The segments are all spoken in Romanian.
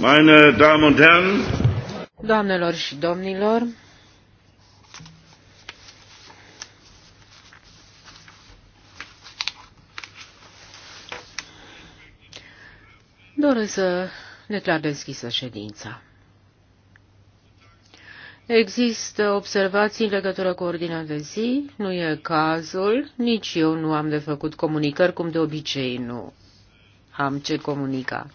Meine Damen und Herren, Doamnelor și domnilor, doresc să declar deschisă ședința. Există observații în legătură cu ordinea de zi? Nu e cazul. Nici eu nu am de făcut comunicări, cum de obicei nu am ce comunica.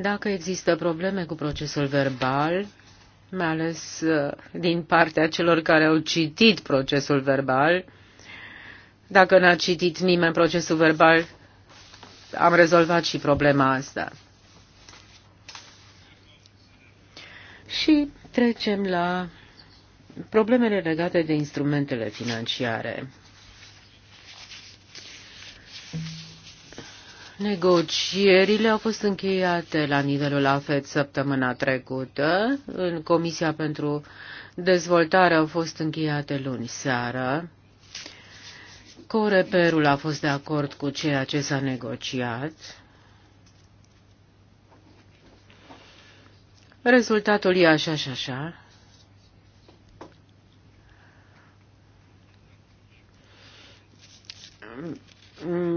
Dacă există probleme cu procesul verbal, mai ales uh, din partea celor care au citit procesul verbal, dacă n-a citit nimeni procesul verbal, am rezolvat și problema asta. Și trecem la problemele legate de instrumentele financiare. Negocierile au fost încheiate la nivelul AFET săptămâna trecută. În Comisia pentru Dezvoltare au fost încheiate luni seară. Coreperul a fost de acord cu ceea ce s-a negociat. Rezultatul e așa și așa.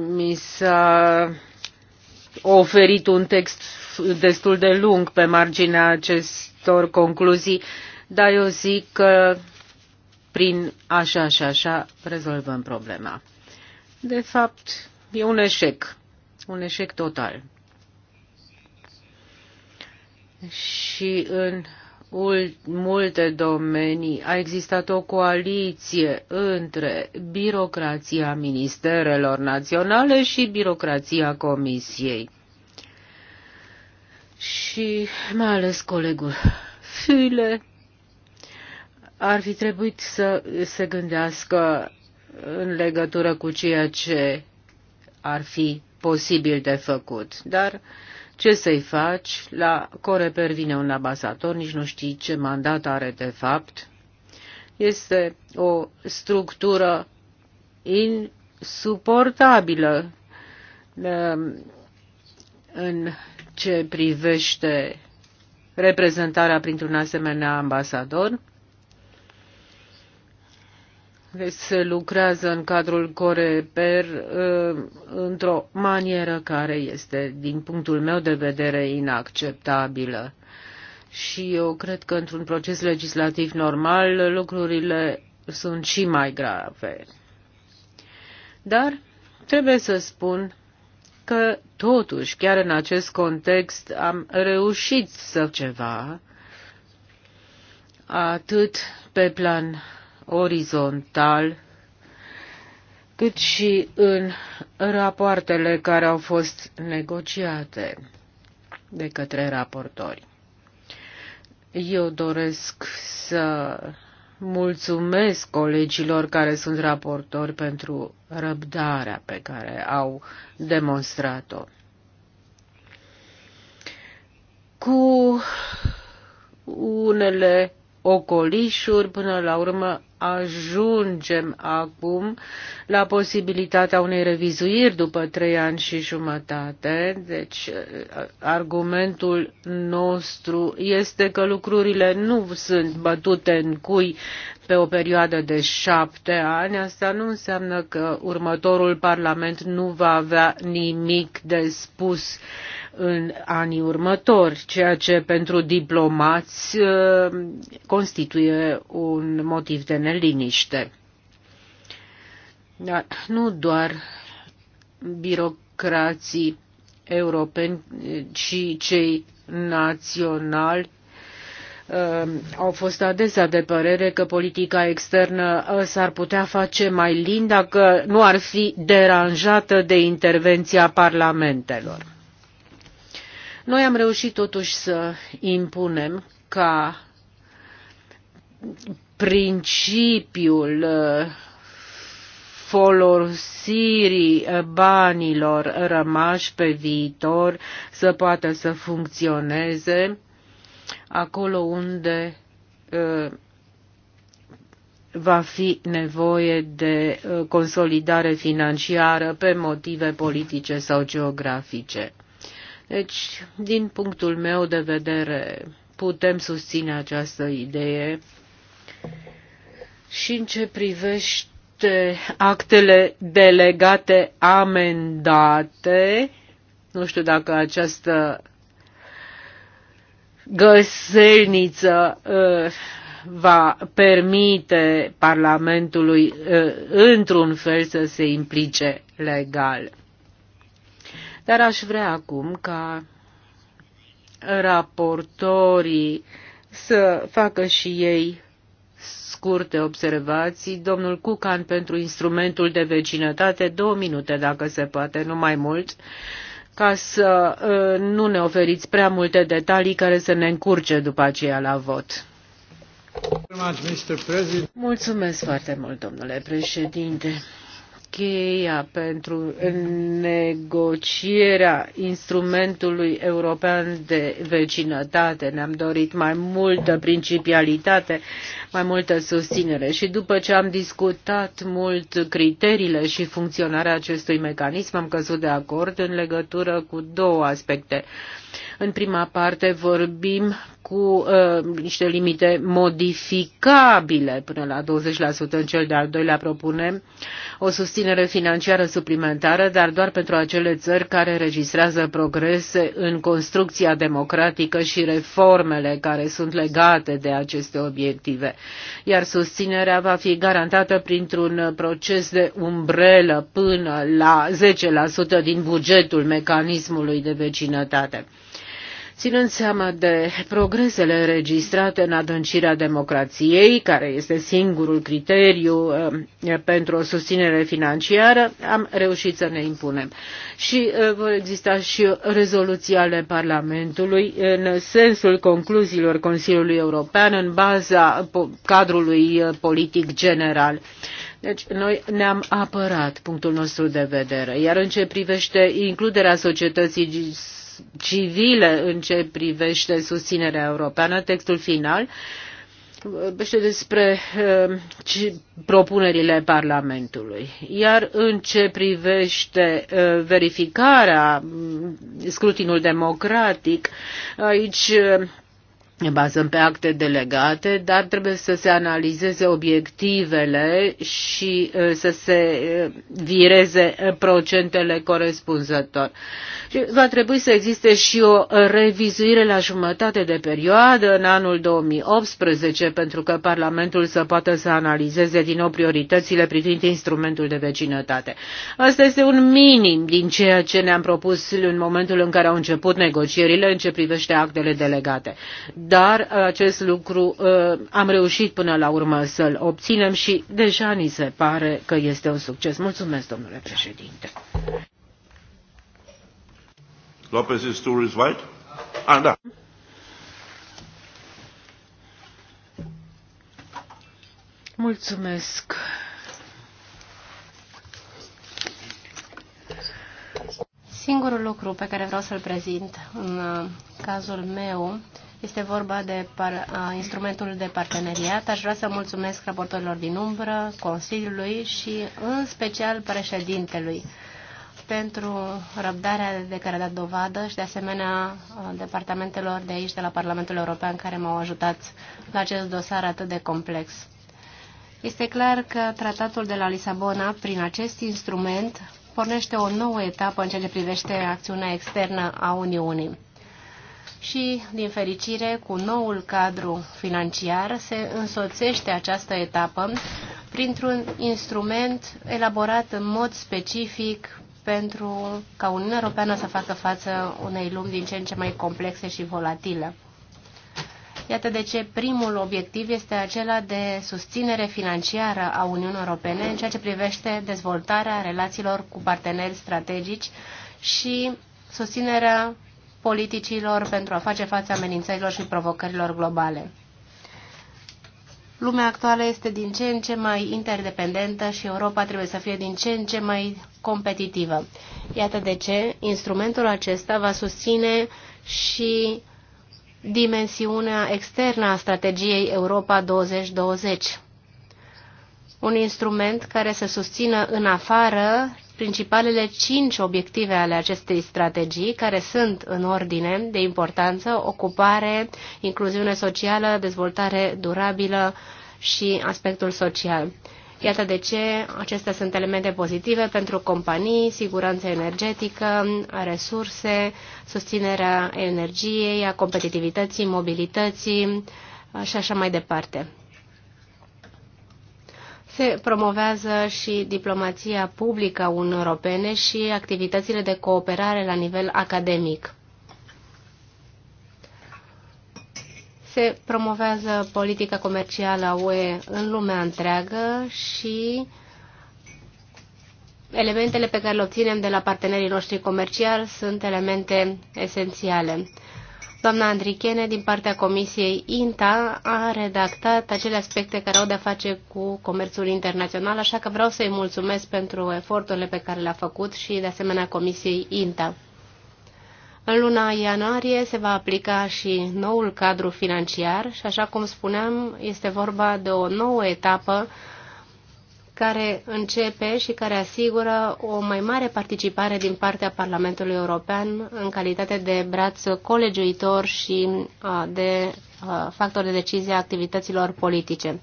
Mi s-a oferit un text destul de lung pe marginea acestor concluzii, dar eu zic că prin așa și așa rezolvăm problema. De fapt, e un eșec, un eșec total. Și în multe domenii a existat o coaliție între birocrația ministerelor naționale și birocrația comisiei. Și mai ales colegul Fule ar fi trebuit să se gândească în legătură cu ceea ce ar fi posibil de făcut. Dar uh, ce să-i faci, la Coreper vine un ambasador, nici nu știi ce mandat are de fapt. Este o structură insuportabilă um, în ce privește reprezentarea printr-un asemenea ambasador se lucrează în cadrul Coreper ă, într-o manieră care este, din punctul meu de vedere, inacceptabilă. Și eu cred că într-un proces legislativ normal lucrurile sunt și mai grave. Dar trebuie să spun că totuși, chiar în acest context, am reușit să ceva, atât pe plan orizontal, cât și în rapoartele care au fost negociate de către raportori. Eu doresc să mulțumesc colegilor care sunt raportori pentru răbdarea pe care au demonstrat-o. Cu unele ocolișuri, până la urmă ajungem acum la posibilitatea unei revizuiri după trei ani și jumătate. Deci argumentul nostru este că lucrurile nu sunt bătute în cui pe o perioadă de șapte ani, asta nu înseamnă că următorul Parlament nu va avea nimic de spus în anii următori, ceea ce pentru diplomați uh, constituie un motiv de neliniște. Dar nu doar birocrații europeni, ci cei naționali Ehm, au fost adesea de părere că politica externă ă, s-ar putea face mai lin dacă nu ar fi deranjată de intervenția parlamentelor. Noi am reușit totuși să impunem ca principiul ă, folosirii ă, banilor rămași pe viitor să poată să funcționeze acolo unde va fi nevoie de consolidare financiară pe motive politice sau geografice. Deci, din punctul meu de vedere, putem susține această idee și în ce privește actele delegate amendate, nu știu dacă această găselniță uh, va permite Parlamentului uh, într-un fel să se implice legal. Dar aș vrea acum ca raportorii să facă și ei scurte observații. Domnul Cucan pentru instrumentul de vecinătate, două minute dacă se poate, nu mai mult. Uh, ca să uh, nu ne oferiți prea multe detalii care să ne încurce după aceea la vot. Mulțumesc foarte mult, domnule președinte cheia pentru negocierea instrumentului european de vecinătate. Ne-am dorit mai multă principialitate, mai multă susținere și după ce am discutat mult criteriile și funcționarea acestui mecanism, am căzut de acord în legătură cu două aspecte. Uh, în prima parte vorbim cu uh, niște limite modificabile până la 20% în cel de-al doilea propunem o susținere financiară suplimentară, dar doar pentru acele țări care registrează progrese în construcția democratică și reformele care sunt legate de aceste obiective. Iar susținerea va fi garantată printr-un proces de umbrelă până la 10% din bugetul mecanismului de vecinătate. Ținând seama de progresele înregistrate în adâncirea democrației, care este singurul criteriu eh, pentru o susținere financiară, am reușit să ne impunem. Și eh, vor exista și rezoluții ale Parlamentului în sensul concluziilor Consiliului European în baza cadrului eh, politic general. Deci noi ne-am apărat punctul nostru de vedere. Iar în ce privește includerea societății civile în ce privește susținerea europeană, textul final vorbește despre uh, propunerile Parlamentului. Iar în ce privește uh, verificarea, mm, scrutinul democratic, aici uh, ne bazăm pe acte delegate, dar trebuie să se analizeze obiectivele și să se vireze procentele corespunzător. Și va trebui să existe și o revizuire la jumătate de perioadă în anul 2018 pentru că Parlamentul să poată să analizeze din nou prioritățile privind instrumentul de vecinătate. Asta este un minim din ceea ce ne-am propus în momentul în care au început negocierile în ce privește actele delegate dar uh, acest lucru uh, am reușit până la urmă să-l obținem și deja ni se pare că este un succes. Mulțumesc, domnule președinte. Lopez is right? Ah, da. Mulțumesc. Singurul lucru pe care vreau să-l prezint în uh, cazul meu este vorba de par, a, instrumentul de parteneriat. Aș vrea să mulțumesc raportorilor din umbră, Consiliului și în special președintelui pentru răbdarea de care a dat dovadă și de asemenea departamentelor de aici, de la Parlamentul European, care m-au ajutat la acest dosar atât de complex. Este clar că tratatul de la Lisabona, prin acest instrument, pornește o nouă etapă în ceea ce privește acțiunea externă a Uniunii și, din fericire, cu noul cadru financiar se însoțește această etapă printr-un instrument elaborat în mod specific pentru ca Uniunea Europeană să facă față unei lumi din ce în ce mai complexe și volatile. Iată de ce primul obiectiv este acela de susținere financiară a Uniunii Europene în ceea ce privește dezvoltarea relațiilor cu parteneri strategici și susținerea politicilor pentru a face față amenințărilor și provocărilor globale. Lumea actuală este din ce în ce mai interdependentă și Europa trebuie să fie din ce în ce mai competitivă. Iată de ce instrumentul acesta va susține și dimensiunea externă a strategiei Europa 2020 un instrument care să susțină în afară principalele cinci obiective ale acestei strategii, care sunt în ordine de importanță, ocupare, incluziune socială, dezvoltare durabilă și aspectul social. Iată de ce acestea sunt elemente pozitive pentru companii, siguranță energetică, resurse, susținerea energiei, a competitivității, mobilității și așa mai departe. Se promovează și diplomația publică a Uniunii Europene și activitățile de cooperare la nivel academic. se promovează politica comercială a UE în lumea întreagă și elementele pe care le obținem de la partenerii noștri comerciali sunt elemente esențiale. Doamna Andrichene, din partea Comisiei INTA, a redactat acele aspecte care au de-a face cu comerțul internațional, așa că vreau să-i mulțumesc pentru eforturile pe care le-a făcut și, de asemenea, Comisiei INTA. În luna ianuarie se va aplica și noul cadru financiar și, așa cum spuneam, este vorba de o nouă etapă care începe și care asigură o mai mare participare din partea Parlamentului European în calitate de braț colegiuitor și de factor de decizie a activităților politice.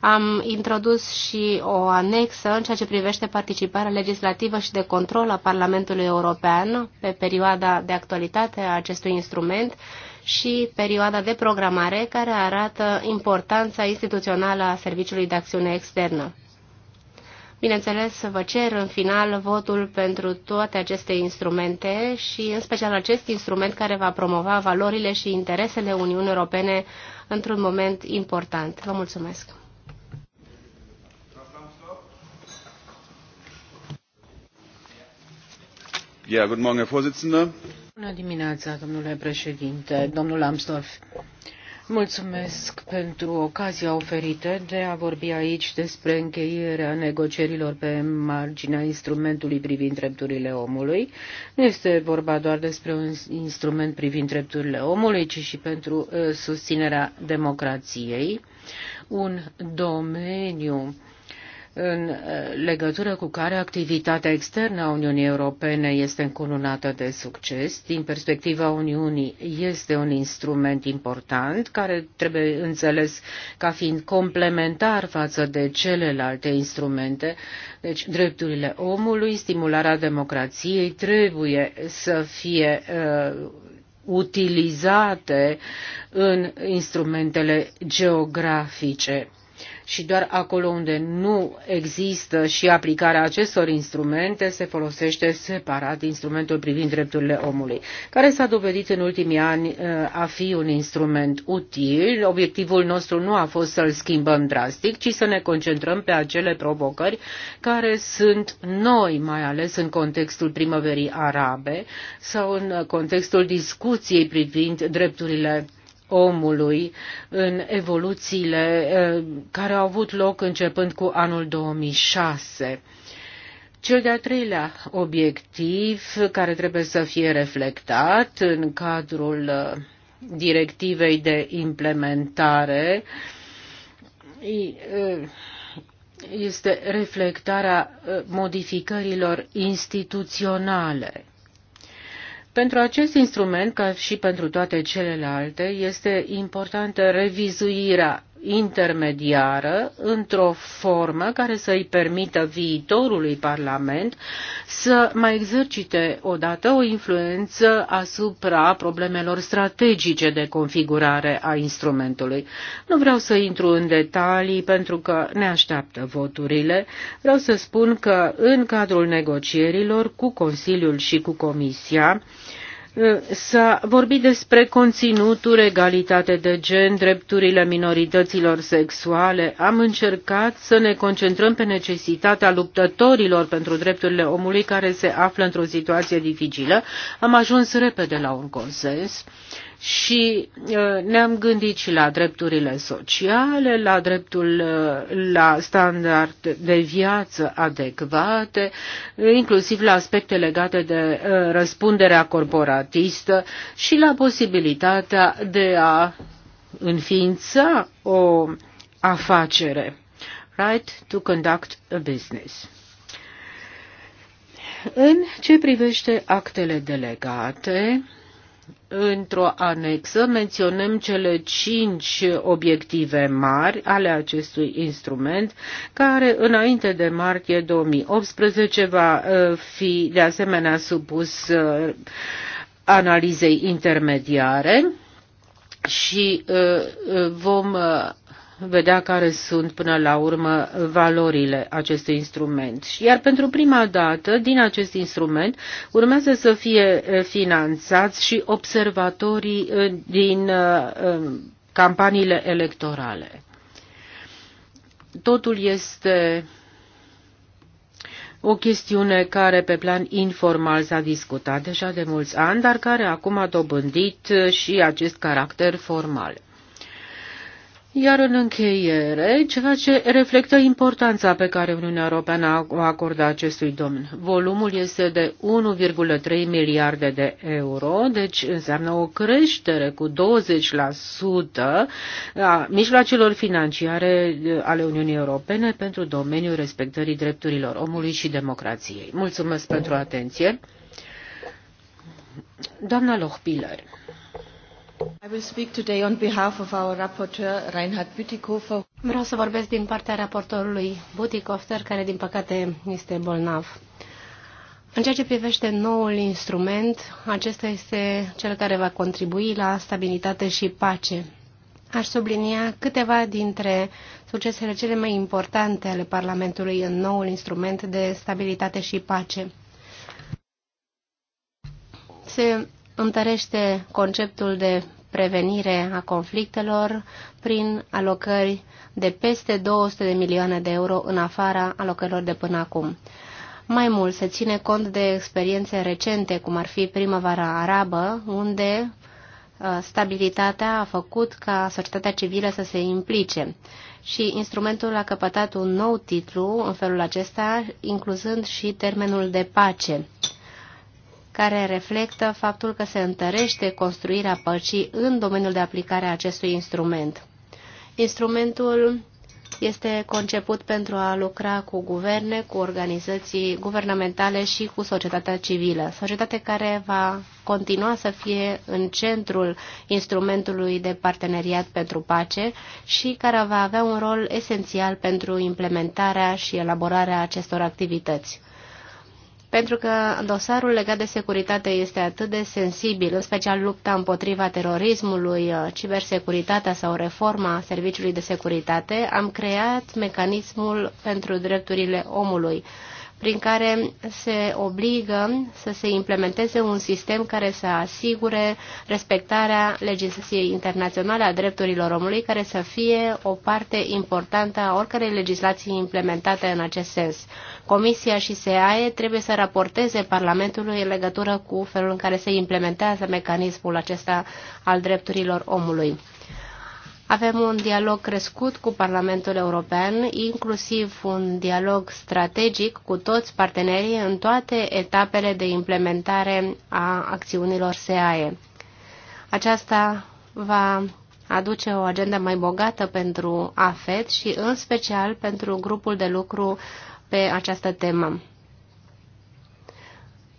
Am introdus și o anexă în ceea ce privește participarea legislativă și de control a Parlamentului European pe perioada de actualitate a acestui instrument și perioada de programare care arată importanța instituțională a Serviciului de Acțiune Externă. Bineînțeles, vă cer în final votul pentru toate aceste instrumente și în special acest instrument care va promova valorile și interesele Uniunii Europene într-un moment important. Vă mulțumesc! Bună dimineața, domnule președinte, domnul Amstorf. Mulțumesc pentru ocazia oferită de a vorbi aici despre încheierea negocierilor pe marginea instrumentului privind drepturile omului. Nu este vorba doar despre un instrument privind drepturile omului, ci și pentru uh, susținerea democrației, un domeniu în eh, legătură cu care activitatea externă a Uniunii Europene este încununată de succes. Din perspectiva Uniunii este un instrument important care trebuie înțeles ca fiind complementar față de celelalte instrumente. Deci drepturile omului, stimularea democrației trebuie să fie uh, utilizate în instrumentele geografice și doar acolo unde nu există și aplicarea acestor instrumente se folosește separat instrumentul privind drepturile omului, care s-a dovedit în ultimii ani uh, a fi un instrument util. Obiectivul nostru nu a fost să-l schimbăm drastic, ci să ne concentrăm pe acele provocări care sunt noi, mai ales în contextul primăverii arabe sau în contextul discuției privind drepturile omului în evoluțiile eh, care au avut loc începând cu anul 2006. Cel de-al treilea obiectiv care trebuie să fie reflectat în cadrul eh, directivei de implementare eh, este reflectarea modificărilor instituționale pentru acest instrument, ca și pentru toate celelalte, este importantă revizuirea intermediară într-o formă care să îi permită viitorului Parlament să mai exercite odată o influență asupra problemelor strategice de configurare a instrumentului. Nu vreau să intru în detalii pentru că ne așteaptă voturile. Vreau să spun că în cadrul negocierilor cu Consiliul și cu Comisia, Ă, s-a vorbit despre conținutul, egalitate de gen, drepturile minorităților sexuale. Am încercat să ne concentrăm pe necesitatea luptătorilor pentru drepturile omului care se află într-o situație dificilă. Am ajuns repede la un consens și uh, ne-am gândit și la drepturile sociale, la dreptul uh, la standard de viață adecvate, inclusiv la aspecte legate de uh, răspunderea corporatistă și la posibilitatea de a înființa o afacere. Right to conduct a business. În ce privește actele delegate, Într-o anexă menționăm cele cinci obiective mari ale acestui instrument, care înainte de martie 2018 va uh, fi de asemenea supus uh, analizei intermediare și uh, vom vedea care sunt până la urmă valorile acestui instrument. Iar pentru prima dată din acest instrument urmează să fie eh, finanțați și observatorii eh, din eh, campaniile electorale. Totul este o chestiune care pe plan informal s-a discutat deja de mulți ani, dar care acum a dobândit și acest caracter formal. Iar în încheiere, ceea ce reflectă importanța pe care Uniunea Europeană o acordă acestui domn. Volumul este de 1,3 miliarde de euro, deci înseamnă o creștere cu 20% a mijloacelor financiare ale Uniunii Europene pentru domeniul respectării drepturilor omului și democrației. Mulțumesc pentru atenție. Doamna Lohpiller. Vreau să vorbesc din partea raportorului Butikofter, care din păcate este bolnav. În ceea ce privește noul instrument, acesta este cel care va contribui la stabilitate și pace. Aș sublinia câteva dintre succesele cele mai importante ale Parlamentului în noul instrument de stabilitate și pace. Se întărește conceptul de prevenire a conflictelor prin alocări de peste 200 de milioane de euro în afara alocărilor de până acum. Mai mult, se ține cont de experiențe recente, cum ar fi primăvara arabă, unde uh, stabilitatea a făcut ca societatea civilă să se implice și instrumentul a căpătat un nou titlu în felul acesta, incluzând și termenul de pace care reflectă faptul că se întărește construirea păcii în domeniul de aplicare a acestui instrument. Instrumentul este conceput pentru a lucra cu guverne, cu organizații guvernamentale și cu societatea civilă. Societate care va continua să fie în centrul instrumentului de parteneriat pentru pace și care va avea un rol esențial pentru implementarea și elaborarea acestor activități pentru că dosarul legat de securitate este atât de sensibil, în special lupta împotriva terorismului, uh, cibersecuritatea sau reforma serviciului de securitate, am creat mecanismul pentru drepturile omului prin care se obligă să se implementeze un sistem care să asigure respectarea legislației internaționale a drepturilor omului, care să fie o parte importantă a oricărei legislații implementate în acest sens. Comisia și SEAE trebuie să raporteze Parlamentului în legătură cu felul în care se implementează mecanismul acesta al drepturilor omului. Avem un dialog crescut cu Parlamentul European, inclusiv un dialog strategic cu toți partenerii în toate etapele de implementare a acțiunilor SEAE. Aceasta va aduce o agendă mai bogată pentru AFET și în special pentru grupul de lucru pe această temă.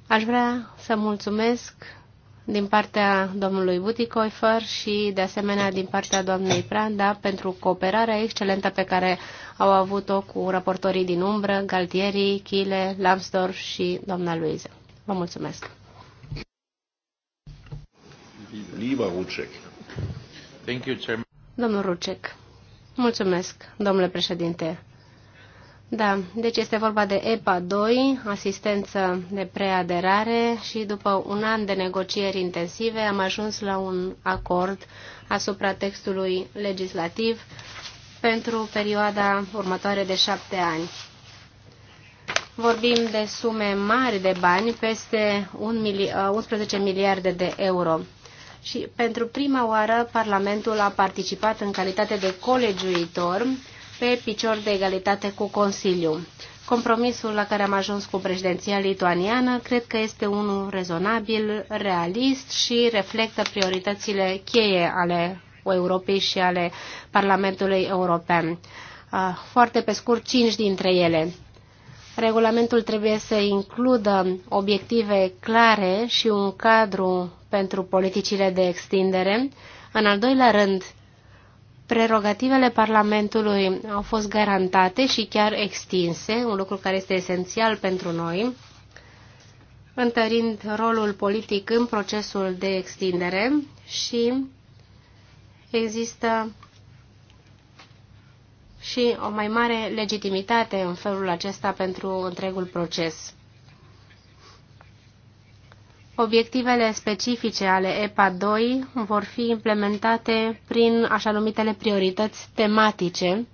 Aș vrea să mulțumesc din partea domnului Butikoifer și de asemenea din partea doamnei Pranda pentru cooperarea excelentă pe care au avut-o cu raportorii din umbră, Galtieri, Chile, Lambsdorff și doamna Luiză. Vă mulțumesc! Liba Domnul Rucek. Mulțumesc, domnule președinte. Da, deci este vorba de EPA 2, asistență de preaderare și după un an de negocieri intensive am ajuns la un acord asupra textului legislativ pentru perioada următoare de șapte ani. Vorbim de sume mari de bani, peste 11 uh, miliarde de euro. Și pentru prima oară Parlamentul a participat în calitate de colegiuitor pe picior de egalitate cu Consiliul. Compromisul la care am ajuns cu președinția lituaniană cred că este unul rezonabil, realist și reflectă prioritățile cheie ale Europei și ale Parlamentului European. Ah, foarte pe scurt, cinci dintre ele. Regulamentul trebuie să includă obiective clare și un cadru pentru politicile de extindere. În al doilea rând, prerogativele Parlamentului au fost garantate și chiar extinse, un lucru care este esențial pentru noi, întărind rolul politic în procesul de extindere și există și o mai mare legitimitate în felul acesta pentru întregul proces. Obiectivele specifice ale EPA 2 vor fi implementate prin așa numitele priorități tematice,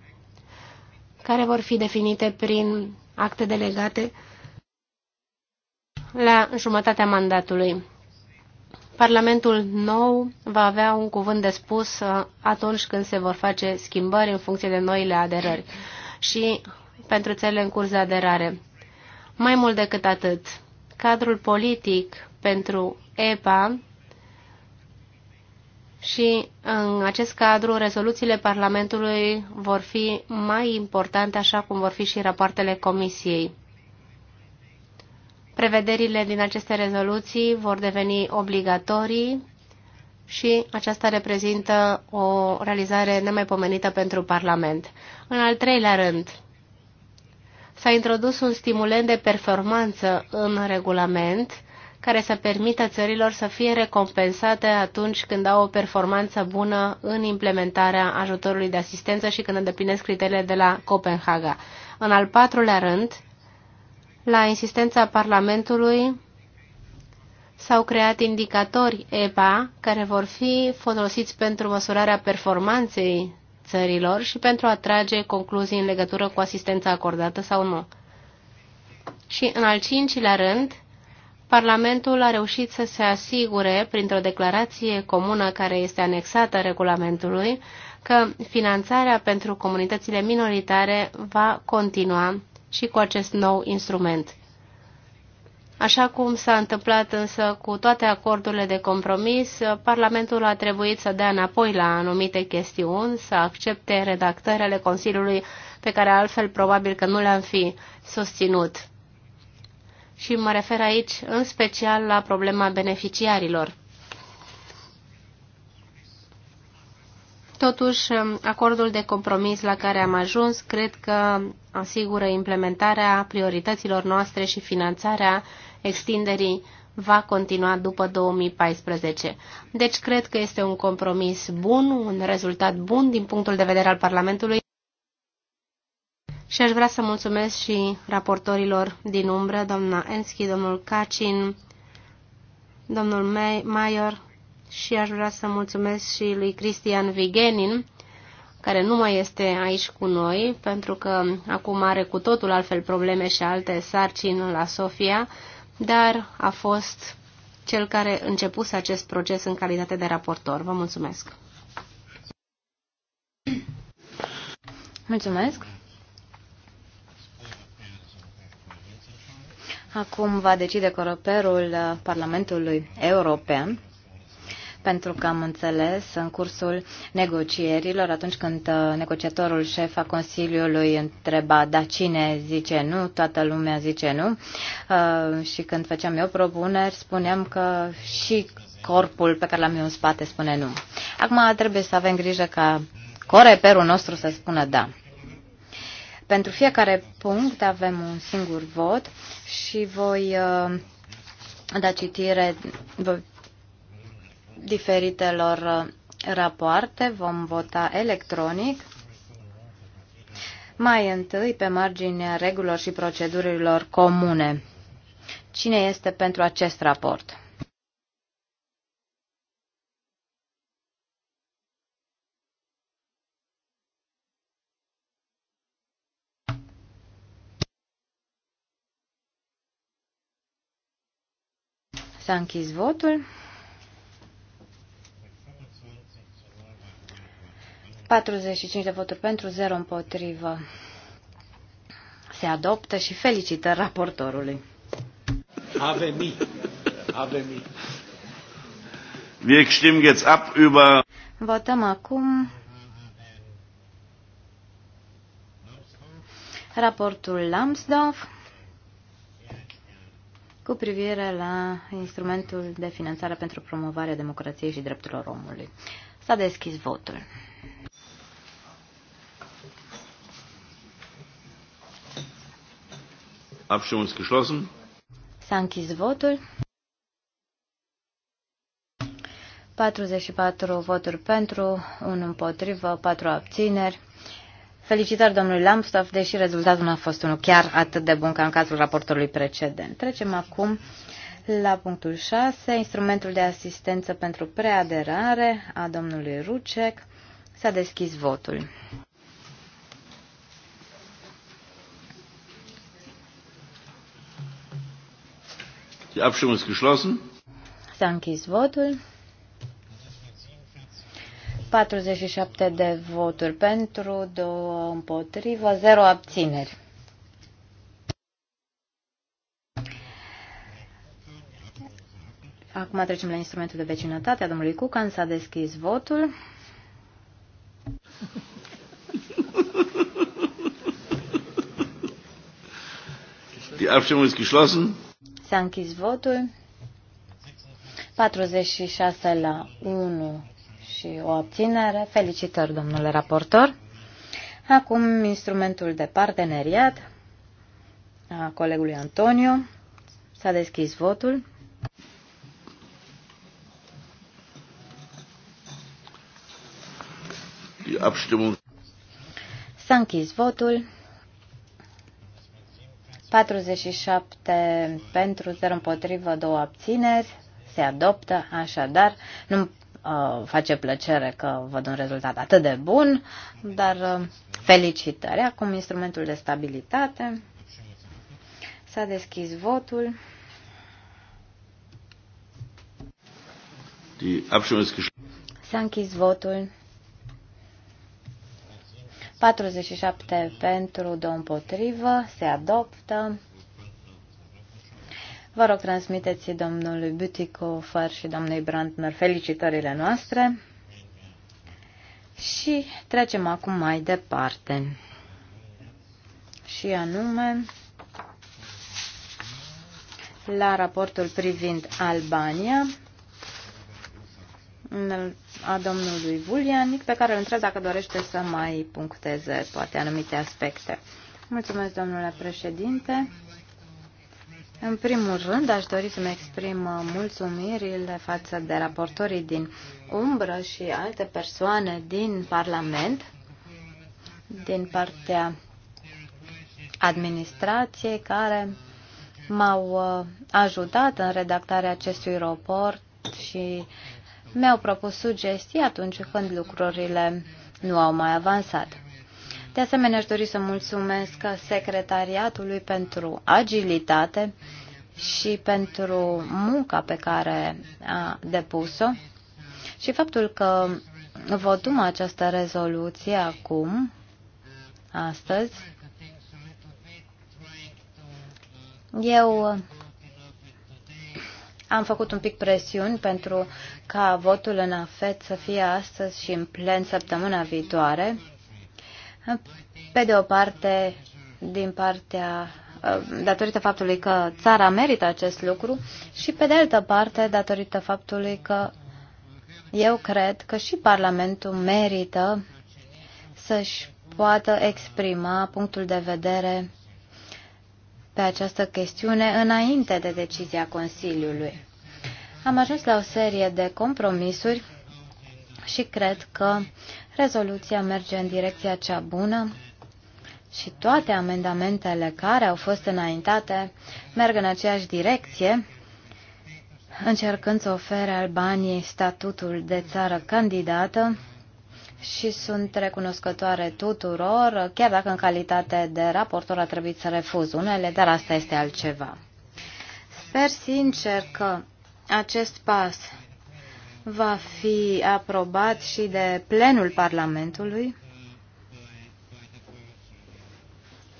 care vor fi definite prin acte delegate la jumătatea mandatului. Parlamentul nou va avea un cuvânt de spus uh, atunci când se vor face schimbări în funcție de noile aderări și pentru țările în curs de aderare. Mai mult decât atât, cadrul politic pentru EPA și în acest cadru rezoluțiile Parlamentului vor fi mai importante, așa cum vor fi și rapoartele Comisiei. Prevederile din aceste rezoluții vor deveni obligatorii și aceasta reprezintă o realizare nemaipomenită pentru Parlament. În al treilea rând, S-a introdus un stimulent de performanță în regulament care să permită țărilor să fie recompensate atunci când au o performanță bună în implementarea ajutorului de asistență și când îndeplinesc criteriile de la Copenhaga. În al patrulea rând, la insistența Parlamentului s-au creat indicatori EPA care vor fi folosiți pentru măsurarea performanței țărilor și pentru a trage concluzii în legătură cu asistența acordată sau nu. Și în al cincilea rând, Parlamentul a reușit să se asigure, printr-o declarație comună care este anexată regulamentului, că finanțarea pentru comunitățile minoritare va continua și cu acest nou instrument. Așa cum s-a întâmplat însă cu toate acordurile de compromis, Parlamentul a trebuit să dea înapoi la anumite chestiuni, să accepte redactările Consiliului pe care altfel probabil că nu le-am fi susținut. Și mă refer aici în special la problema beneficiarilor. Totuși, acordul de compromis la care am ajuns cred că asigură implementarea priorităților noastre și finanțarea extinderii va continua după 2014. Deci cred că este un compromis bun, un rezultat bun din punctul de vedere al Parlamentului și aș vrea să mulțumesc și raportorilor din umbră, doamna Enschi, domnul Cacin, domnul Mayer și aș vrea să mulțumesc și lui Cristian Vigenin, care nu mai este aici cu noi, pentru că acum are cu totul altfel probleme și alte sarcini la Sofia, dar a fost cel care începuse acest proces în calitate de raportor. Vă mulțumesc! Mulțumesc! Acum va decide coroperul Parlamentului European pentru că am înțeles în cursul negocierilor, atunci când uh, negociatorul șef a Consiliului întreba, da, cine zice nu, toată lumea zice nu, uh, și când făceam eu propuneri, spuneam că și corpul pe care l-am eu în spate spune nu. Acum trebuie să avem grijă ca coreperul nostru să spună da. Pentru fiecare punct avem un singur vot și voi uh, da citire, voi diferitelor uh, rapoarte. Vom vota electronic. Mai întâi, pe marginea regulilor și procedurilor comune. Cine este pentru acest raport? S-a închis votul. 45 de voturi pentru, 0 împotrivă. Se adoptă și felicită raportorului. Avem. Avemi. Wir stimmen jetzt ab über Votăm acum raportul Lambsdorff cu privire la instrumentul de finanțare pentru promovarea democrației și drepturilor omului. S-a deschis votul. Abstimmung ist geschlossen. S-a închis votul. 44 voturi pentru, 1 împotrivă, 4 abțineri. Felicitări domnului Lambsdorff, deși rezultatul nu a fost unul chiar atât de bun ca în cazul raportului precedent. Trecem acum la punctul 6, instrumentul de asistență pentru preaderare a domnului Rucec. S-a deschis votul. Die Abstimmung ist geschlossen. Danke, ist votul. 47 de voturi pentru, 2 împotrivă, 0 abțineri. Acum trecem la instrumentul de vecinătate a domnului Cucan. S-a deschis votul. Die Abstimmung ist geschlossen. S-a închis votul. 46 la 1 și o abținere. Felicitări, domnule raportor. Acum instrumentul de parteneriat a colegului Antonio. S-a deschis votul. S-a închis votul. 47 pentru, 0 împotrivă, 2 abțineri. Se adoptă, așadar, nu uh, face plăcere că văd un rezultat atât de bun, dar uh, felicitări. Acum instrumentul de stabilitate. S-a deschis votul. S-a închis votul. 47 pentru, domn Potrivă se adoptă. Vă rog, transmiteți domnului Făr și domnului Brandner felicitările noastre. Și trecem acum mai departe. Și anume la raportul privind Albania a domnului Vulianic, pe care îl întreb dacă dorește să mai puncteze poate anumite aspecte. Mulțumesc, domnule președinte. În primul rând, aș dori să-mi exprim mulțumirile față de raportorii din umbră și alte persoane din Parlament, din partea administrației, care m-au uh, ajutat în redactarea acestui raport și mi-au propus sugestii atunci când lucrurile nu au mai avansat. De asemenea, aș dori să mulțumesc secretariatului pentru agilitate și pentru munca pe care a depus-o și faptul că votăm această rezoluție acum, astăzi, eu am făcut un pic presiuni pentru ca votul în afet să fie astăzi și în plen săptămâna viitoare. Pe de o parte, din partea datorită faptului că țara merită acest lucru și pe de altă parte datorită faptului că eu cred că și Parlamentul merită să-și poată exprima punctul de vedere pe această chestiune înainte de decizia Consiliului. Am ajuns la o serie de compromisuri și cred că rezoluția merge în direcția cea bună și toate amendamentele care au fost înaintate merg în aceeași direcție, încercând să ofere Albaniei statutul de țară candidată și sunt recunoscătoare tuturor, chiar dacă în calitate de raportor a trebuit să refuz unele, dar asta este altceva. Sper sincer că acest pas va fi aprobat și de plenul Parlamentului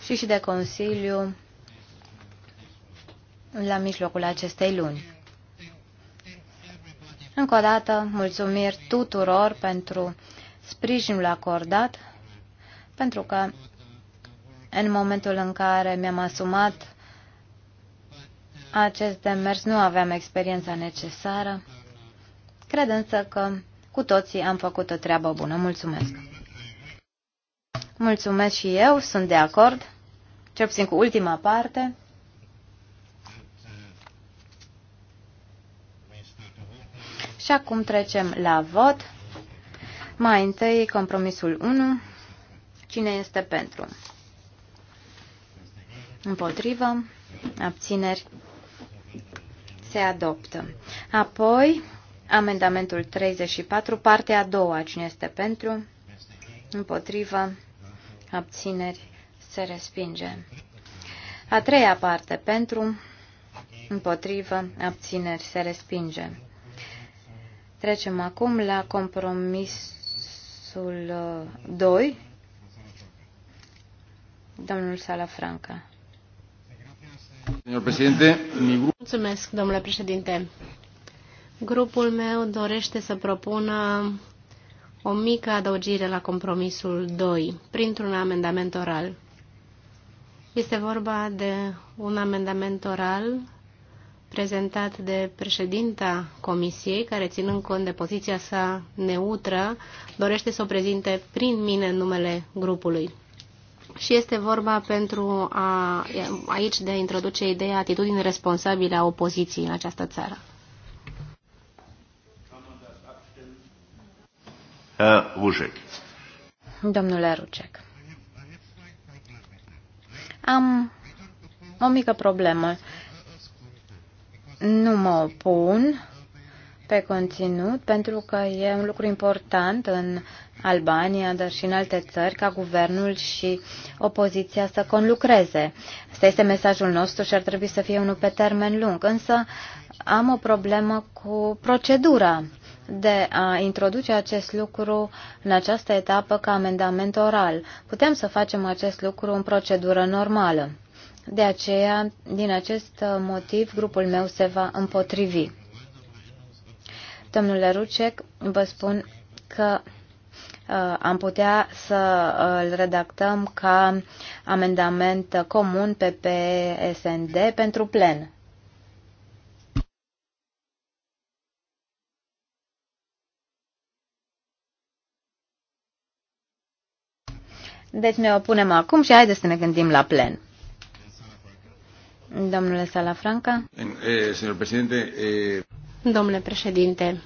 și și de Consiliu la mijlocul acestei luni. Încă o dată, mulțumiri tuturor pentru sprijinul acordat, pentru că în momentul în care mi-am asumat acest demers nu aveam experiența necesară. Cred însă că cu toții am făcut o treabă bună. Mulțumesc! Mulțumesc și eu, sunt de acord, cel puțin cu ultima parte. Și acum trecem la vot. Mai întâi, compromisul 1. Cine este pentru? Împotrivă. Abțineri. Se adoptă. Apoi, amendamentul 34, partea a doua. Cine este pentru? Împotrivă. Abțineri. Se respinge. A treia parte. Pentru. Împotrivă. Abțineri. Se respinge. Trecem acum la compromis versul 2. Uh, Domnul Salafranca. Mulțumesc, domnule președinte. Grupul meu dorește să propună o mică adăugire la compromisul 2, printr-un amendament oral. Este vorba de un amendament oral prezentat de președinta Comisiei, care ținând cont de poziția sa neutră, dorește să o prezinte prin mine în numele grupului. Și este vorba pentru a, aici de a introduce ideea atitudinii responsabile a opoziției în această țară. Domnule Rucec, am o mică problemă nu mă opun pe conținut pentru că e un lucru important în Albania, dar și în alte țări, ca guvernul și opoziția să conlucreze. Asta este mesajul nostru și ar trebui să fie unul pe termen lung. Însă am o problemă cu procedura de a introduce acest lucru în această etapă ca amendament oral. Putem să facem acest lucru în procedură normală. De aceea, din acest motiv, grupul meu se va împotrivi. Domnule Rucec, vă spun că uh, am putea să uh, îl redactăm ca amendament comun pe PSND pentru plen. Deci ne opunem acum și haideți să ne gândim la plen. Domnule Salafranca. Eh, eh, eh, Domnule președinte,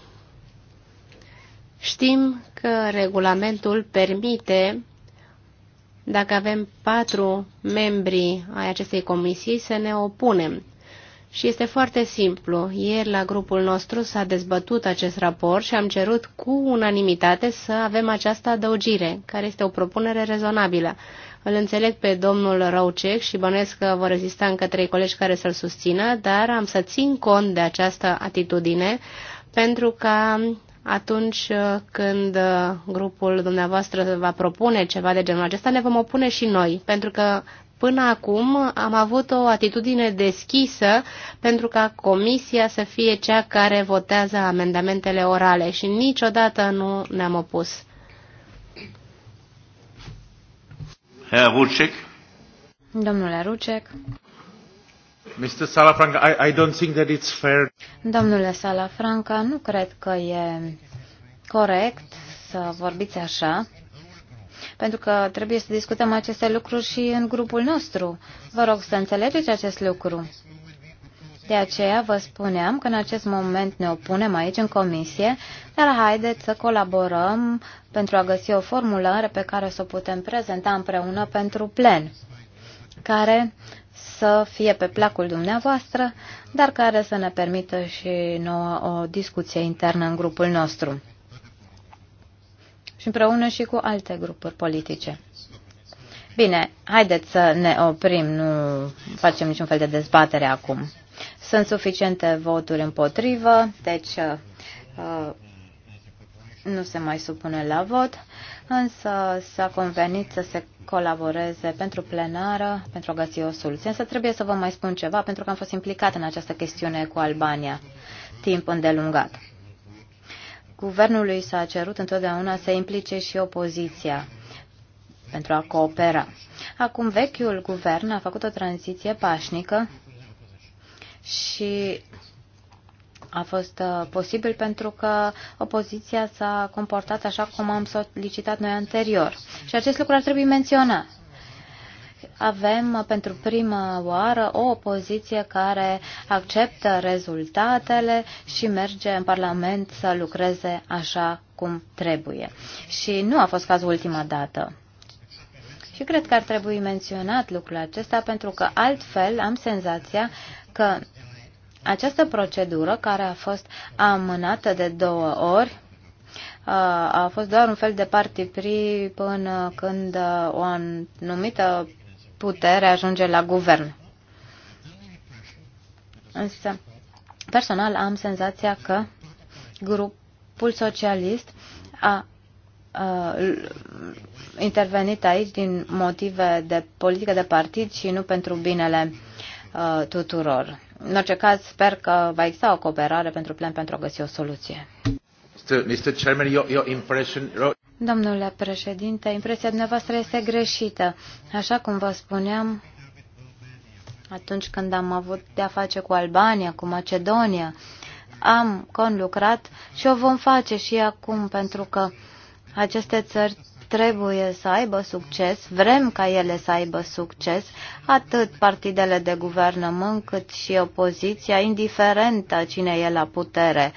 știm că regulamentul permite, dacă avem patru membri ai acestei comisii, să ne opunem. Și este foarte simplu. Ieri la grupul nostru s-a dezbătut acest raport și am cerut cu unanimitate să avem această adăugire, care este o propunere rezonabilă. Îl înțeleg pe domnul Raucek și bănuiesc că vor rezista încă trei colegi care să-l susțină, dar am să țin cont de această atitudine pentru că atunci când grupul dumneavoastră va propune ceva de genul acesta, ne vom opune și noi, pentru că până acum am avut o atitudine deschisă pentru ca comisia să fie cea care votează amendamentele orale și niciodată nu ne-am opus. Herr Rucek. Domnule Rucek. Mr. Salafranca, I, I don't think that it's fair. Domnule Salafranca, nu cred că e corect să vorbiți așa, pentru că trebuie să discutăm aceste lucruri și în grupul nostru. Vă rog să înțelegeți acest lucru. De aceea vă spuneam că în acest moment ne opunem aici în comisie, dar haideți să colaborăm pentru a găsi o formulare pe care să o putem prezenta împreună pentru plen, care să fie pe placul dumneavoastră, dar care să ne permită și nouă o discuție internă în grupul nostru și împreună și cu alte grupuri politice. Bine, haideți să ne oprim, nu facem niciun fel de dezbatere acum. Sunt suficiente voturi împotrivă, deci uh, uh, nu se mai supune la vot, însă s-a convenit să se colaboreze pentru plenară, pentru a găsi o soluție. Însă trebuie să vă mai spun ceva, pentru că am fost implicat în această chestiune cu Albania timp îndelungat. Guvernului s-a cerut întotdeauna să implice și opoziția pentru a coopera. Acum vechiul guvern a făcut o tranziție pașnică și a fost uh, posibil pentru că opoziția s-a comportat așa cum am solicitat noi anterior. Și acest lucru ar trebui menționat. Avem uh, pentru prima oară o opoziție care acceptă rezultatele și merge în Parlament să lucreze așa cum trebuie. Și nu a fost cazul ultima dată. Și cred că ar trebui menționat lucrul acesta pentru că altfel am senzația că această procedură, care a fost amânată de două ori, a fost doar un fel de partipri până când o anumită putere ajunge la guvern. Însă, personal am senzația că grupul socialist a, a intervenit aici din motive de politică de partid și nu pentru binele a, tuturor. În orice caz, sper că va exista o cooperare pentru plen pentru a găsi o soluție. Mr. Chairman, your, your impression... Domnule președinte, impresia dumneavoastră este greșită. Așa cum vă spuneam, atunci când am avut de-a face cu Albania, cu Macedonia, am conlucrat și o vom face și acum, pentru că aceste țări trebuie să aibă succes, vrem ca ele să aibă succes, atât partidele de guvernământ cât și opoziția, indiferent cine e la putere,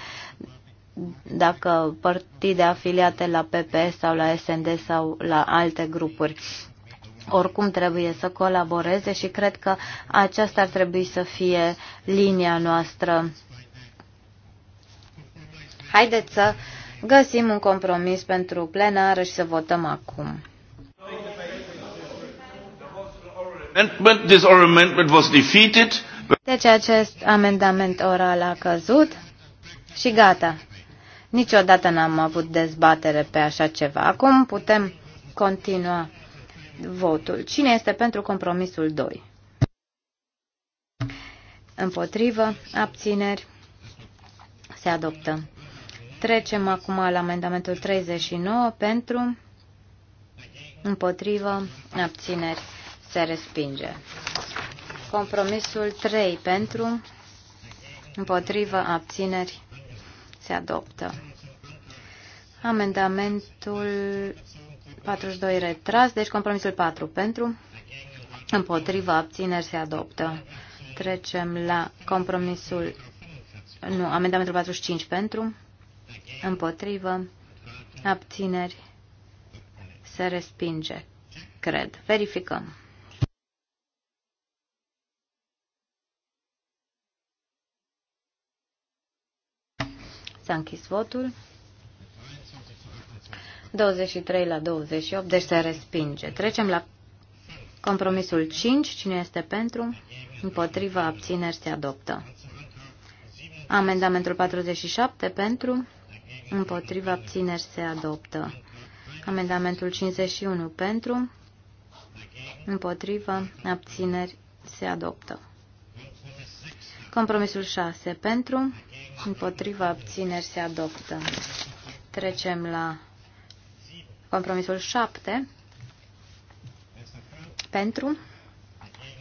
dacă partide afiliate la PPS sau la SND sau la alte grupuri. Oricum trebuie să colaboreze și cred că aceasta ar trebui să fie linia noastră. Haideți să uh, găsim un compromis pentru plenară și să votăm acum. Deci acest amendament oral a căzut și gata. Niciodată n-am avut dezbatere pe așa ceva. Acum putem continua votul. Cine este pentru compromisul 2? Împotrivă, abțineri, se adoptă. Trecem acum la amendamentul 39 pentru, împotrivă, abțineri, se respinge. Compromisul 3 pentru, împotrivă, abțineri, se adoptă. Amendamentul 42 retras, deci compromisul 4 pentru, împotrivă, abțineri, se adoptă. Trecem la compromisul, nu, amendamentul 45 pentru, împotrivă, abțineri, se respinge, cred. Verificăm. S-a închis votul. 23 la 28, deci se respinge. Trecem la compromisul 5. Cine este pentru? Împotriva abțineri se adoptă. Amendamentul 47 pentru, Împotriva abțineri se adoptă. Amendamentul 51 pentru. Împotriva abțineri se adoptă. Compromisul 6 pentru. Împotriva abțineri se adoptă. Trecem la compromisul 7 pentru.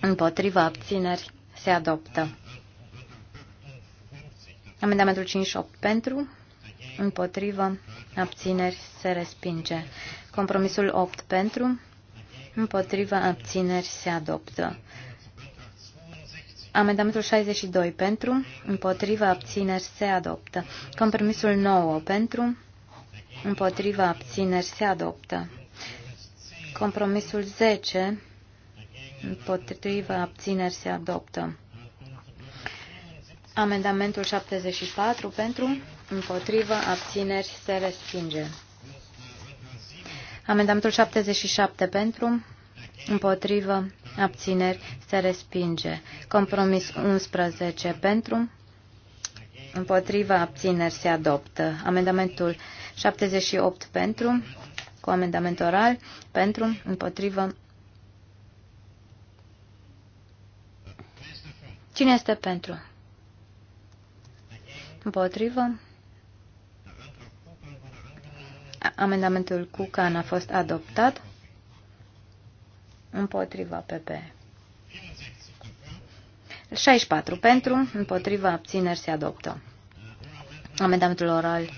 Împotriva abțineri se adoptă. Amendamentul 58 pentru împotrivă, abțineri, se respinge. Compromisul 8 pentru, împotrivă, abțineri, se adoptă. Amendamentul 62 pentru, împotrivă, abțineri, se adoptă. Compromisul 9 pentru, împotrivă, abțineri, se adoptă. Compromisul 10 împotrivă, abțineri, se adoptă. Amendamentul 74 pentru, împotrivă, abțineri, se respinge. Amendamentul 77 pentru, împotrivă, abțineri, se respinge. Compromis 11 pentru, împotrivă, abțineri, se adoptă. Amendamentul 78 pentru, cu amendament oral, pentru, împotrivă. Cine este pentru? Împotrivă. Amendamentul Cucan a fost adoptat împotriva PP. 64 pentru, împotriva abțineri se adoptă. Amendamentul oral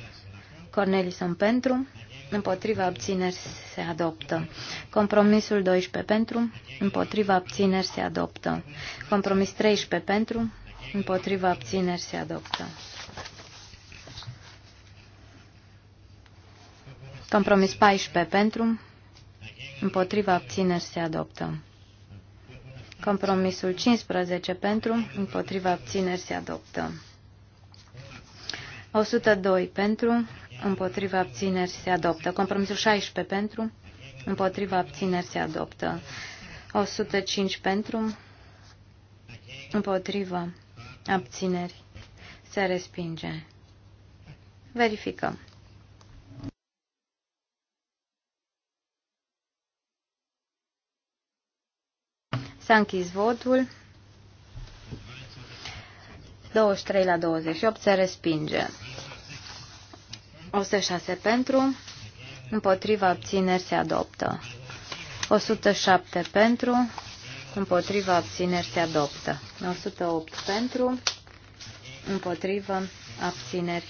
Cornelison pentru, împotriva abțineri se adoptă. Compromisul 12 pentru, împotriva abțineri se adoptă. Compromis 13 pentru, împotriva abțineri se adoptă. Compromis 14 pentru, împotriva abțineri se adoptă. Compromisul 15 pentru, împotriva abțineri se adoptă. 102 pentru, împotriva abțineri se adoptă. Compromisul 16 pentru, împotriva abțineri se adoptă. 105 pentru, împotriva abțineri se respinge. Verificăm. S-a închis votul. 23 la 28 se respinge. 106 pentru, împotriva abțineri se adoptă. 107 pentru, împotriva abțineri se adoptă. 108 pentru, împotriva abțineri.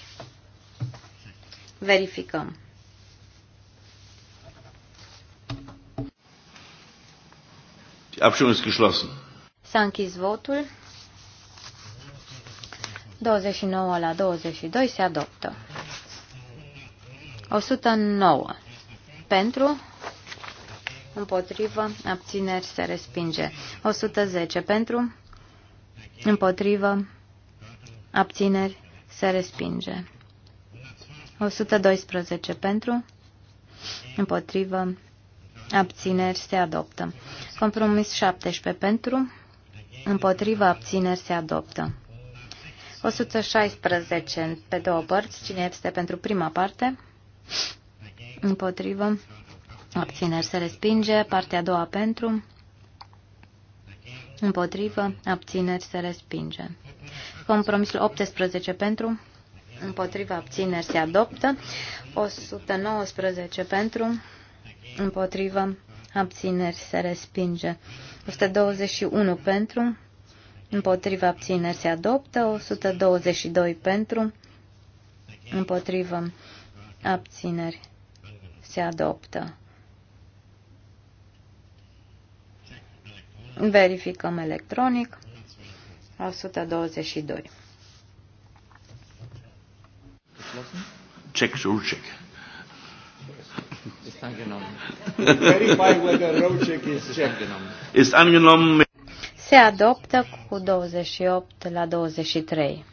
Verificăm. Abstimmung ist geschlossen. S-a închis votul. 29 la 22 se adoptă. 109. Pentru, împotrivă, abțineri se respinge. 110. Pentru, împotrivă, abțineri se respinge. 112. Pentru, împotrivă, abțineri se adoptă. Compromis 17 pentru, împotriva abțineri se adoptă. 116 pe două părți, cine este pentru prima parte, împotrivă, abțineri se respinge, partea a doua pentru, împotrivă, abțineri se respinge. Compromisul 18 pentru, împotriva abțineri se adoptă, 119 pentru, împotrivă, abțineri se respinge. 121 pentru, împotrivă, abțineri se adoptă. 122 pentru, împotrivă, abțineri se adoptă. Verificăm electronic. 122. Check, sure, check. Ist angenommen. Verify whether is checked. Se adoptă cu 28 la 23.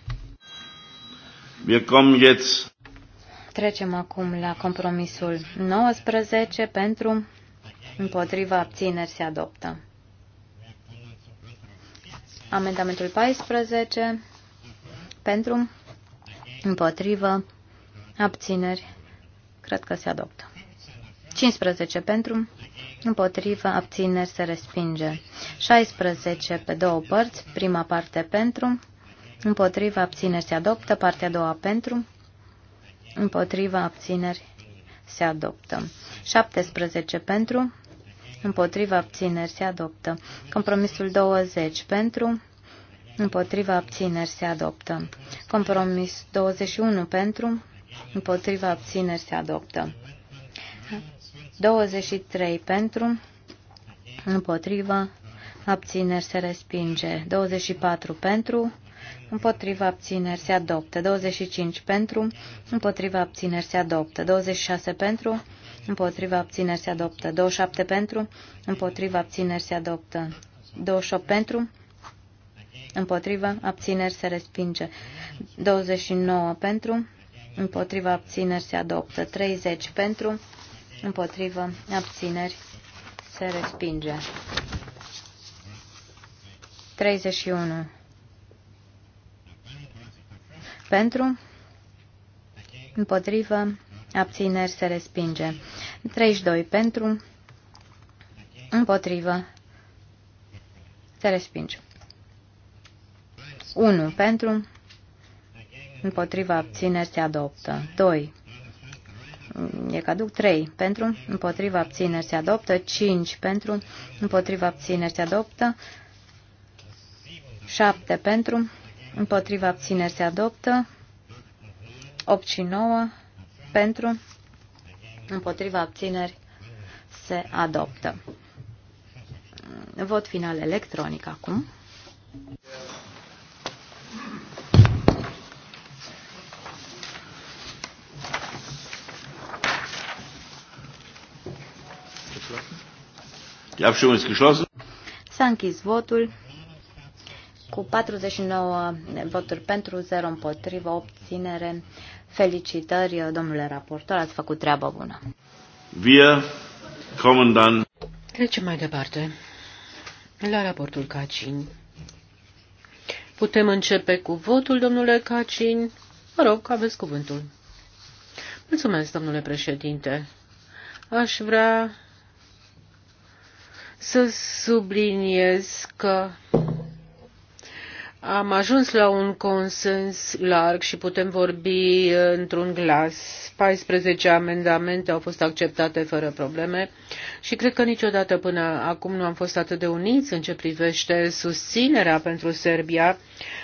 Wir kommen jetzt. Trecem acum la compromisul 19 pentru împotriva abțineri se adoptă. Amendamentul 14 pentru împotriva abțineri cred că se adoptă. 15 pentru, împotrivă, abțineri, se respinge. 16 pe două părți, prima parte pentru, împotrivă, abțineri, se adoptă, partea a doua pentru, împotrivă, abțineri, se adoptă. 17 pentru, împotrivă, abțineri, se adoptă. Compromisul 20 pentru, împotrivă, abțineri se adoptă. Compromis 21 pentru, împotrivă, abțineri se adoptă. 23 pentru, împotriva, abțineri se respinge. 24 pentru, împotriva abțineri se adoptă. 25 pentru, împotriva abțineri se adoptă. 26 pentru, împotriva abțineri se adoptă. 27 pentru, împotriva abțineri se adoptă. 28 pentru, împotriva abțineri se respinge. 29 pentru, împotriva abțineri se adoptă. 30 pentru, împotrivă, abțineri, se respinge. 31. Pentru, împotrivă, abțineri, se respinge. 32. Pentru, împotrivă, se respinge. 1. Pentru, împotriva abțineri se adoptă. 2 e caduc 3 pentru, împotriva abțineri se adoptă, 5 pentru, împotriva abțineri se adoptă, 7 pentru, împotriva abțineri se adoptă, 8 și 9 pentru, împotriva abțineri se adoptă. Vot final electronic acum. Yeah. S-a închis votul cu 49 voturi pentru, 0 împotrivă, obținere. Felicitări, domnule raportor, ați făcut treaba bună. Wir kommen dann. Trecem mai departe la raportul Cacin. Putem începe cu votul, domnule Cacin. Vă rog, aveți cuvântul. Mulțumesc, domnule președinte. Aș vrea să subliniez că am ajuns la un consens larg și putem vorbi uh, într-un glas. 14 amendamente au fost acceptate fără probleme și cred că niciodată până acum nu am fost atât de uniți în ce privește susținerea pentru Serbia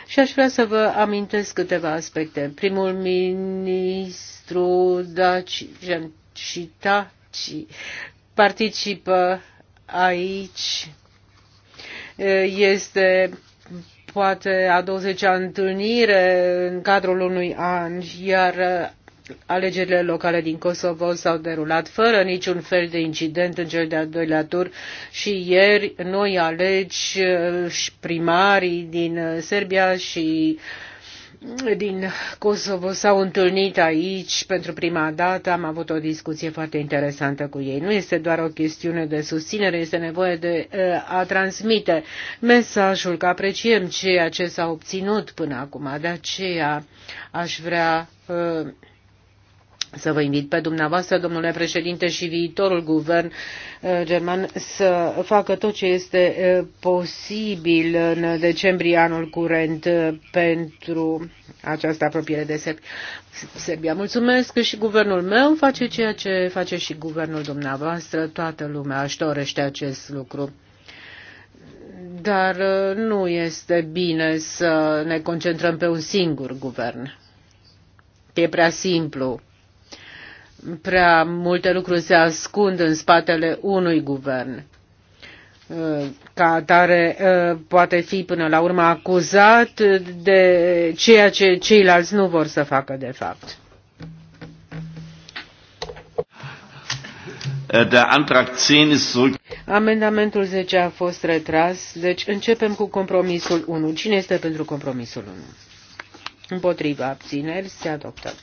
și aș vrea să vă amintesc câteva aspecte. Primul ministru Daci și participă aici este poate a 20-a întâlnire în cadrul unui an, iar alegerile locale din Kosovo s-au derulat fără niciun fel de incident în cel de-al doilea tur și ieri noi alegi primarii din Serbia și uh, din Kosovo s-au întâlnit aici pentru prima dată, am avut o discuție foarte interesantă cu ei. Nu este doar o chestiune de susținere, este nevoie de uh, a transmite mesajul că apreciem ceea ce s-a obținut până acum. De aceea aș vrea uh, să vă invit pe dumneavoastră, domnule președinte, și viitorul guvern uh, german să facă tot ce este uh, posibil în decembrie anul curent uh, pentru această apropiere de Serbia. Mulțumesc și guvernul meu face ceea ce face și guvernul dumneavoastră. Toată lumea își dorește acest lucru dar nu este bine să ne concentrăm pe un singur guvern. E prea simplu prea multe lucruri se ascund în spatele unui guvern. Uh, ca atare uh, poate fi până la urmă acuzat de ceea ce ceilalți nu vor să facă de fapt. 10 äh, Amendamentul 10 a fost retras, deci începem cu compromisul 1. Cine este pentru compromisul 1? Împotriva abțineri se adoptă.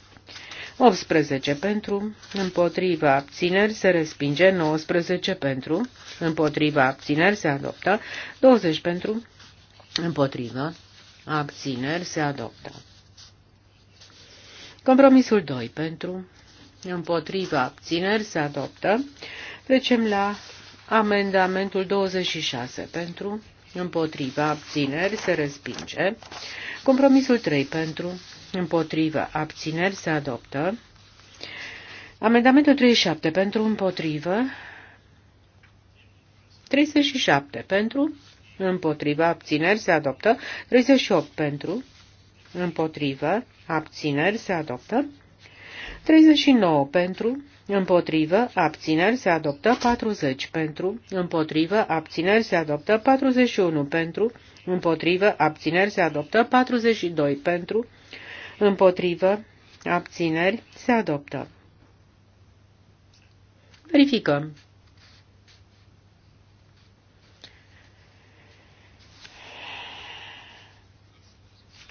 18 pentru, împotriva abțineri se respinge, 19 pentru, împotriva abțineri se adoptă, 20 pentru, împotriva abțineri se adoptă. Compromisul 2 pentru, împotriva abțineri se adoptă. Trecem la amendamentul 26 pentru, împotriva abțineri se respinge. Compromisul 3 pentru, împotrivă, abțineri se adoptă. Amendamentul 37 pentru împotrivă, 37 pentru, împotrivă, abțineri se adoptă, 38 pentru, împotrivă, abțineri se adoptă, 39 pentru, împotrivă, abțineri se adoptă, 40 pentru, împotrivă, abțineri se adoptă, 41 pentru, împotrivă, abțineri se adoptă, 42 pentru, Împotrivă. Abțineri. Se adoptă. Verificăm.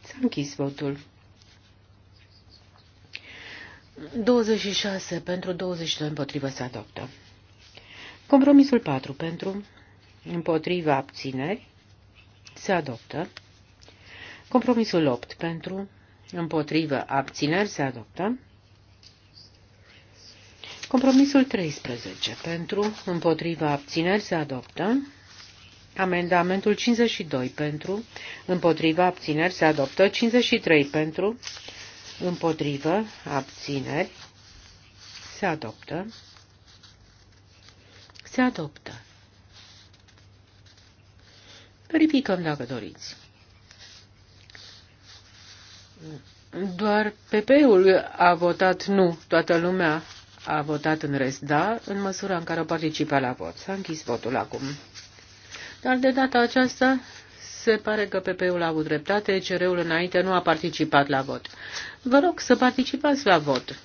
S-a închis votul. 26 pentru 22 împotrivă se adoptă. Compromisul 4 pentru împotriva abțineri se adoptă. Compromisul 8 pentru Împotrivă abțineri se adoptă. Compromisul 13. Pentru, împotrivă abțineri se adoptă. Amendamentul 52 pentru, împotriva abțineri se adoptă. 53 pentru, împotrivă abțineri se adoptă. Se adoptă. Verificăm dacă doriți. Doar PP-ul a votat nu, toată lumea a votat în rest da, în măsura în care a participat la vot. S-a închis votul acum. Dar de data aceasta se pare că PP-ul a avut dreptate, cr ul înainte nu a participat la vot. Vă rog să participați la vot.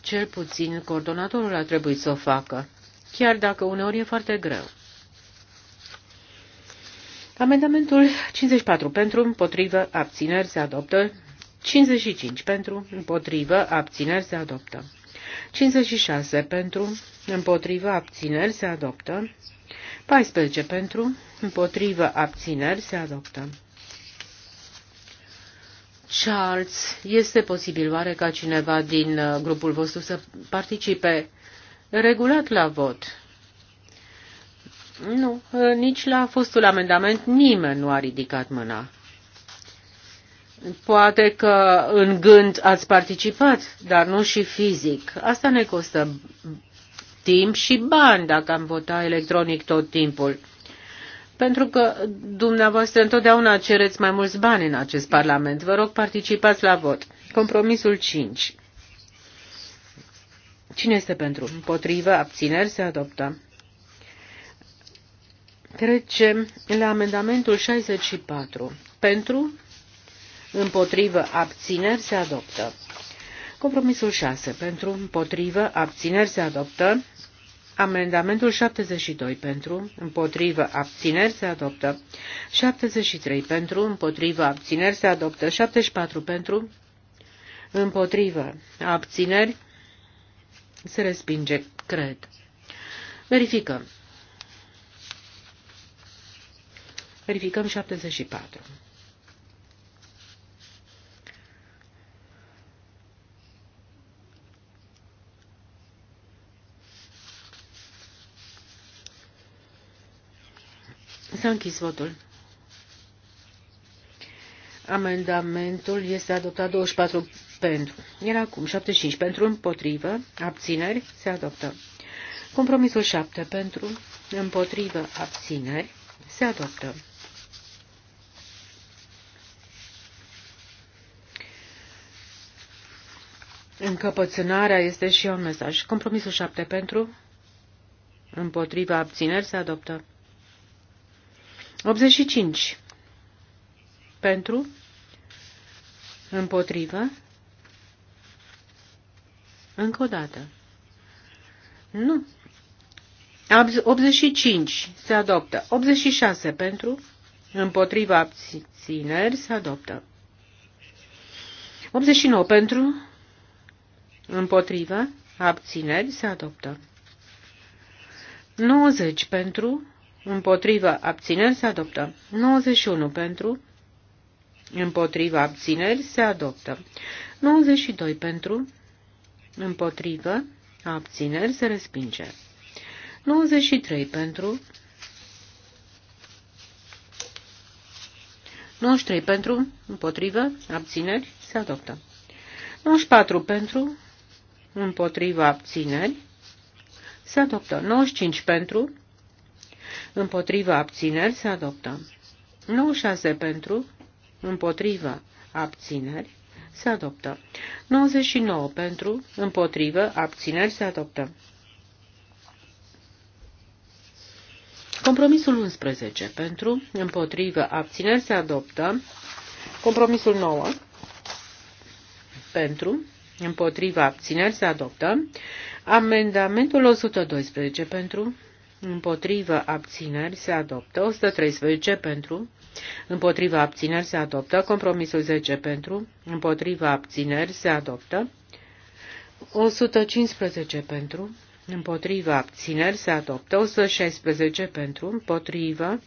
Cel puțin coordonatorul a trebuit să o facă, chiar dacă uneori e foarte greu. Amendamentul 54 pentru, împotrivă, abțineri se adoptă, 55 pentru, împotrivă, abțineri se adoptă. 56 pentru, împotrivă, abțineri se adoptă. 14 pentru, împotrivă, abțineri se adoptă. Charles, este posibil oare ca cineva din uh, grupul vostru să participe regulat la vot? Nu, uh, nici la fostul amendament nimeni nu a ridicat mâna. Poate că în gând ați participat, dar nu și fizic. Asta ne costă timp și bani dacă am votat electronic tot timpul. Pentru că dumneavoastră întotdeauna cereți mai mulți bani în acest Parlament. Vă rog, participați la vot. Compromisul 5. Cine este pentru? Împotrivă? Abțineri? Se adoptă. Trecem la amendamentul 64. Pentru? împotrivă, abțineri, se adoptă. Compromisul 6. Pentru, împotrivă, abțineri, se adoptă. Amendamentul 72 pentru, împotrivă, abțineri se adoptă. 73 pentru, împotrivă, abțineri se adoptă. 74 pentru, împotrivă, abțineri se respinge, cred. Verificăm. Verificăm 74. S-a închis votul. Amendamentul este adoptat 24 pentru. Era acum 75 pentru, împotrivă, abțineri, se adoptă. Compromisul 7 pentru, împotrivă, abțineri, se adoptă. Încăpățânarea este și un mesaj. Compromisul 7 pentru, împotriva abțineri, se adoptă. 85. Pentru, împotrivă, încă o dată. Nu. 85 se adoptă. 86 pentru, împotriva abțineri se adoptă. 89 pentru, împotriva abțineri se adoptă. 90 pentru, Împotrivă abțineri se adoptă. 91 pentru. Împotrivă abțineri se adoptă. 92 pentru. Împotrivă. Abțineri se respinge. 93 pentru. 93 pentru. Împotrivă. Abțineri se adoptă. 94 pentru. Împotrivă abțineri se adoptă. 95 pentru împotrivă abțineri se adoptă. 96 pentru, împotrivă abțineri se adoptă. 99 pentru, împotrivă abțineri se adoptă. Compromisul 11 pentru, împotrivă abțineri se adoptă. Compromisul 9 pentru, Împotriva abțineri se adoptă. Amendamentul 112 pentru împotrivă abțineri se adoptă, 113 pentru, împotrivă abțineri se adoptă, compromisul 10 pentru, împotrivă abțineri se adoptă, 115 pentru, împotrivă abțineri se adoptă, 116 pentru, împotrivă.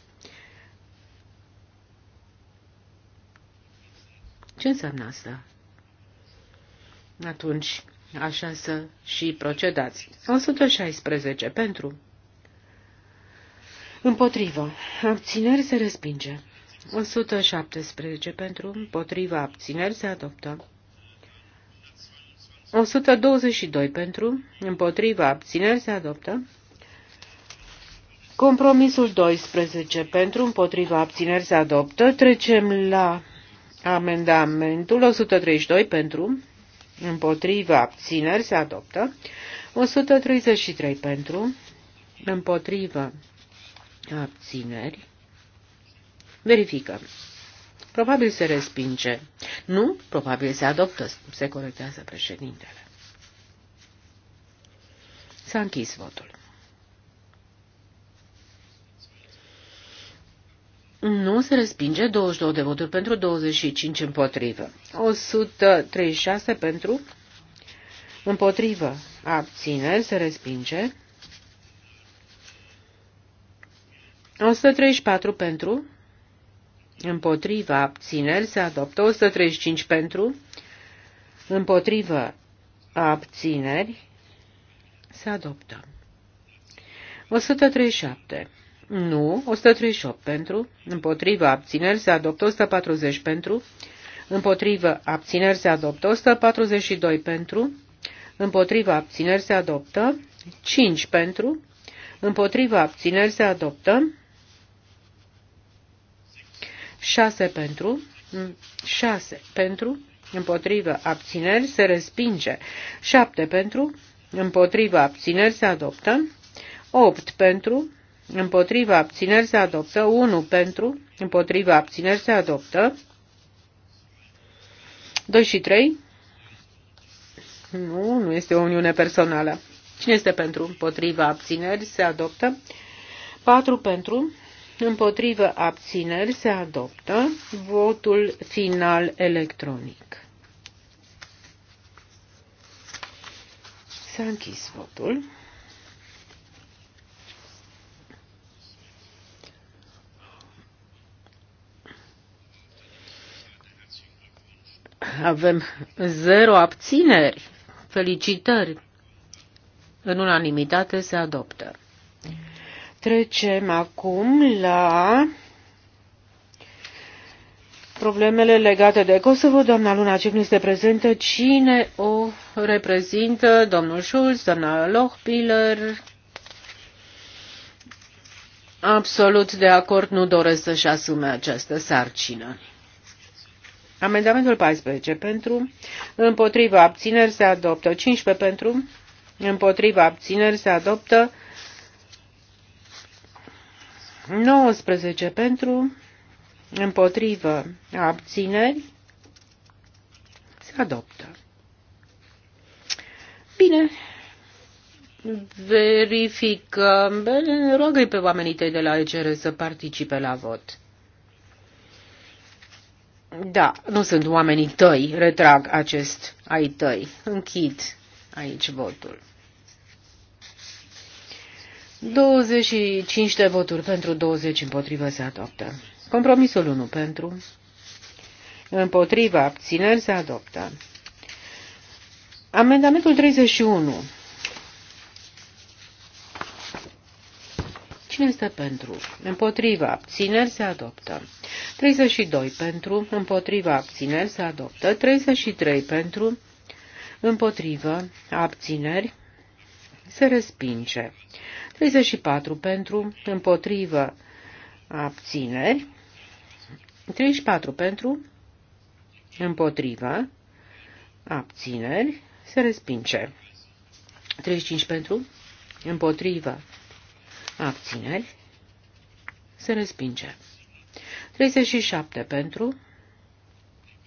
Ce înseamnă asta? Atunci, așa să și procedați. 116 pentru, Împotrivă. Abțineri se respinge. 117 pentru, împotriva abțineri se adoptă. 122 pentru, împotriva abțineri se adoptă. Compromisul 12 pentru, împotriva abțineri se adoptă. Trecem la amendamentul 132 pentru, împotriva abțineri se adoptă. 133 pentru, împotriva Abțineri. Verificăm. Probabil se respinge. Nu, probabil se adoptă, se corectează președintele. S-a închis votul. Nu se respinge 22 de voturi pentru 25 împotrivă. 136 pentru împotrivă. Abțineri se respinge. 134 pentru, împotriva abțineri, se adoptă. 135 pentru, împotriva abțineri, se adoptă. 137. Nu, 138 pentru, împotriva abțineri se adoptă 140 pentru, împotriva abțineri se adoptă 142 pentru, împotriva abțineri se adoptă 5 pentru, împotriva abțineri se adoptă 6 pentru, 6 pentru, împotrivă abțineri se respinge, 7 pentru, împotrivă abțineri se adoptă, 8 pentru, împotrivă abțineri se adoptă, 1 pentru, împotrivă abțineri se adoptă, 2 și 3, nu, nu este o uniune personală. Cine este pentru împotriva abțineri? Se adoptă. 4 pentru împotrivă abțineri se adoptă votul final electronic. S-a închis votul. Avem zero abțineri. Felicitări. În unanimitate se adoptă. Trecem acum la problemele legate de Kosovo. Doamna Luna Cip nu este prezentă. Cine o reprezintă? Domnul Schulz, doamna Lochbiller. Absolut de acord, nu doresc să-și asume această sarcină. Amendamentul 14 pentru, împotriva abțineri se adoptă, 15 pentru, împotriva abțineri se adoptă, 19 pentru, împotrivă, abțineri, se adoptă. Bine, verificăm. roagă pe oamenii tăi de la ECR să participe la vot. Da, nu sunt oamenii tăi, retrag acest ai tăi. Închid aici votul. 25 de voturi pentru, 20 împotrivă se adoptă. Compromisul 1 pentru, împotriva, abțineri se adoptă. Amendamentul 31. Cine este pentru? Împotriva, abțineri se adoptă. 32 pentru, împotriva, abțineri se adoptă. 33 pentru, împotriva abțineri se respinge. 34 pentru, împotrivă, abțineri. 34 pentru, împotrivă, abțineri, se respinge. 35 pentru, împotrivă, abțineri, se respinge. 37 pentru,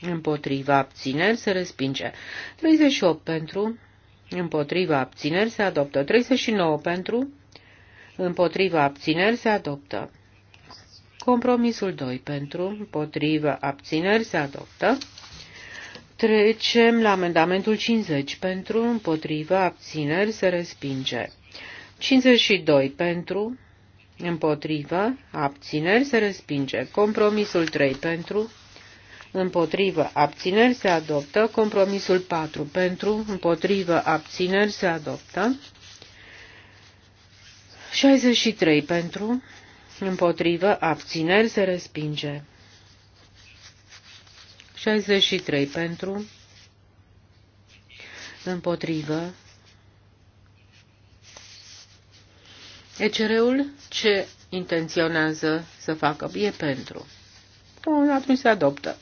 împotriva abțineri, se respinge. 38 pentru, împotriva abțineri, se adoptă. 39 pentru, împotriva abțineri se adoptă. Compromisul 2 pentru, împotriva abțineri se adoptă. Trecem la amendamentul 50 pentru, împotriva abțineri se respinge. 52 pentru, împotriva abțineri se respinge. Compromisul 3 pentru, împotriva abțineri se adoptă. Compromisul 4 pentru. împotriva abțineri se adoptă. 63 pentru, împotrivă, abțineri, se respinge. 63 pentru, împotrivă. ECR-ul ce intenționează să facă? E pentru. Bun, atunci se adoptă.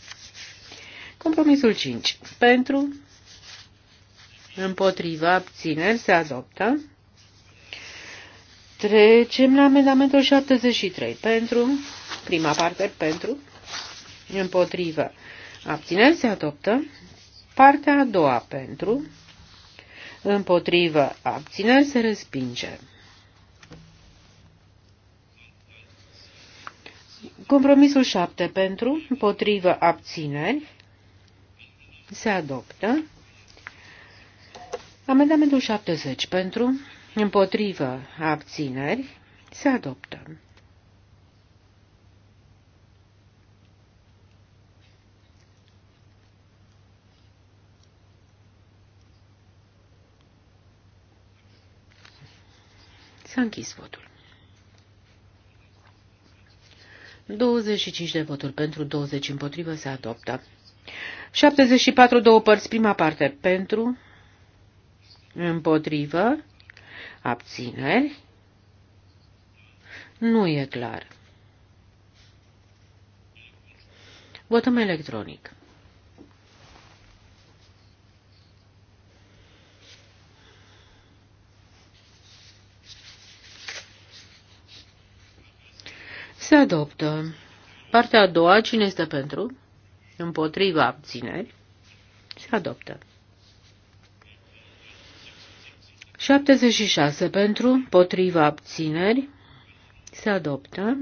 Compromisul 5. Pentru, împotriva, abțineri, se adoptă. Trecem la amendamentul 73. Pentru, prima parte, pentru, împotrivă. Abțineri se adoptă. Partea a doua, pentru, împotrivă. Abțineri se respinge. Compromisul 7 pentru, împotrivă abțineri, se adoptă. Amendamentul 70 pentru, împotrivă, abțineri, se adoptă. S-a închis votul. 25 de voturi pentru, 20 împotrivă se adoptă. 74 două părți, prima parte pentru, împotrivă, Abțineri? Nu e clar. Votăm electronic. Se adoptă. Partea a doua, cine este pentru? Împotriva abțineri. Se adoptă. 76 pentru, potriva abțineri, se adoptă.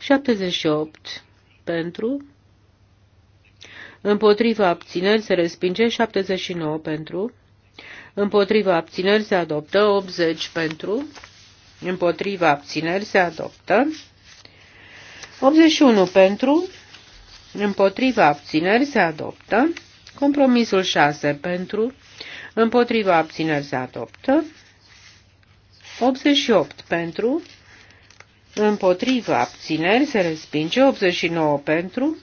78 pentru, împotriva abțineri se respinge, 79 pentru, împotriva abțineri se adoptă, 80 pentru, împotriva abțineri se adoptă, 81 pentru, împotriva abțineri se adoptă, Compromisul 6 pentru, împotriva abțineri se adoptă. 88 pentru, împotriva abțineri se respinge. 89 pentru,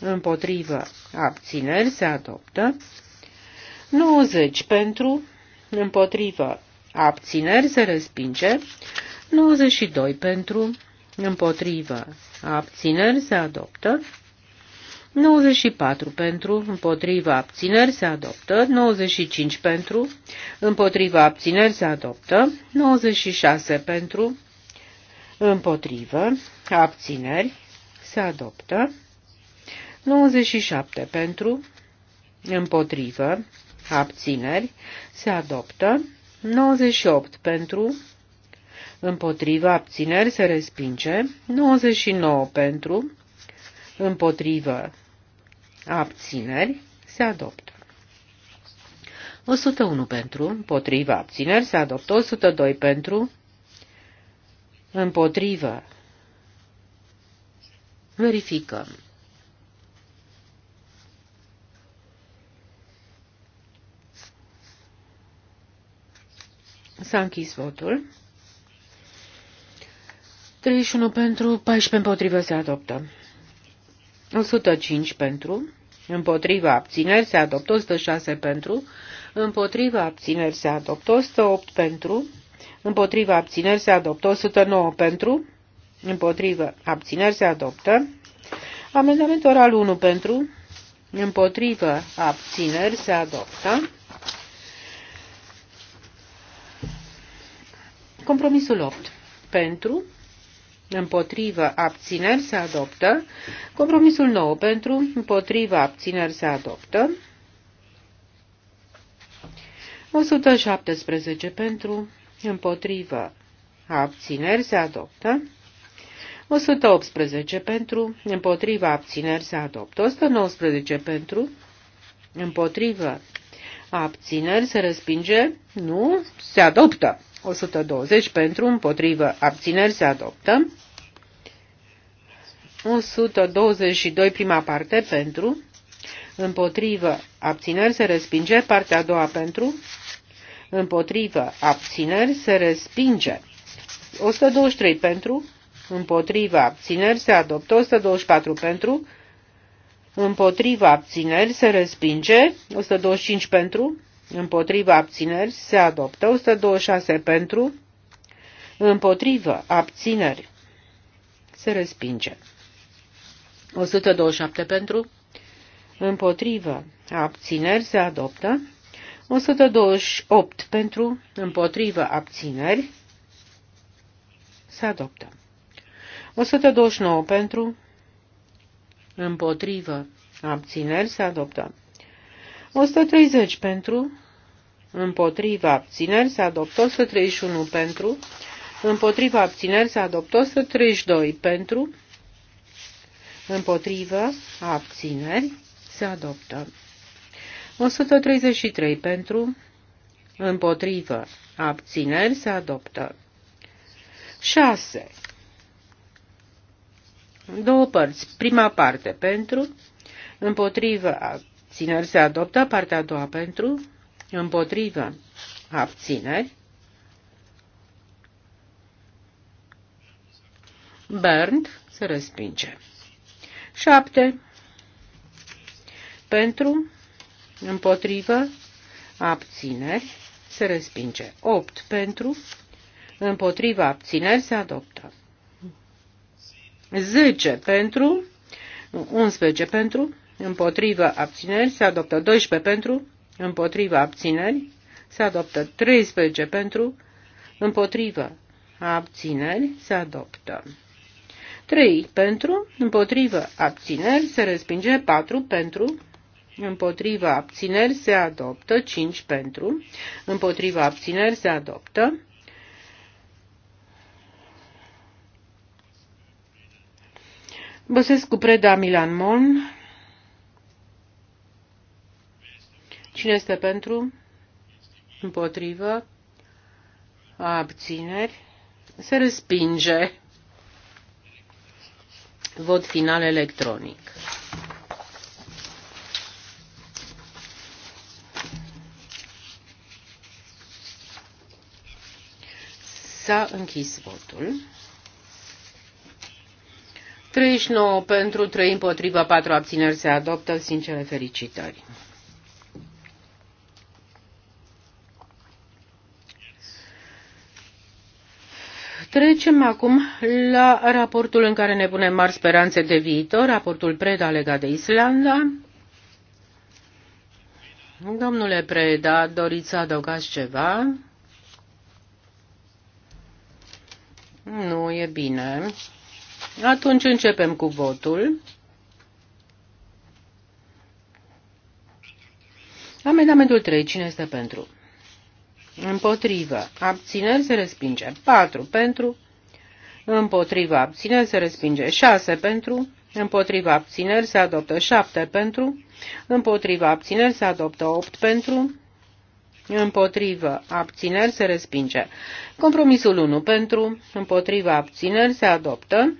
împotriva abțineri se adoptă. 90 pentru, împotriva abțineri se respinge. 92 pentru, împotriva abțineri se adoptă, 94 pentru, împotriva abțineri se adoptă, 95 pentru, împotriva abțineri se adoptă, 96 pentru, împotrivă, abțineri se adoptă, 97 pentru, împotrivă, abțineri se adoptă, 98 pentru, împotriva abțineri se respinge, 99 pentru, împotrivă, abțineri, se adoptă. 101 pentru, împotriva abțineri, se adoptă 102 pentru, împotrivă. Verificăm. S-a închis votul. 31 pentru, 14 împotrivă se adoptă. 105 pentru, împotriva abțineri se adoptă 106 pentru, împotriva abțineri se adoptă 108 pentru, împotriva abțineri se adoptă 109 pentru, împotriva abțineri se adoptă, amendamentul oral 1 pentru, împotriva abțineri se adoptă, compromisul 8 pentru, împotrivă, abțineri, se adoptă. Compromisul nou pentru, împotrivă, abțineri, se adoptă. 117 pentru, împotrivă, abțineri, se adoptă. 118 pentru, împotriva abțineri se adoptă. 119 pentru, împotrivă abțineri se respinge, nu, se adoptă. 120 pentru, împotrivă abțineri se adoptă. 122 prima parte pentru, împotrivă, abțineri se respinge, partea a doua pentru, împotrivă, abțineri se respinge. 123 pentru, împotrivă, abțineri se adoptă, 124 pentru, împotrivă, abțineri se respinge, 125 pentru, împotrivă, abțineri se adoptă, 126 pentru, împotrivă, abțineri se respinge. 127 pentru, împotrivă, abțineri se adoptă. 128 pentru, împotrivă, abțineri se adoptă. 129 pentru, împotrivă, abțineri se adoptă. 130 pentru, împotriva abțineri se adoptă 131 pentru, împotriva abțineri se adoptă 132 pentru, împotrivă, abțineri, se adoptă. 133 pentru, împotrivă, abțineri, se adoptă. 6. Două părți. Prima parte pentru, împotrivă, abțineri, se adoptă. Partea a doua pentru, împotrivă, abțineri. Bernd se respinge. 7 pentru, împotrivă, abțineri, se respinge. 8 pentru, împotrivă, abțineri, se adoptă. 10 pentru, 11 pentru, împotrivă, abțineri, se adoptă. 12 pentru, împotrivă, abțineri, se adoptă. 13 pentru, împotrivă, abțineri, se adoptă. 3 pentru, împotrivă abțineri se respinge 4 pentru, împotrivă abțineri se adoptă 5 pentru, împotrivă abțineri se adoptă. Băsescu Preda Milan Mon. Cine este pentru? Împotrivă. Abțineri. Se respinge. Vot final electronic. S-a închis votul. 39 pentru, 3 împotriva, 4 abțineri se adoptă. Sincere felicitări! Trecem acum la raportul în care ne punem mari speranțe de viitor, raportul Preda legat de Islanda. Domnule Preda, doriți să adăugați ceva? Nu, e bine. Atunci începem cu votul. Amendamentul 3. Cine este pentru? împotrivă, abțineri se respinge. 4 pentru, împotrivă, abțineri se respinge. 6 pentru, împotrivă, abțineri se adoptă. 7 pentru, împotrivă, abțineri se adoptă. 8 pentru, Împotrivă abțineri se respinge. Compromisul 1 pentru, Împotrivă. abțineri se adoptă.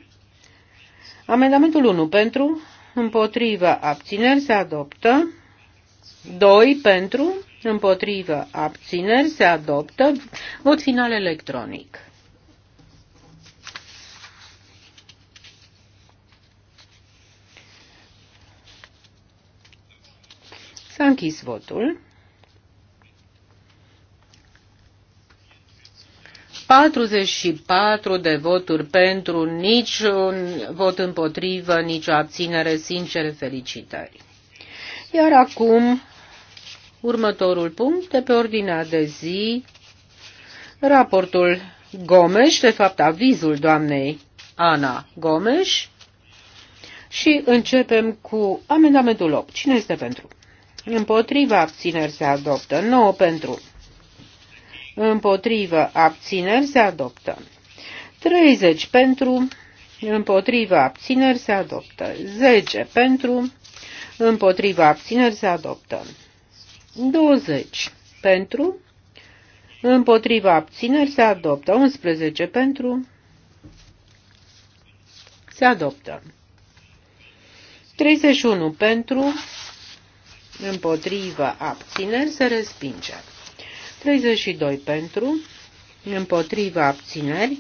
Amendamentul 1 pentru, Împotrivă. abțineri se adoptă. 2 pentru, împotrivă, abțineri, se adoptă. Vot final electronic. S-a închis votul. 44 de voturi pentru, nici un vot împotrivă, nici o abținere, sincere felicitări. Iar acum următorul punct de pe ordinea de zi, raportul Gomes, de fapt avizul doamnei Ana Gomes, și începem cu amendamentul 8. Cine este pentru? Împotriva abțineri se adoptă. 9 pentru. Împotriva abțineri se adoptă. 30 pentru. Împotriva abțineri se adoptă. 10 pentru. Împotriva abțineri se adoptă. 20 pentru, împotriva abțineri se adoptă. 11 pentru, se adoptă. 31 pentru, împotriva abțineri se respinge. 32 pentru, împotriva abțineri.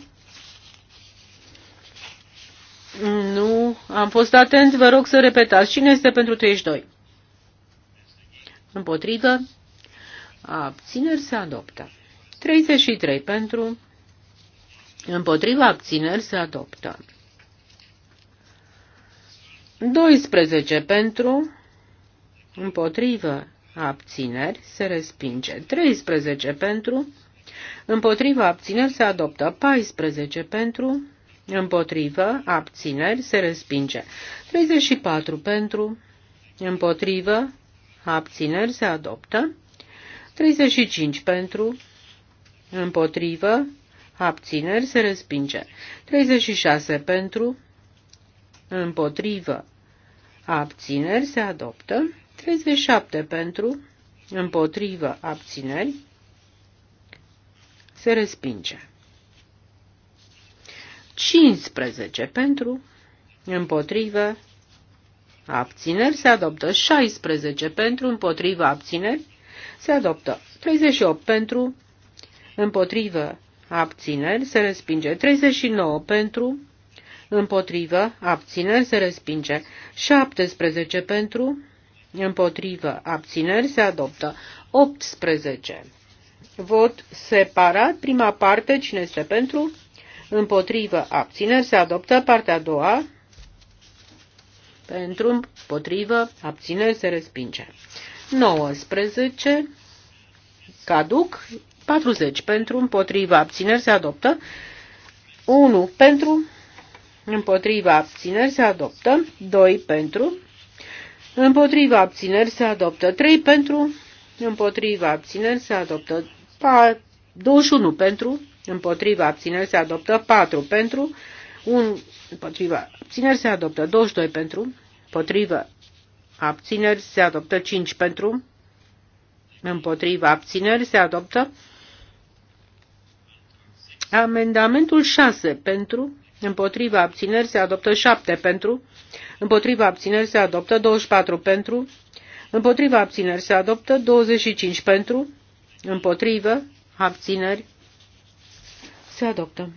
Nu, am fost atent, vă rog să repetați. Cine este pentru 32? Împotrivă. Abțineri se adoptă. 33 pentru. Împotriva abțineri se adoptă. 12 pentru. Împotrivă abțineri se respinge. 13 pentru. Împotriva abțineri se adoptă. 14 pentru. Împotrivă abțineri se respinge. 34 pentru. Împotrivă abțineri se adoptă. 35 pentru, împotrivă, abțineri se respinge. 36 pentru, împotrivă, abțineri se adoptă. 37 pentru, împotrivă, abțineri se respinge. 15 pentru, împotrivă, abțineri se adoptă 16 pentru, împotriva abțineri se adoptă 38 pentru, împotrivă abțineri se respinge 39 pentru, împotrivă abțineri se respinge 17 pentru, împotrivă abțineri se adoptă 18. Vot separat, prima parte, cine este pentru? Împotrivă abțineri se adoptă partea a doua pentru, potrivă, abține, se respinge. 19, caduc, 40 pentru, împotriva, abțineri, se adoptă. 1 pentru, împotriva, abțineri, se adoptă. 2 pentru, împotriva, abțineri, se adoptă. 3 pentru, împotriva, abțineri, se adoptă. 4, 21 pentru, împotriva, abțineri, se adoptă. 4 pentru, un, împotriva abțineri se adoptă 22 pentru, împotriva abțineri se adoptă 5 pentru, împotriva abțineri se adoptă amendamentul 6 pentru, împotriva abțineri se adoptă 7 pentru, împotriva abțineri se adoptă 24 pentru, împotriva abțineri se adoptă 25 pentru, împotrivă abțineri se adoptă.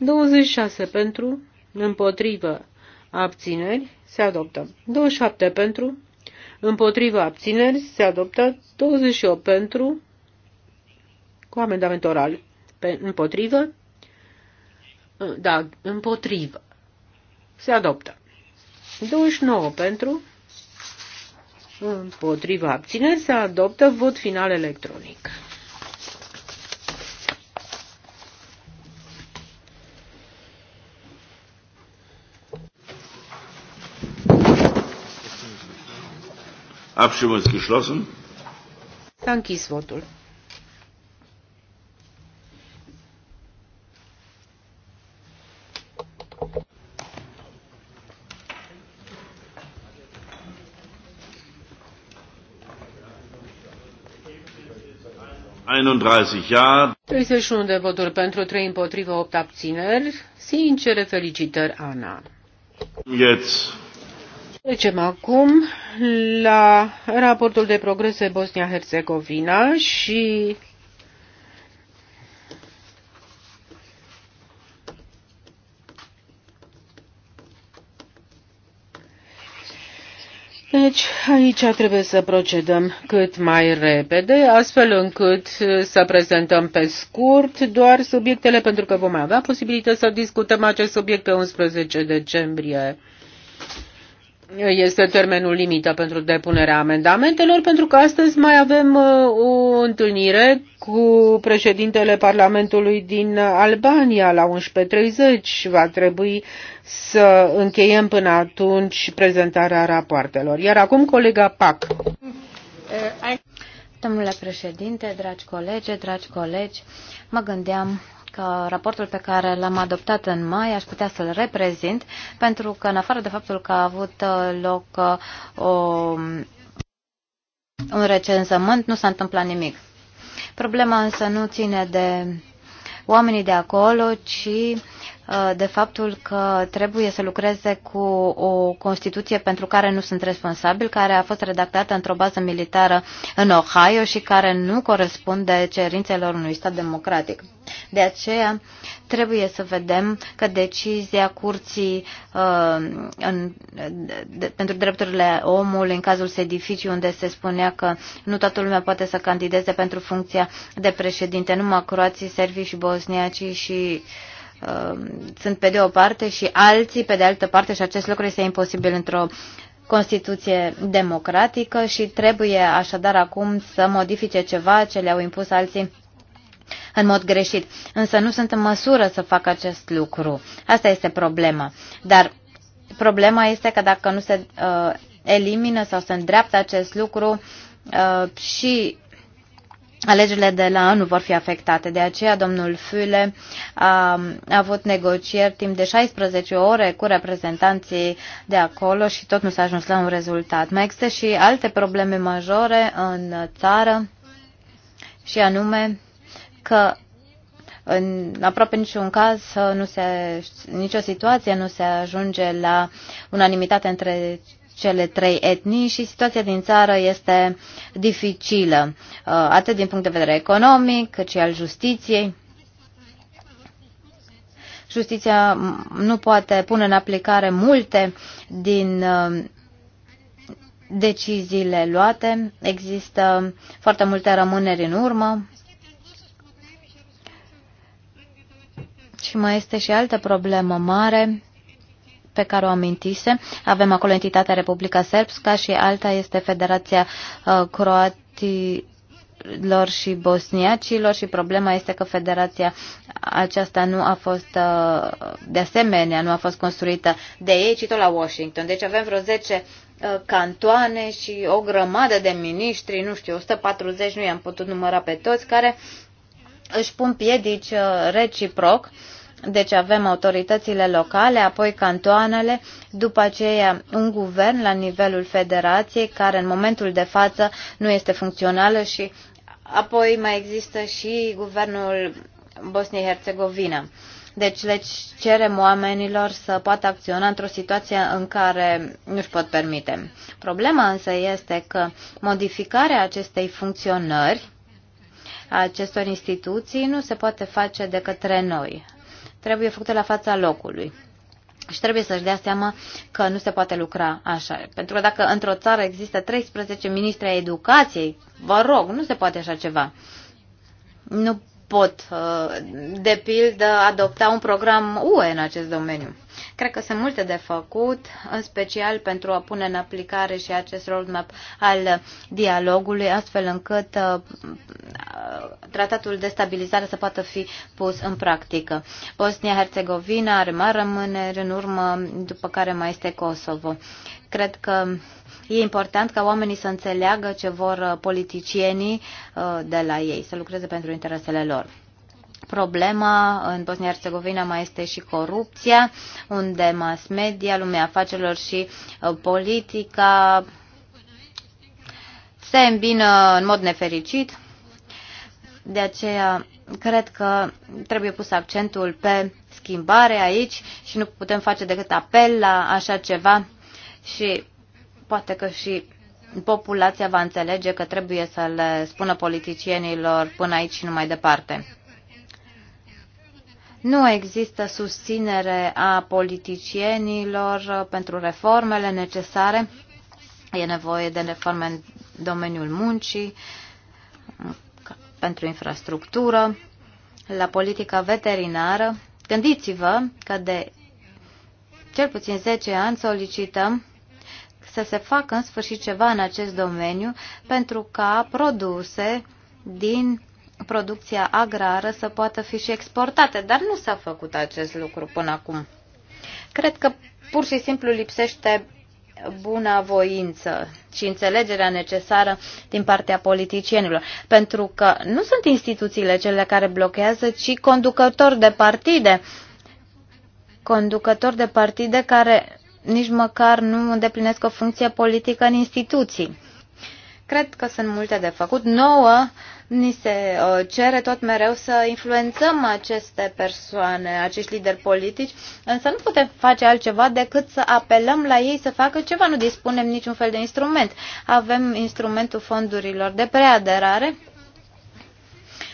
26 pentru, împotrivă, abțineri, se adoptă. 27 pentru, împotrivă, abțineri, se adoptă. 28 pentru, cu amendament oral, pe, împotrivă, da, împotrivă, se adoptă. 29 pentru, împotriva abțineri, se adoptă vot final electronic. Abstimmung ist geschlossen. s votul. 31 de voturi pentru, 3 împotrivă, 8 abțineri. Sincere felicitări, Ana. Jetzt. Trecem acum la raportul de progrese Bosnia-Herzegovina și Deci, aici trebuie să procedăm cât mai repede, astfel încât să prezentăm pe scurt doar subiectele, pentru că vom avea posibilitatea să discutăm acest subiect pe 11 decembrie este termenul limită pentru depunerea amendamentelor, pentru că astăzi mai avem uh, o întâlnire cu președintele Parlamentului din Albania la 11.30. Va trebui să încheiem până atunci prezentarea rapoartelor. Iar acum colega PAC. Domnule președinte, dragi colegi, dragi colegi, mă gândeam că raportul pe care l-am adoptat în mai aș putea să-l reprezint, pentru că în afară de faptul că a avut uh, loc uh, o, un recenzământ, nu s-a întâmplat nimic. Problema însă nu ține de oamenii de acolo, ci Uh, de faptul că trebuie să lucreze cu o Constituție pentru care nu sunt responsabil, care a fost redactată într-o bază militară în Ohio și care nu corespunde cerințelor unui stat democratic. De aceea trebuie să vedem că decizia Curții uh, în, de, pentru drepturile omului în cazul sedificii unde se spunea că nu toată lumea poate să candideze pentru funcția de președinte, numai croații, servii și bosniacii și uh, Um, sunt pe de o parte și alții pe de altă parte și acest lucru este imposibil într-o Constituție democratică și trebuie așadar acum să modifice ceva ce le-au impus alții în mod greșit. Însă nu sunt în măsură să fac acest lucru. Asta este problema. Dar problema este că dacă nu se uh, elimină sau se îndreaptă acest lucru uh, și Alegerile de la anul vor fi afectate. De aceea, domnul Füle a, a avut negocieri timp de 16 ore cu reprezentanții de acolo și tot nu s-a ajuns la un rezultat. Mai există și alte probleme majore în țară și anume că în aproape niciun caz, nu se, nicio situație nu se ajunge la unanimitate între cele trei etnii și situația din țară este dificilă, uh, atât din punct de vedere economic, cât și al justiției. Justiția nu poate pune în aplicare multe din uh, deciziile luate. Există foarte multe rămâneri în urmă. Și mai este și altă problemă mare pe care o amintise. Avem acolo entitatea Republica Serbska și alta este Federația uh, Croatilor și Bosniacilor și problema este că federația aceasta nu a fost uh, de asemenea, nu a fost construită de ei, ci tot la Washington. Deci avem vreo 10 uh, cantoane și o grămadă de miniștri, nu știu, 140, nu i-am putut număra pe toți, care își pun piedici reciproc deci avem autoritățile locale, apoi cantoanele, după aceea un guvern la nivelul federației care în momentul de față nu este funcțională și apoi mai există și guvernul bosniei herțegovina Deci le cerem oamenilor să poată acționa într-o situație în care nu își pot permite. Problema însă este că modificarea acestei funcționări a acestor instituții nu se poate face de către noi trebuie făcute la fața locului. Și trebuie să-și dea seama că nu se poate lucra așa. Pentru că dacă într-o țară există 13 ministri ai educației, vă rog, nu se poate așa ceva. Nu pot, uh, de pildă, adopta un program UE în acest domeniu. Cred că sunt multe de făcut, în special pentru a pune în aplicare și acest roadmap al dialogului, astfel încât uh, tratatul de stabilizare să poată fi pus în practică. Bosnia-Herzegovina are mari rămâneri în urmă, după care mai este Kosovo. Cred că e important ca oamenii să înțeleagă ce vor uh, politicienii uh, de la ei, să lucreze pentru interesele lor problema în Bosnia-Herzegovina mai este și corupția, unde mass media, lumea afacerilor și uh, politica se îmbină în mod nefericit. De aceea, cred că trebuie pus accentul pe schimbare aici și nu putem face decât apel la așa ceva și poate că și populația va înțelege că trebuie să le spună politicienilor până aici și nu mai departe. Nu există susținere a politicienilor pentru reformele necesare. E nevoie de reforme în domeniul muncii, pentru infrastructură, la politica veterinară. Gândiți-vă că de cel puțin 10 ani solicităm să se facă în sfârșit ceva în acest domeniu pentru ca produse din producția agrară să poată fi și exportată, dar nu s-a făcut acest lucru până acum. Cred că pur și simplu lipsește bună voință și înțelegerea necesară din partea politicienilor. Pentru că nu sunt instituțiile cele care blochează, ci conducători de partide. Conducători de partide care nici măcar nu îndeplinesc o funcție politică în instituții. Cred că sunt multe de făcut. Nouă Ni se uh, cere tot mereu să influențăm aceste persoane, acești lideri politici, însă nu putem face altceva decât să apelăm la ei să facă ceva. Nu dispunem niciun fel de instrument. Avem instrumentul fondurilor de preaderare,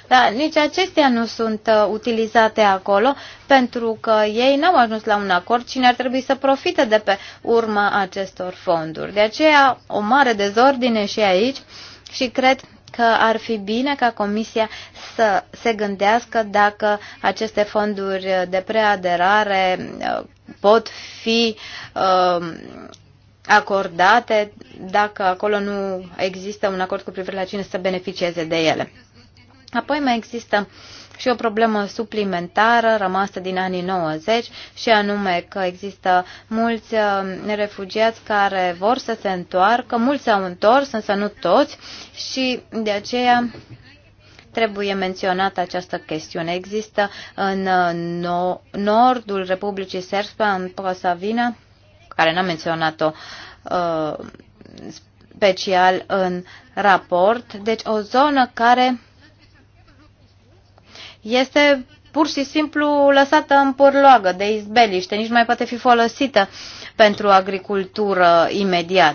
dar nici acestea nu sunt uh, utilizate acolo pentru că ei n-au ajuns la un acord cine ar trebui să profite de pe urma acestor fonduri. De aceea o mare dezordine și aici și cred că ar fi bine ca Comisia să se gândească dacă aceste fonduri de preaderare uh, pot fi um, acordate dacă acolo nu există un acord cu privire la cine să beneficieze de ele. Apoi mai există uh, și o problemă suplimentară rămasă din anii 90 și anume că există mulți uh, refugiați care vor să se întoarcă, mulți s-au întors, însă nu toți și de aceea trebuie menționată această chestiune. Există în uh, nordul Republicii Serbia, în Posavina, care n-am menționat-o uh, special în raport, deci o zonă care este pur și simplu lăsată în porloagă de izbeliște, nici nu mai poate fi folosită pentru agricultură imediat.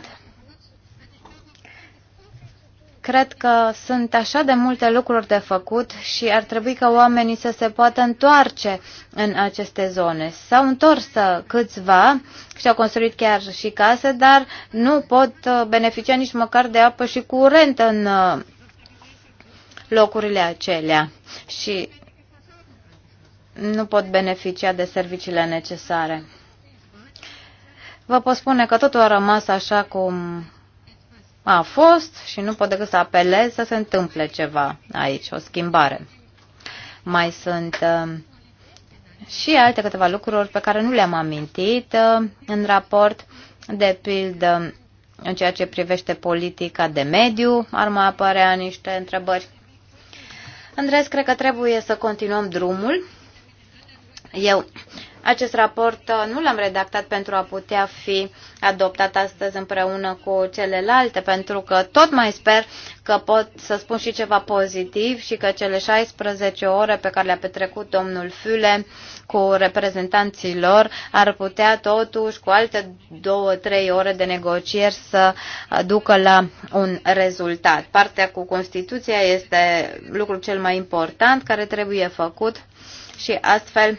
Cred că sunt așa de multe lucruri de făcut și ar trebui ca oamenii să se poată întoarce în aceste zone. S-au întors uh, câțiva și au construit chiar și case, dar nu pot uh, beneficia nici măcar de apă și curent în uh, locurile acelea și nu pot beneficia de serviciile necesare. Vă pot spune că totul a rămas așa cum a fost și nu pot decât să apelez să se întâmple ceva aici, o schimbare. Mai sunt uh, și alte câteva lucruri pe care nu le-am amintit uh, în raport, de pildă în ceea ce privește politica de mediu, ar mai apărea niște întrebări. Andres, cred că trebuie să continuăm drumul. Eu acest raport uh, nu l-am redactat pentru a putea fi adoptat astăzi împreună cu celelalte, pentru că tot mai sper că pot să spun și ceva pozitiv și că cele 16 ore pe care le-a petrecut domnul Füle cu reprezentanții lor ar putea totuși cu alte 2-3 ore de negocieri să ducă la un rezultat. Partea cu Constituția este lucrul cel mai important care trebuie făcut și astfel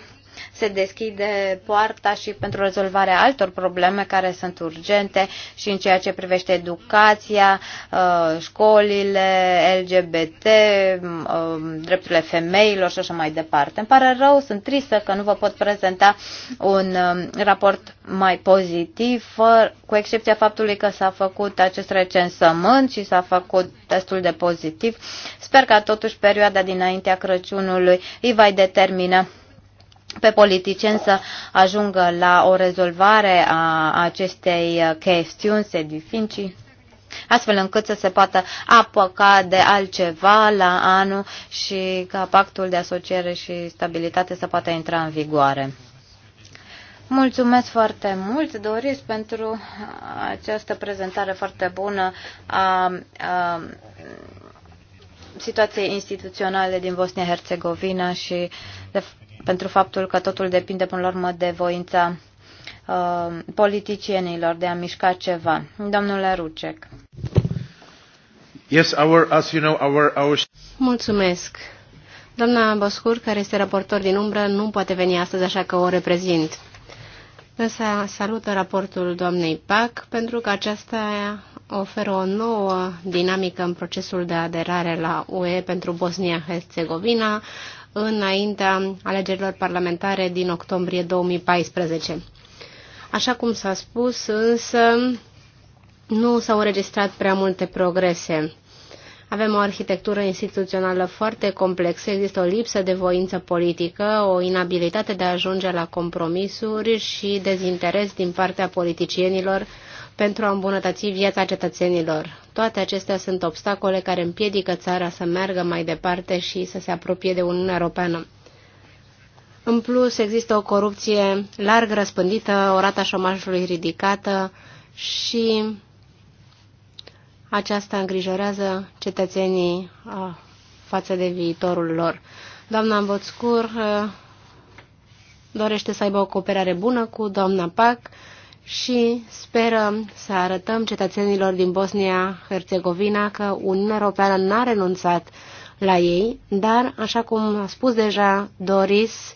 se deschide poarta și pentru rezolvarea altor probleme care sunt urgente și în ceea ce privește educația, uh, școlile, LGBT, um, um, drepturile femeilor și așa mai departe. Îmi pare rău, sunt tristă că nu vă pot prezenta un um, raport mai pozitiv, cu excepția faptului că s-a făcut acest recensământ și s-a făcut destul de pozitiv. Sper că totuși perioada dinaintea Crăciunului îi va determina pe politicieni să ajungă la o rezolvare a acestei chestiuni, sedificii astfel încât să se poată apăca de altceva la anul și ca pactul de asociere și stabilitate să poată intra în vigoare. Mulțumesc foarte mult, Doris, pentru această prezentare foarte bună a, a situației instituționale din Bosnia-Herzegovina și de pentru faptul că totul depinde până la urmă de voința uh, politicienilor de a mișca ceva. Domnule Rucec. Yes, our, as you know, our, our... Mulțumesc. Doamna Boscur, care este raportor din umbră, nu poate veni astăzi, așa că o reprezint. Însă salută raportul doamnei PAC pentru că aceasta oferă o nouă dinamică în procesul de aderare la UE pentru Bosnia-Herzegovina, înaintea alegerilor parlamentare din octombrie 2014. Așa cum s-a spus, însă nu s-au înregistrat prea multe progrese. Avem o arhitectură instituțională foarte complexă, există o lipsă de voință politică, o inabilitate de a ajunge la compromisuri și dezinteres din partea politicienilor pentru a îmbunătăți viața cetățenilor. Toate acestea sunt obstacole care împiedică țara să meargă mai departe și să se apropie de Uniunea Europeană. În plus, există o corupție larg răspândită, o rata șomajului ridicată și aceasta îngrijorează cetățenii față de viitorul lor. Doamna Învățcur dorește să aibă o cooperare bună cu doamna PAC și sperăm să arătăm cetățenilor din Bosnia-Herzegovina că Uniunea Europeană n-a renunțat la ei, dar, așa cum a spus deja Doris,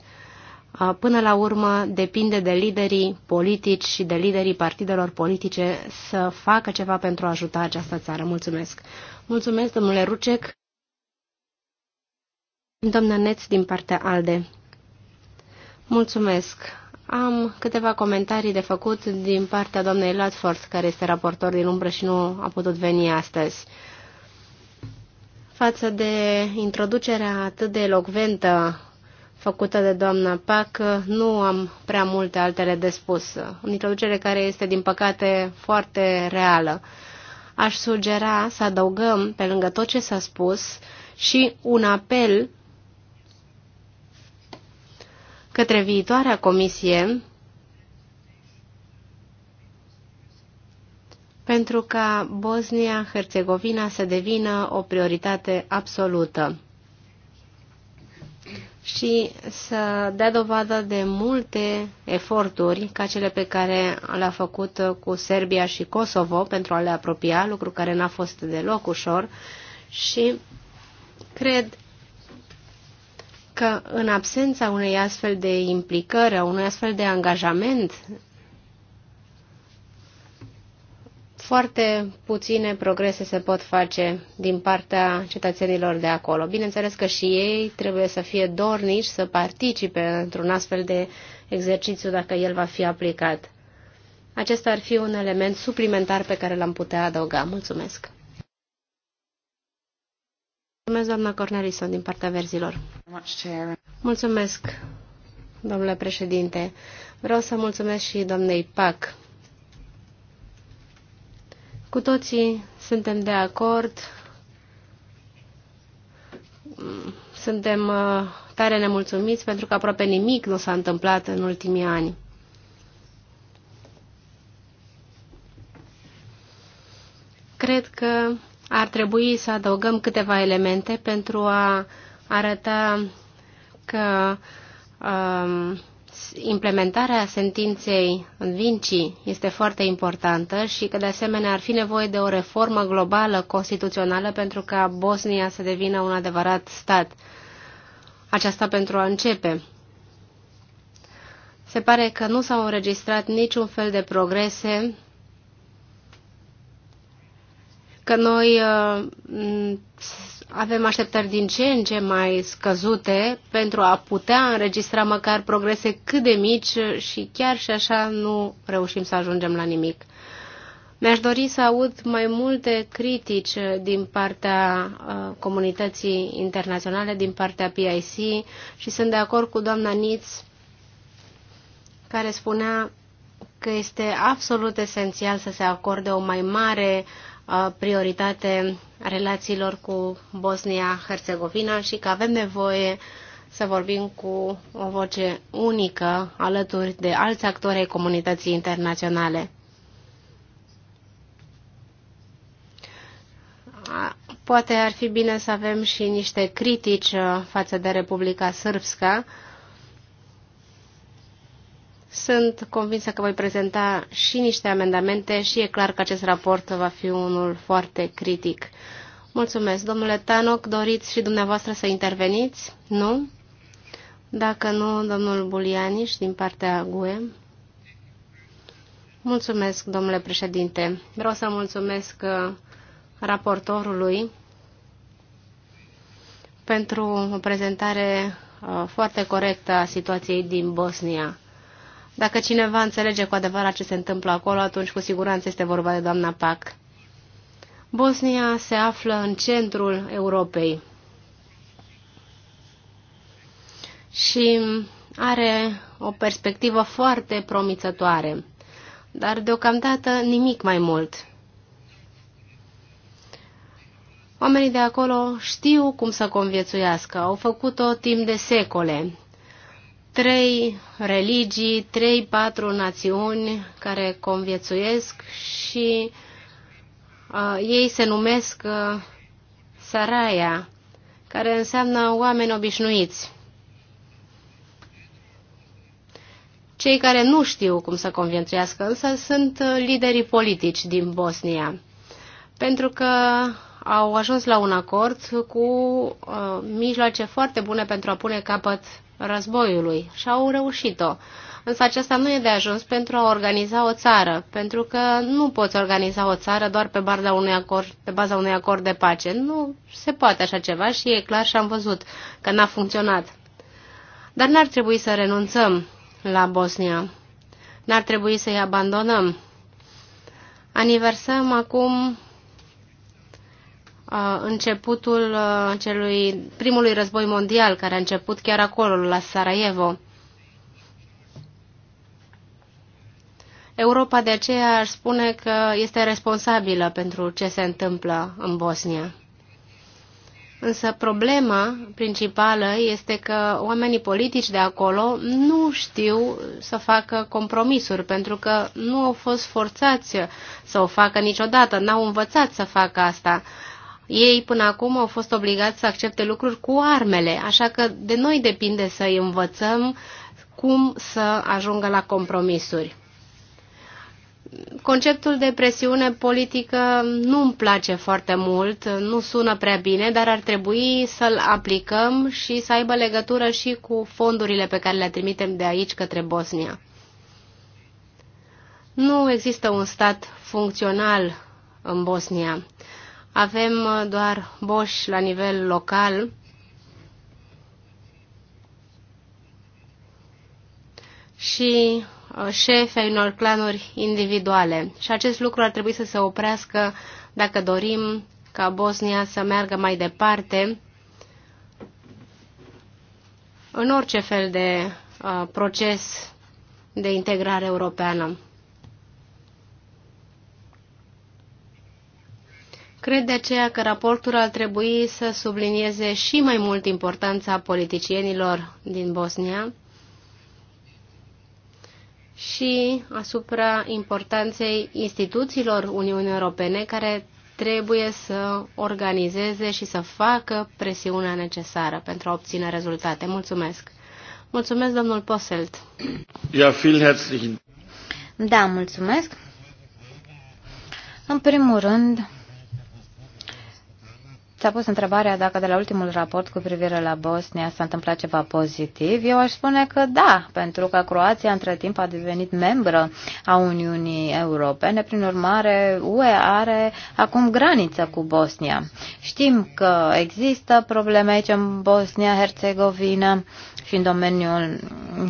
până la urmă depinde de liderii politici și de liderii partidelor politice să facă ceva pentru a ajuta această țară. Mulțumesc! Mulțumesc, domnule Rucec! Doamna Neț din partea ALDE. Mulțumesc! Am câteva comentarii de făcut din partea doamnei Latford, care este raportor din umbră și nu a putut veni astăzi. Față de introducerea atât de elocventă făcută de doamna Pac, nu am prea multe altele de spus. O introducere care este, din păcate, foarte reală. Aș sugera să adăugăm, pe lângă tot ce s-a spus, și un apel către viitoarea comisie pentru ca Bosnia-Herzegovina să devină o prioritate absolută și să dea dovadă de multe eforturi ca cele pe care le-a făcut cu Serbia și Kosovo pentru a le apropia, lucru care n-a fost deloc ușor și cred că în absența unei astfel de implicări, a unui astfel de angajament, foarte puține progrese se pot face din partea cetățenilor de acolo. Bineînțeles că și ei trebuie să fie dornici să participe într-un astfel de exercițiu dacă el va fi aplicat. Acesta ar fi un element suplimentar pe care l-am putea adăuga. Mulțumesc! Mulțumesc, doamna Cornelison, din partea verzilor. Mulțumesc, domnule președinte. Vreau să mulțumesc și doamnei PAC. Cu toții suntem de acord, suntem uh, tare nemulțumiți pentru că aproape nimic nu s-a întâmplat în ultimii ani. Cred că ar trebui să adăugăm câteva elemente pentru a arăta că um, implementarea sentinței Vinci este foarte importantă și că de asemenea ar fi nevoie de o reformă globală constituțională pentru ca Bosnia să devină un adevărat stat. Aceasta pentru a începe. Se pare că nu s-au înregistrat niciun fel de progrese că noi uh, avem așteptări din ce în ce mai scăzute pentru a putea înregistra măcar progrese cât de mici și chiar și așa nu reușim să ajungem la nimic. Mi-aș dori să aud mai multe critici din partea uh, comunității internaționale, din partea PIC și sunt de acord cu doamna Niț care spunea că este absolut esențial să se acorde o mai mare uh, prioritate relațiilor cu Bosnia-Herzegovina și că avem nevoie să vorbim cu o voce unică alături de alți actori ai comunității internaționale. Poate ar fi bine să avem și niște critici uh, față de Republica Sârbscă, sunt convinsă că voi prezenta și niște amendamente și e clar că acest raport va fi unul foarte critic. Mulțumesc. Domnule Tanoc, doriți și dumneavoastră să interveniți? Nu? Dacă nu, domnul Bulianiș din partea GUE. Mulțumesc, domnule președinte. Vreau să mulțumesc uh, raportorului pentru o prezentare uh, foarte corectă a situației din Bosnia. Dacă cineva înțelege cu adevărat ce se întâmplă acolo, atunci cu siguranță este vorba de doamna Pac. Bosnia se află în centrul Europei și are o perspectivă foarte promițătoare, dar deocamdată nimic mai mult. Oamenii de acolo știu cum să conviețuiască, au făcut-o timp de secole trei religii, trei, patru națiuni care conviețuiesc și uh, ei se numesc uh, Saraya, care înseamnă oameni obișnuiți. Cei care nu știu cum să conviețuiască însă sunt uh, liderii politici din Bosnia, pentru că au ajuns la un acord cu uh, mijloace foarte bune pentru a pune capăt războiului și au reușit-o. Însă acesta nu e de ajuns pentru a organiza o țară, pentru că nu poți organiza o țară doar pe, baza unui acord, pe baza unui acord de pace. Nu se poate așa ceva și e clar și am văzut că n-a funcționat. Dar n-ar trebui să renunțăm la Bosnia. N-ar trebui să-i abandonăm. Aniversăm acum începutul celui primului război mondial, care a început chiar acolo, la Sarajevo. Europa de aceea ar spune că este responsabilă pentru ce se întâmplă în Bosnia. Însă problema principală este că oamenii politici de acolo nu știu să facă compromisuri, pentru că nu au fost forțați să o facă niciodată, n-au învățat să facă asta. Ei până acum au fost obligați să accepte lucruri cu armele, așa că de noi depinde să îi învățăm cum să ajungă la compromisuri. Conceptul de presiune politică nu îmi place foarte mult, nu sună prea bine, dar ar trebui să-l aplicăm și să aibă legătură și cu fondurile pe care le trimitem de aici către Bosnia. Nu există un stat funcțional în Bosnia. Avem uh, doar bosch la nivel local și uh, șefi ai unor clanuri individuale. Și acest lucru ar trebui să se oprească dacă dorim ca Bosnia să meargă mai departe în orice fel de uh, proces de integrare europeană. Cred de aceea că raportul ar trebui să sublinieze și mai mult importanța politicienilor din Bosnia și asupra importanței instituțiilor Uniunii Europene care trebuie să organizeze și să facă presiunea necesară pentru a obține rezultate. Mulțumesc! Mulțumesc, domnul Poselt! Ja, viel herzlichen Da, mulțumesc! În primul rând, S-a pus întrebarea dacă de la ultimul raport cu privire la Bosnia s-a întâmplat ceva pozitiv. Eu aș spune că da, pentru că Croația între timp a devenit membră a Uniunii Europene. Prin urmare, UE are acum graniță cu Bosnia. Știm că există probleme aici în Bosnia-Herzegovina și în domeniul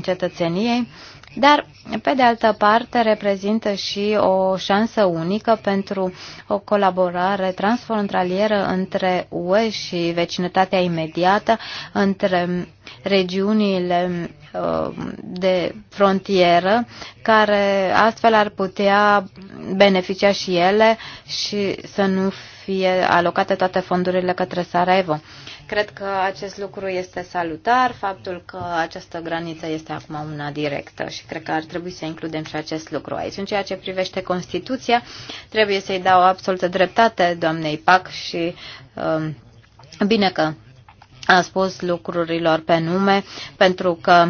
cetățeniei dar, pe de altă parte, reprezintă și o șansă unică pentru o colaborare transfrontalieră între UE și vecinătatea imediată, între regiunile uh, de frontieră, care astfel ar putea beneficia și ele și să nu fie alocate toate fondurile către Sarajevo. Cred că acest lucru este salutar, faptul că această graniță este acum una directă și cred că ar trebui să includem și acest lucru aici. În ceea ce privește Constituția, trebuie să-i dau absolută dreptate doamnei PAC și um, bine că a spus lucrurilor pe nume, pentru că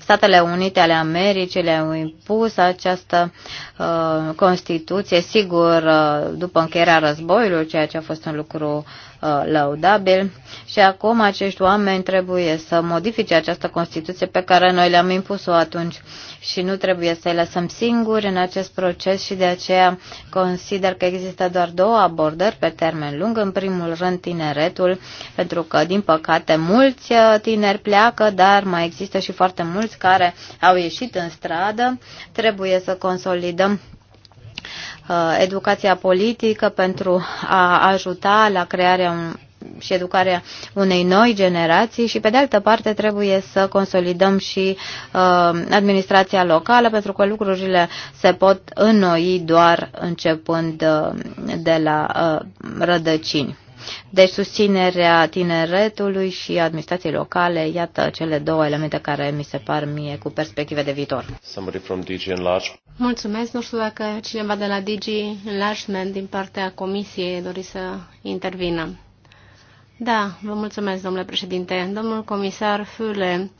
Statele Unite ale Americii le-au impus această uh, Constituție, sigur, uh, după încheierea războiului, ceea ce a fost un lucru Uh, laudabil și acum acești oameni trebuie să modifice această Constituție pe care noi le-am impus-o atunci și nu trebuie să-i lăsăm singuri în acest proces și de aceea consider că există doar două abordări pe termen lung. În primul rând tineretul, pentru că din păcate mulți uh, tineri pleacă, dar mai există și foarte mulți care au ieșit în stradă. Trebuie să consolidăm Uh, educația politică pentru a ajuta la crearea și educarea unei noi generații și, pe de altă parte, trebuie să consolidăm și uh, administrația locală, pentru că lucrurile se pot înnoi doar începând uh, de la uh, rădăcini. De susținerea tineretului și administrației locale, iată cele două elemente care mi se par mie cu perspective de viitor. Mulțumesc. Nu știu dacă cineva de la DG Enlargement din partea Comisiei dori să intervină. Da, vă mulțumesc, domnule președinte. Domnul comisar Fule,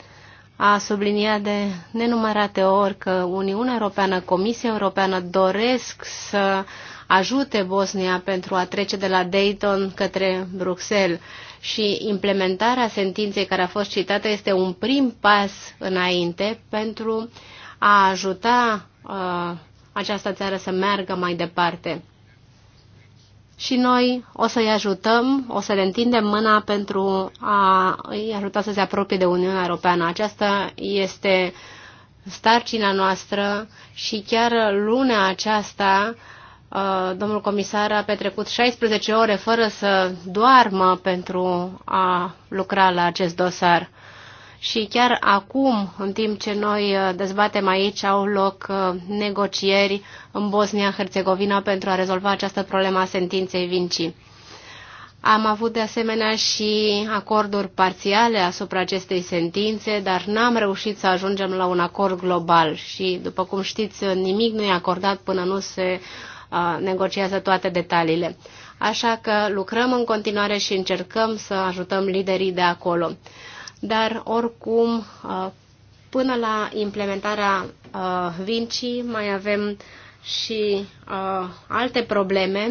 a subliniat de nenumărate ori că Uniunea Europeană, Comisia Europeană doresc să ajute Bosnia pentru a trece de la Dayton către Bruxelles și implementarea sentinței care a fost citată este un prim pas înainte pentru a ajuta uh, această țară să meargă mai departe. Și noi o să-i ajutăm, o să le întindem mâna pentru a îi ajuta să se apropie de Uniunea Europeană. Aceasta este starcina noastră și chiar lunea aceasta Uh, domnul comisar a petrecut 16 ore fără să doarmă pentru a lucra la acest dosar. Și chiar acum, în timp ce noi uh, dezbatem aici, au loc uh, negocieri în Bosnia-Herzegovina pentru a rezolva această problemă a sentinței Vinci. Am avut de asemenea și acorduri parțiale asupra acestei sentințe, dar n-am reușit să ajungem la un acord global și, după cum știți, nimic nu e acordat până nu se uh, negociază toate detaliile. Așa că lucrăm în continuare și încercăm să ajutăm liderii de acolo. Dar oricum, până la implementarea Vinci mai avem și alte probleme.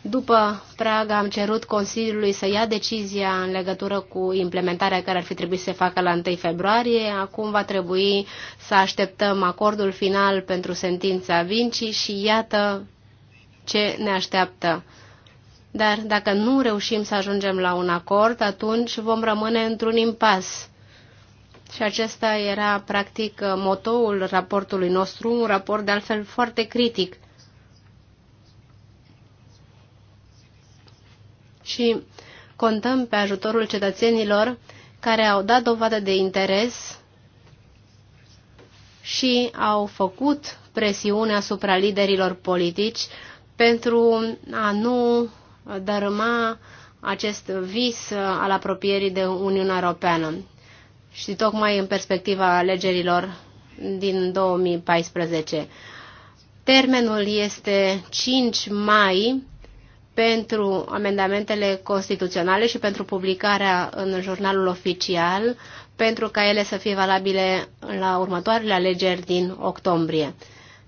După Praga am cerut Consiliului să ia decizia în legătură cu implementarea care ar fi trebuit să se facă la 1 februarie. Acum va trebui să așteptăm acordul final pentru sentința Vinci și iată ce ne așteaptă. Dar dacă nu reușim să ajungem la un acord, atunci vom rămâne într-un impas. Și acesta era, practic, motoul raportului nostru, un raport de altfel foarte critic. Și contăm pe ajutorul cetățenilor care au dat dovadă de interes și au făcut presiune asupra liderilor politici pentru a nu dărâma acest vis al apropierii de Uniunea Europeană. Și tocmai în perspectiva alegerilor din 2014. Termenul este 5 mai pentru amendamentele constituționale și pentru publicarea în jurnalul oficial, pentru ca ele să fie valabile la următoarele alegeri din octombrie.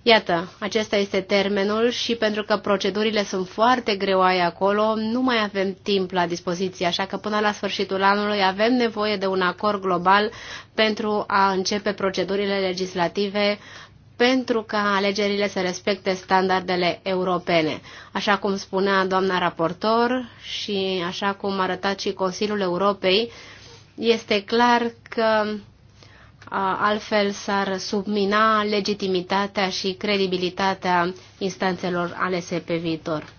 Iată, acesta este termenul și pentru că procedurile sunt foarte greoaie acolo, nu mai avem timp la dispoziție, așa că până la sfârșitul anului avem nevoie de un acord global pentru a începe procedurile legislative pentru ca alegerile să respecte standardele europene. Așa cum spunea doamna raportor și așa cum a arătat și Consiliul Europei, este clar că altfel s-ar submina legitimitatea și credibilitatea instanțelor alese pe viitor.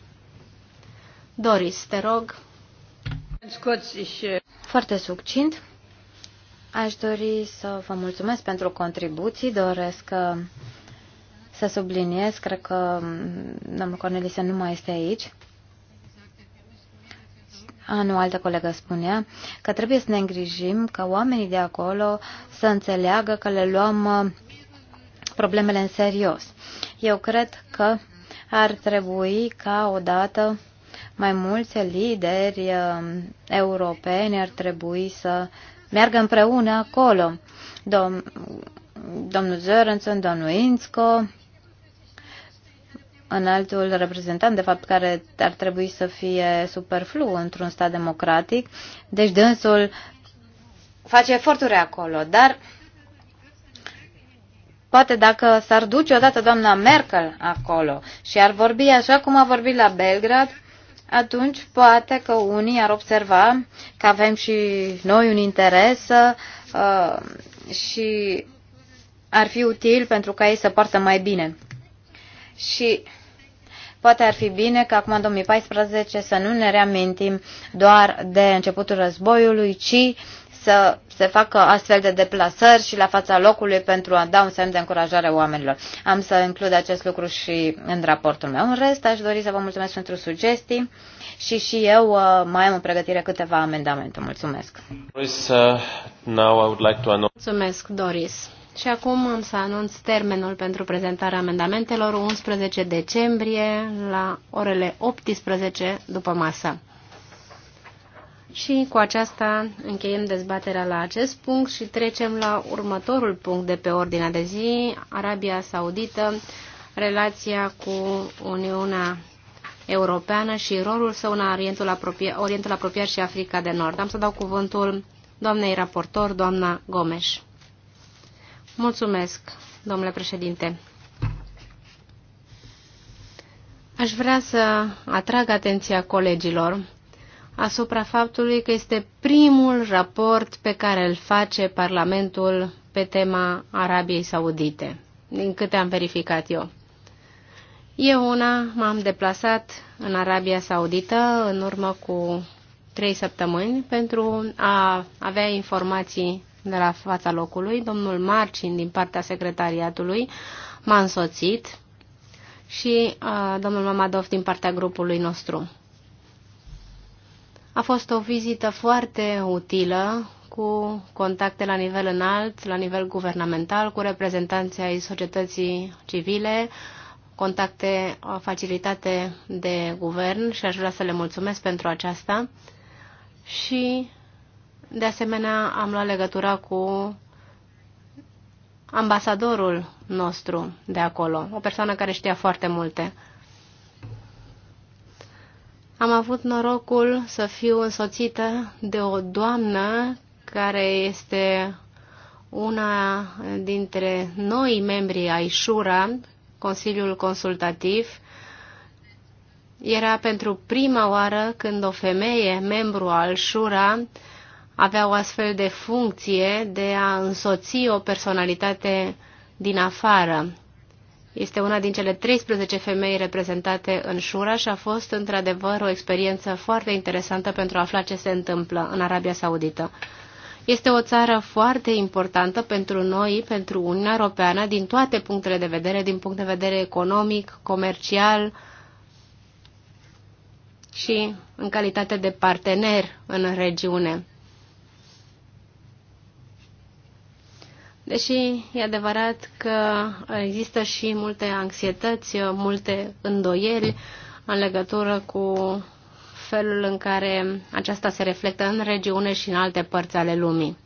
Doris, te rog. Äh, Foarte succint. Aș dori să vă mulțumesc pentru contribuții. Doresc uh, să subliniez, cred că mm, domnul Cornelise nu mai este aici, Anu, ah, altă colegă spunea că trebuie să ne îngrijim ca oamenii de acolo să înțeleagă că le luăm uh, problemele în serios. Eu cred că ar trebui ca odată mai mulți lideri uh, europeni ar trebui să meargă împreună acolo. Dom- domnul Zărânțu, domnul Ințco, înaltul reprezentant, de fapt, care ar trebui să fie superflu într-un stat democratic. Deci dânsul face eforturi acolo, dar poate dacă s-ar duce odată doamna Merkel acolo și ar vorbi așa cum a vorbit la Belgrad, atunci poate că unii ar observa că avem și noi un interes uh, și ar fi util pentru ca ei să poartă mai bine. Și Poate ar fi bine că acum în 2014 să nu ne reamintim doar de începutul războiului, ci să se facă astfel de deplasări și la fața locului pentru a da un semn de încurajare oamenilor. Am să includ acest lucru și în raportul meu. În rest, aș dori să vă mulțumesc pentru sugestii și și eu uh, mai am în pregătire câteva amendamente. Mulțumesc! Uh, mulțumesc, Doris! Și acum am să anunț termenul pentru prezentarea amendamentelor 11 decembrie la orele 18 după masă. Și cu aceasta încheiem dezbaterea la acest punct și trecem la următorul punct de pe ordinea de zi, Arabia Saudită, relația cu Uniunea Europeană și rolul său în Orientul Apropiat, Orientul Apropiat și Africa de Nord. Am să dau cuvântul doamnei raportor, doamna Gomes. Mulțumesc, domnule președinte. Aș vrea să atrag atenția colegilor asupra faptului că este primul raport pe care îl face Parlamentul pe tema Arabiei Saudite, din câte am verificat eu. Eu una m-am deplasat în Arabia Saudită în urmă cu trei săptămâni pentru a avea informații de la fața locului, domnul Marcin din partea secretariatului m-a însoțit și uh, domnul Mamadov din partea grupului nostru. A fost o vizită foarte utilă cu contacte la nivel înalt, la nivel guvernamental, cu reprezentanții ai societății civile, contacte facilitate de guvern și aș vrea să le mulțumesc pentru aceasta și de asemenea, am luat legătura cu ambasadorul nostru de acolo, o persoană care știa foarte multe. Am avut norocul să fiu însoțită de o doamnă care este una dintre noi membri ai Shura, Consiliul Consultativ. Era pentru prima oară când o femeie, membru al Shura, avea o astfel de funcție de a însoți o personalitate din afară. Este una din cele 13 femei reprezentate în Shura și a fost într-adevăr o experiență foarte interesantă pentru a afla ce se întâmplă în Arabia Saudită. Este o țară foarte importantă pentru noi, pentru Uniunea Europeană, din toate punctele de vedere, din punct de vedere economic, comercial și în calitate de partener în regiune. Deși e adevărat că există și multe anxietăți, multe îndoieli în legătură cu felul în care aceasta se reflectă în regiune și în alte părți ale lumii.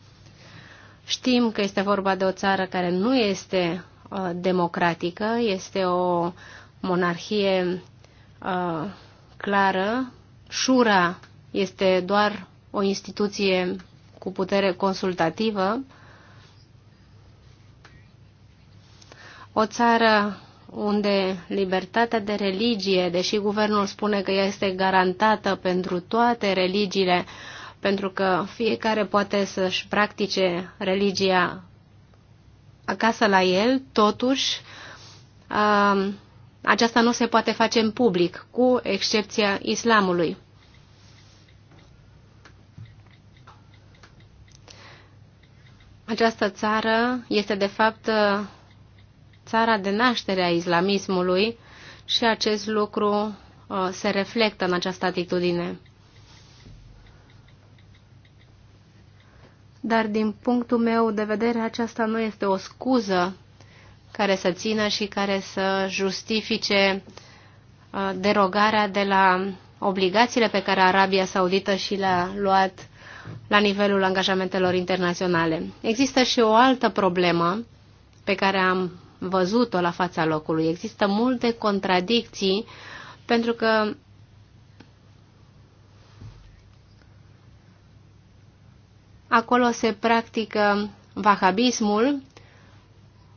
Știm că este vorba de o țară care nu este uh, democratică, este o monarhie uh, clară. Shura este doar o instituție cu putere consultativă, uh, o țară unde libertatea de religie, deși guvernul spune că ea este garantată pentru toate religiile, pentru că fiecare poate să-și practice religia acasă la el, totuși um, aceasta nu se poate face în public, cu excepția islamului. Această țară este de fapt țara de naștere a islamismului și acest lucru uh, se reflectă în această atitudine. Dar din punctul meu de vedere, aceasta nu este o scuză care să țină și care să justifice uh, derogarea de la obligațiile pe care Arabia Saudită și le-a luat la nivelul angajamentelor internaționale. Există și o altă problemă pe care am văzut-o la fața locului. Există multe contradicții pentru că acolo se practică vahabismul,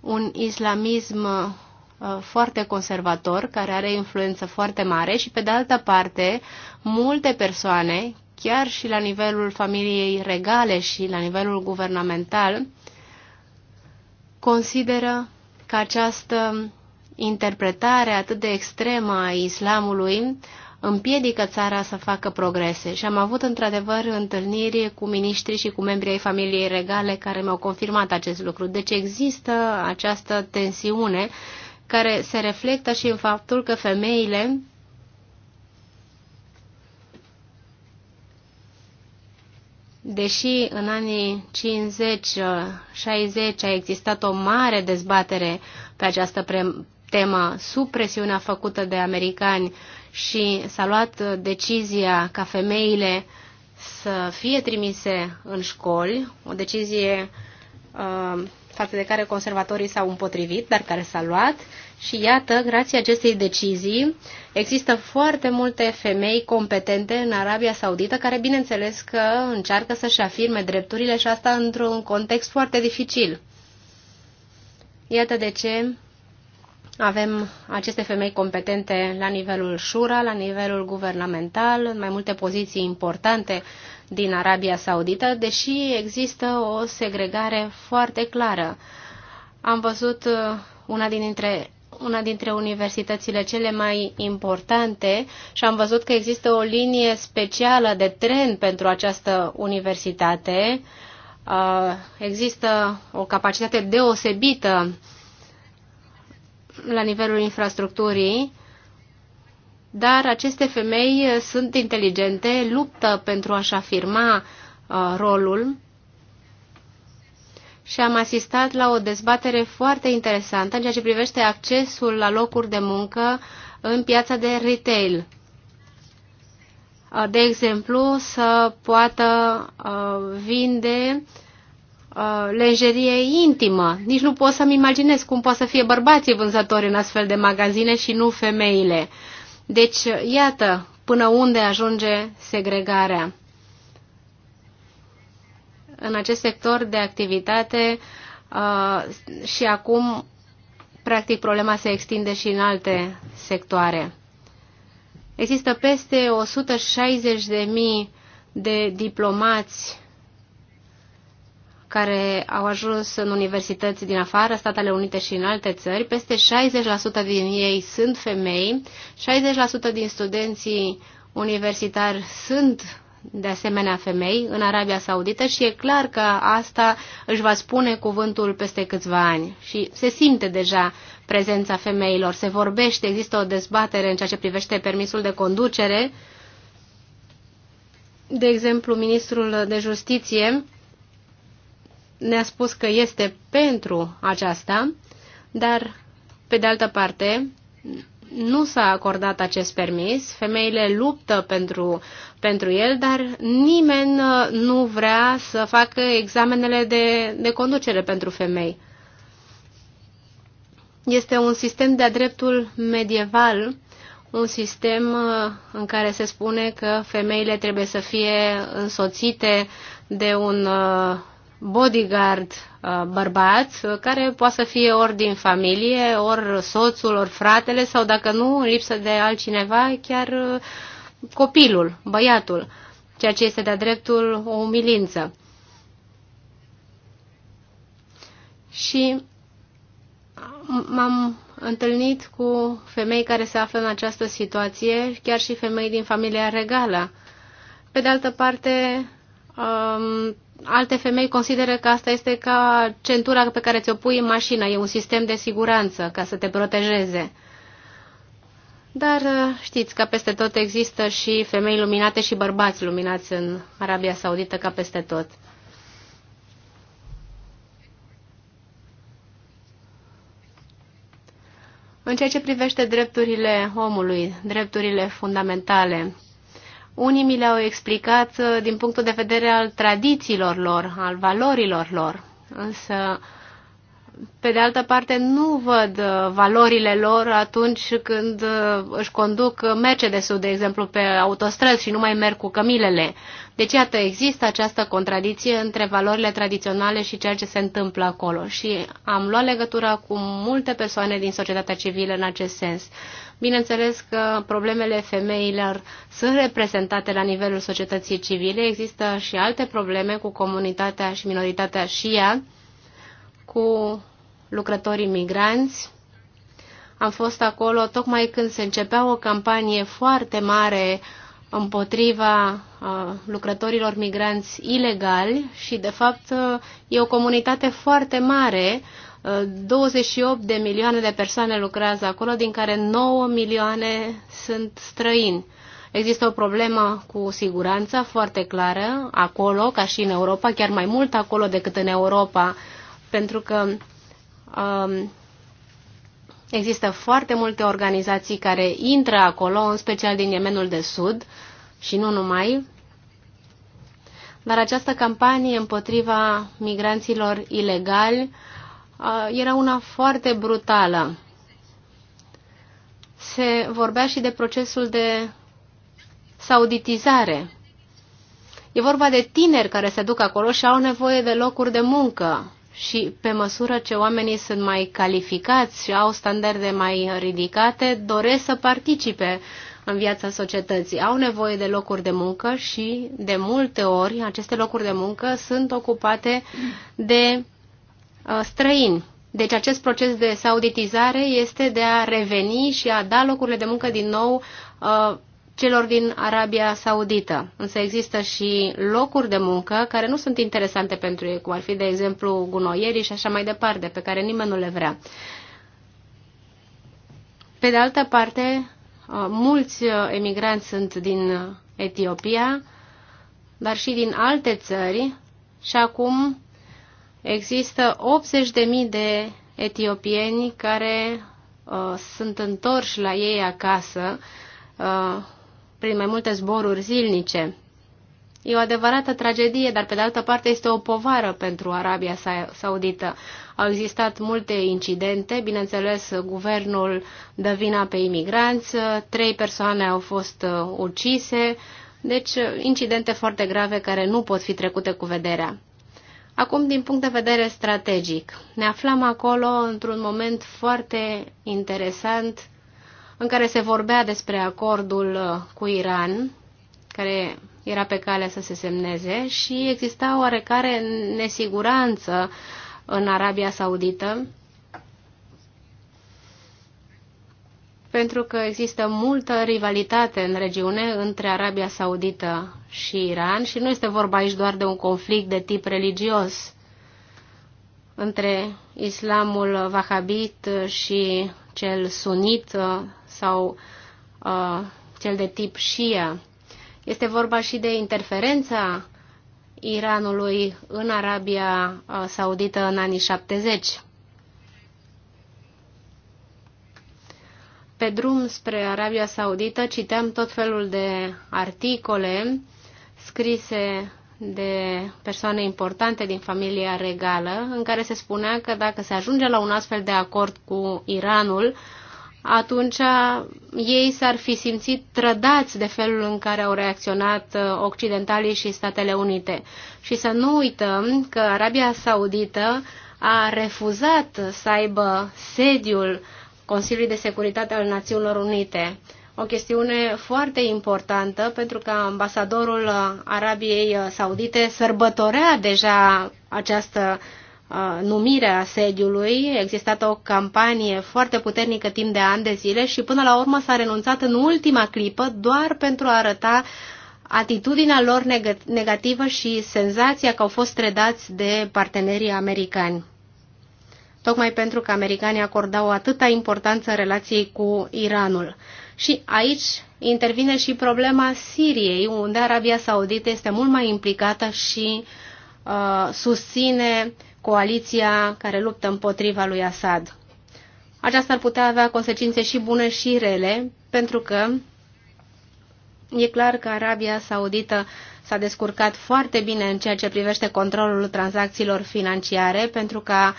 un islamism uh, foarte conservator, care are influență foarte mare și, pe de altă parte, multe persoane, chiar și la nivelul familiei regale și la nivelul guvernamental, consideră că această interpretare atât de extremă a islamului împiedică țara să facă progrese. Și am avut într-adevăr întâlniri cu miniștri și cu membrii ai familiei regale care mi-au confirmat acest lucru. Deci există această tensiune care se reflectă și în faptul că femeile deși în anii 50-60 uh, a existat o mare dezbatere pe această temă sub presiunea făcută de americani și s-a luat uh, decizia ca femeile să fie trimise în școli, o decizie uh, față de care conservatorii s-au împotrivit, dar care s-a luat și iată, grație acestei decizii, există foarte multe femei competente în Arabia Saudită care, bineînțeles, că încearcă să-și afirme drepturile și asta într-un context foarte dificil. Iată de ce avem aceste femei competente la nivelul șura, la nivelul guvernamental, în mai multe poziții importante din Arabia Saudită, deși există o segregare foarte clară. Am văzut uh, una dintre una dintre universitățile cele mai importante și am văzut că există o linie specială de tren pentru această universitate. Există o capacitate deosebită la nivelul infrastructurii, dar aceste femei sunt inteligente, luptă pentru a-și afirma rolul și am asistat la o dezbatere foarte interesantă în ceea ce privește accesul la locuri de muncă în piața de retail. Uh, de exemplu, să poată uh, vinde uh, lenjerie intimă. Nici nu pot să-mi imaginez cum pot să fie bărbații vânzători în astfel de magazine și nu femeile. Deci, iată până unde ajunge segregarea în acest sector de activitate uh, și acum, practic, problema se extinde și în alte sectoare. Există peste 160.000 de diplomați care au ajuns în universități din afară, Statele Unite și în alte țări. Peste 60% din ei sunt femei, 60% din studenții universitari sunt de asemenea femei în Arabia Saudită și e clar că asta își va spune cuvântul peste câțiva ani. Și se simte deja prezența femeilor, se vorbește, există o dezbatere în ceea ce privește permisul de conducere. De exemplu, ministrul de justiție ne-a spus că este pentru aceasta, dar, pe de altă parte, nu s-a acordat acest permis, femeile luptă pentru, pentru el, dar nimeni uh, nu vrea să facă examenele de, de conducere pentru femei. Este un sistem de-a dreptul medieval, un sistem uh, în care se spune că femeile trebuie să fie însoțite de un uh, bodyguard uh, bărbat uh, care poate să fie ori din familie, ori soțul, ori fratele sau dacă nu, în lipsă de altcineva, chiar uh, copilul, băiatul, ceea ce este de-a dreptul o umilință. Și m-am întâlnit cu femei care se află în această situație, chiar și femei din familia regală. Pe de altă parte, um, alte femei consideră că asta este ca centura pe care ți-o pui în mașină, e un sistem de siguranță ca să te protejeze. Dar uh, știți că peste tot există și femei luminate și bărbați luminați în Arabia Saudită ca peste tot. În ceea ce privește drepturile omului, drepturile fundamentale, unii mi le-au explicat uh, din punctul de vedere al tradițiilor lor, al valorilor lor. Însă, pe de altă parte, nu văd uh, valorile lor atunci când uh, își conduc Mercedes-ul, de exemplu, pe autostrăzi și nu mai merg cu cămilele. Deci, iată, există această contradicție între valorile tradiționale și ceea ce se întâmplă acolo. Și am luat legătura cu multe persoane din societatea civilă în acest sens. Bineînțeles că problemele femeilor sunt reprezentate la nivelul societății civile, există și alte probleme cu comunitatea și minoritatea și ea, cu lucrătorii migranți. Am fost acolo tocmai când se începea o campanie foarte mare uh, împotriva lucrătorilor migranți ilegali și, de fapt, e o comunitate foarte mare. 28 de milioane de persoane lucrează acolo, din care 9 milioane sunt străini. Există o problemă cu siguranța foarte clară acolo, ca și în Europa, chiar mai mult acolo decât în Europa, pentru că uh, Există foarte multe organizații care intră acolo, în special din Yemenul de Sud și nu numai. Dar această campanie împotriva migranților ilegali uh, era una foarte brutală. Se vorbea și de procesul de sauditizare. E vorba de tineri care se duc acolo și au nevoie de locuri de muncă și pe măsură ce oamenii sunt mai calificați și au standarde mai ridicate, doresc să participe în viața societății. Au nevoie de locuri de muncă și de multe ori aceste locuri de muncă sunt ocupate de uh, străini. Deci acest proces de sauditizare este de a reveni și a da locurile de muncă din nou uh, celor din Arabia Saudită. Însă există și locuri de muncă care nu sunt interesante pentru ei, cum ar fi, de exemplu, gunoierii și așa mai departe, pe care nimeni nu le vrea. Pe de altă parte, uh, mulți uh, emigranți sunt din uh, Etiopia, dar și din alte țări și acum există 80.000 de etiopieni care uh, sunt întorși la ei acasă uh, prin mai multe zboruri zilnice. E o adevărată tragedie, dar pe de altă parte este o povară pentru Arabia Saudită. Au existat multe incidente, bineînțeles, guvernul dă vina pe imigranți, trei persoane au fost uh, ucise, deci uh, incidente foarte grave care nu pot fi trecute cu vederea. Acum, din punct de vedere strategic, ne aflam acolo într-un moment foarte interesant în care se vorbea despre acordul uh, cu Iran, care era pe cale să se semneze și exista oarecare nesiguranță în Arabia Saudită, pentru că există multă rivalitate în regiune între Arabia Saudită și Iran și nu este vorba aici doar de un conflict de tip religios între islamul vahabit și cel sunit uh, sau uh, cel de tip Shia. Este vorba și de interferența Iranului în Arabia uh, Saudită în anii 70. Pe drum spre Arabia Saudită citeam tot felul de articole scrise de persoane importante din familia regală, în care se spunea că dacă se ajunge la un astfel de acord cu Iranul, atunci ei s-ar fi simțit trădați de felul în care au reacționat occidentalii și Statele Unite. Și să nu uităm că Arabia Saudită a refuzat să aibă sediul Consiliului de Securitate al Națiunilor Unite. O chestiune foarte importantă pentru că ambasadorul Arabiei Saudite sărbătorea deja această uh, numirea sediului. A existat o campanie foarte puternică timp de ani de zile și până la urmă s-a renunțat în ultima clipă doar pentru a arăta atitudinea lor negativă și senzația că au fost trădați de partenerii americani. Tocmai pentru că americanii acordau atâta importanță relației cu Iranul. Și aici intervine și problema Siriei, unde Arabia Saudită este mult mai implicată și uh, susține uh, coaliția care luptă împotriva lui Assad. Aceasta ar putea avea consecințe și bune și rele, pentru că e clar că Arabia Saudită s-a descurcat foarte bine în ceea ce privește controlul tranzacțiilor financiare, pentru ca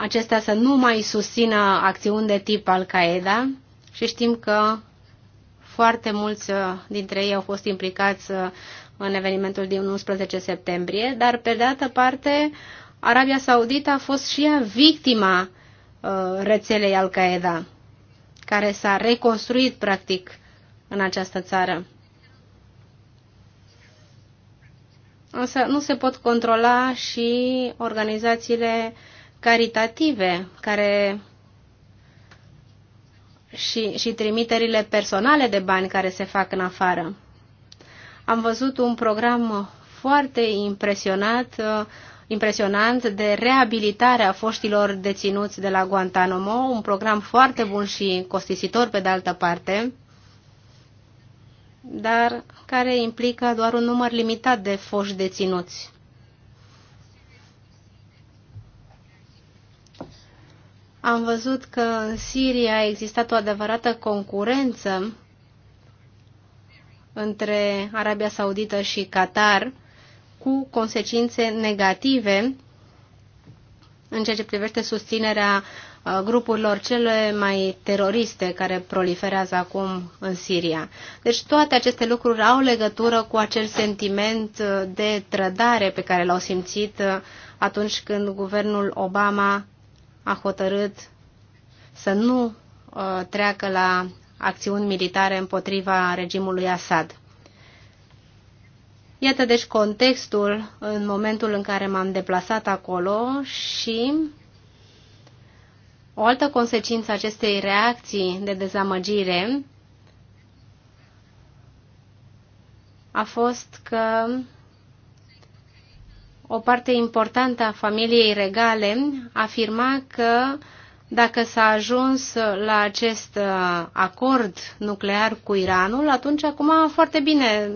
acestea să nu mai susțină acțiuni de tip Al-Qaeda și știm că foarte mulți uh, dintre ei au fost implicați uh, în evenimentul din 11 septembrie, dar pe de altă parte Arabia Saudită a fost și ea victima uh, rețelei Al-Qaeda, care s-a reconstruit, practic, în această țară. Însă nu se pot controla și organizațiile caritative care și, și trimiterile personale de bani care se fac în afară. Am văzut un program foarte impresionat uh, impresionant de reabilitare a foștilor deținuți de la Guantanamo, un program foarte bun și costisitor pe de altă parte, dar care implică doar un număr limitat de foști deținuți. Am văzut că în Siria a existat o adevărată concurență între Arabia Saudită și Qatar cu consecințe negative în ceea ce privește susținerea uh, grupurilor cele mai teroriste care proliferează acum în Siria. Deci toate aceste lucruri au legătură cu acel sentiment uh, de trădare pe care l-au simțit uh, atunci când guvernul Obama a hotărât să nu treacă la acțiuni militare împotriva regimului Assad. Iată deci contextul în momentul în care m-am deplasat acolo și o altă consecință acestei reacții de dezamăgire a fost că o parte importantă a familiei regale afirma că dacă s-a ajuns la acest uh, acord nuclear cu Iranul, atunci acum foarte bine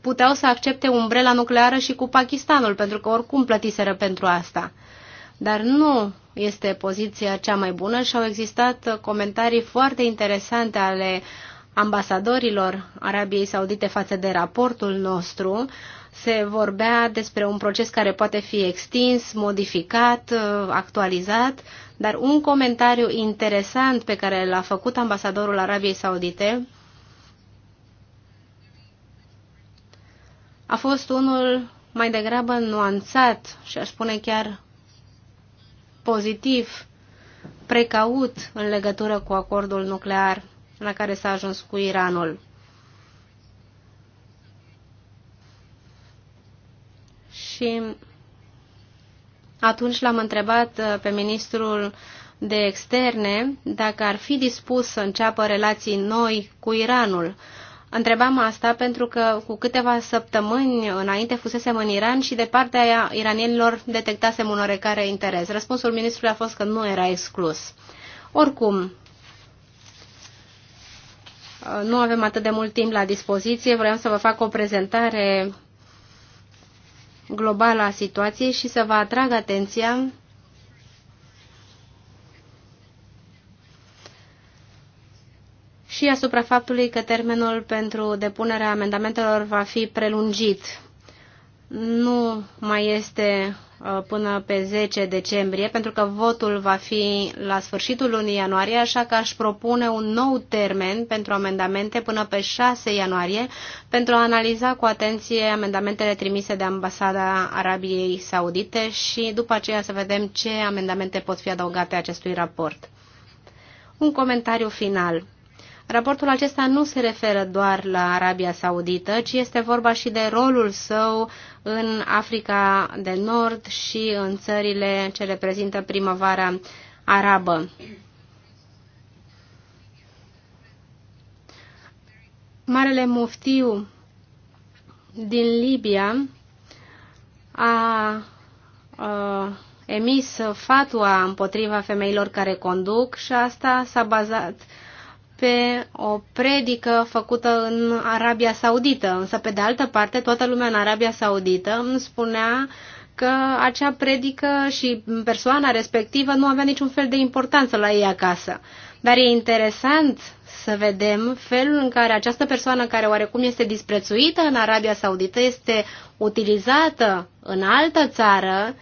puteau să accepte umbrela nucleară și cu Pakistanul, pentru că oricum plătiseră pentru asta. Dar nu este poziția cea mai bună și au existat comentarii foarte interesante ale ambasadorilor Arabiei Saudite față de raportul nostru, se vorbea despre un proces care poate fi extins, modificat, uh, actualizat, dar un comentariu interesant pe care l-a făcut ambasadorul Arabiei Saudite a fost unul mai degrabă nuanțat și aș spune chiar pozitiv, precaut în legătură cu acordul nuclear la care s-a ajuns cu Iranul. Și atunci l-am întrebat uh, pe ministrul de externe dacă ar fi dispus să înceapă relații noi cu Iranul. Întrebam asta pentru că cu câteva săptămâni înainte fusesem în Iran și de partea aia iranienilor detectasem un oarecare interes. Răspunsul ministrului a fost că nu era exclus. Oricum, uh, nu avem atât de mult timp la dispoziție. Vreau să vă fac o prezentare globală a situației și să vă atrag atenția și asupra faptului că termenul pentru depunerea amendamentelor va fi prelungit. Nu mai este Uh, până pe 10 decembrie, pentru că votul va fi la sfârșitul lunii ianuarie, așa că aș propune un nou termen pentru amendamente până pe 6 ianuarie, pentru a analiza cu atenție amendamentele trimise de Ambasada Arabiei Saudite și după aceea să vedem ce amendamente pot fi adăugate acestui raport. Un comentariu final. Raportul acesta nu se referă doar la Arabia Saudită, ci este vorba și de rolul său în Africa de Nord și în țările ce reprezintă primăvara arabă. Marele muftiu din Libia a, a emis fatua împotriva femeilor care conduc și asta s-a bazat uh, pe o predică făcută în Arabia Saudită, însă pe de altă parte toată lumea în Arabia Saudită îmi spunea că acea predică și persoana respectivă nu avea niciun fel de importanță la ei acasă. Dar e interesant să vedem felul în care această persoană care oarecum este disprețuită în Arabia Saudită este utilizată în altă țară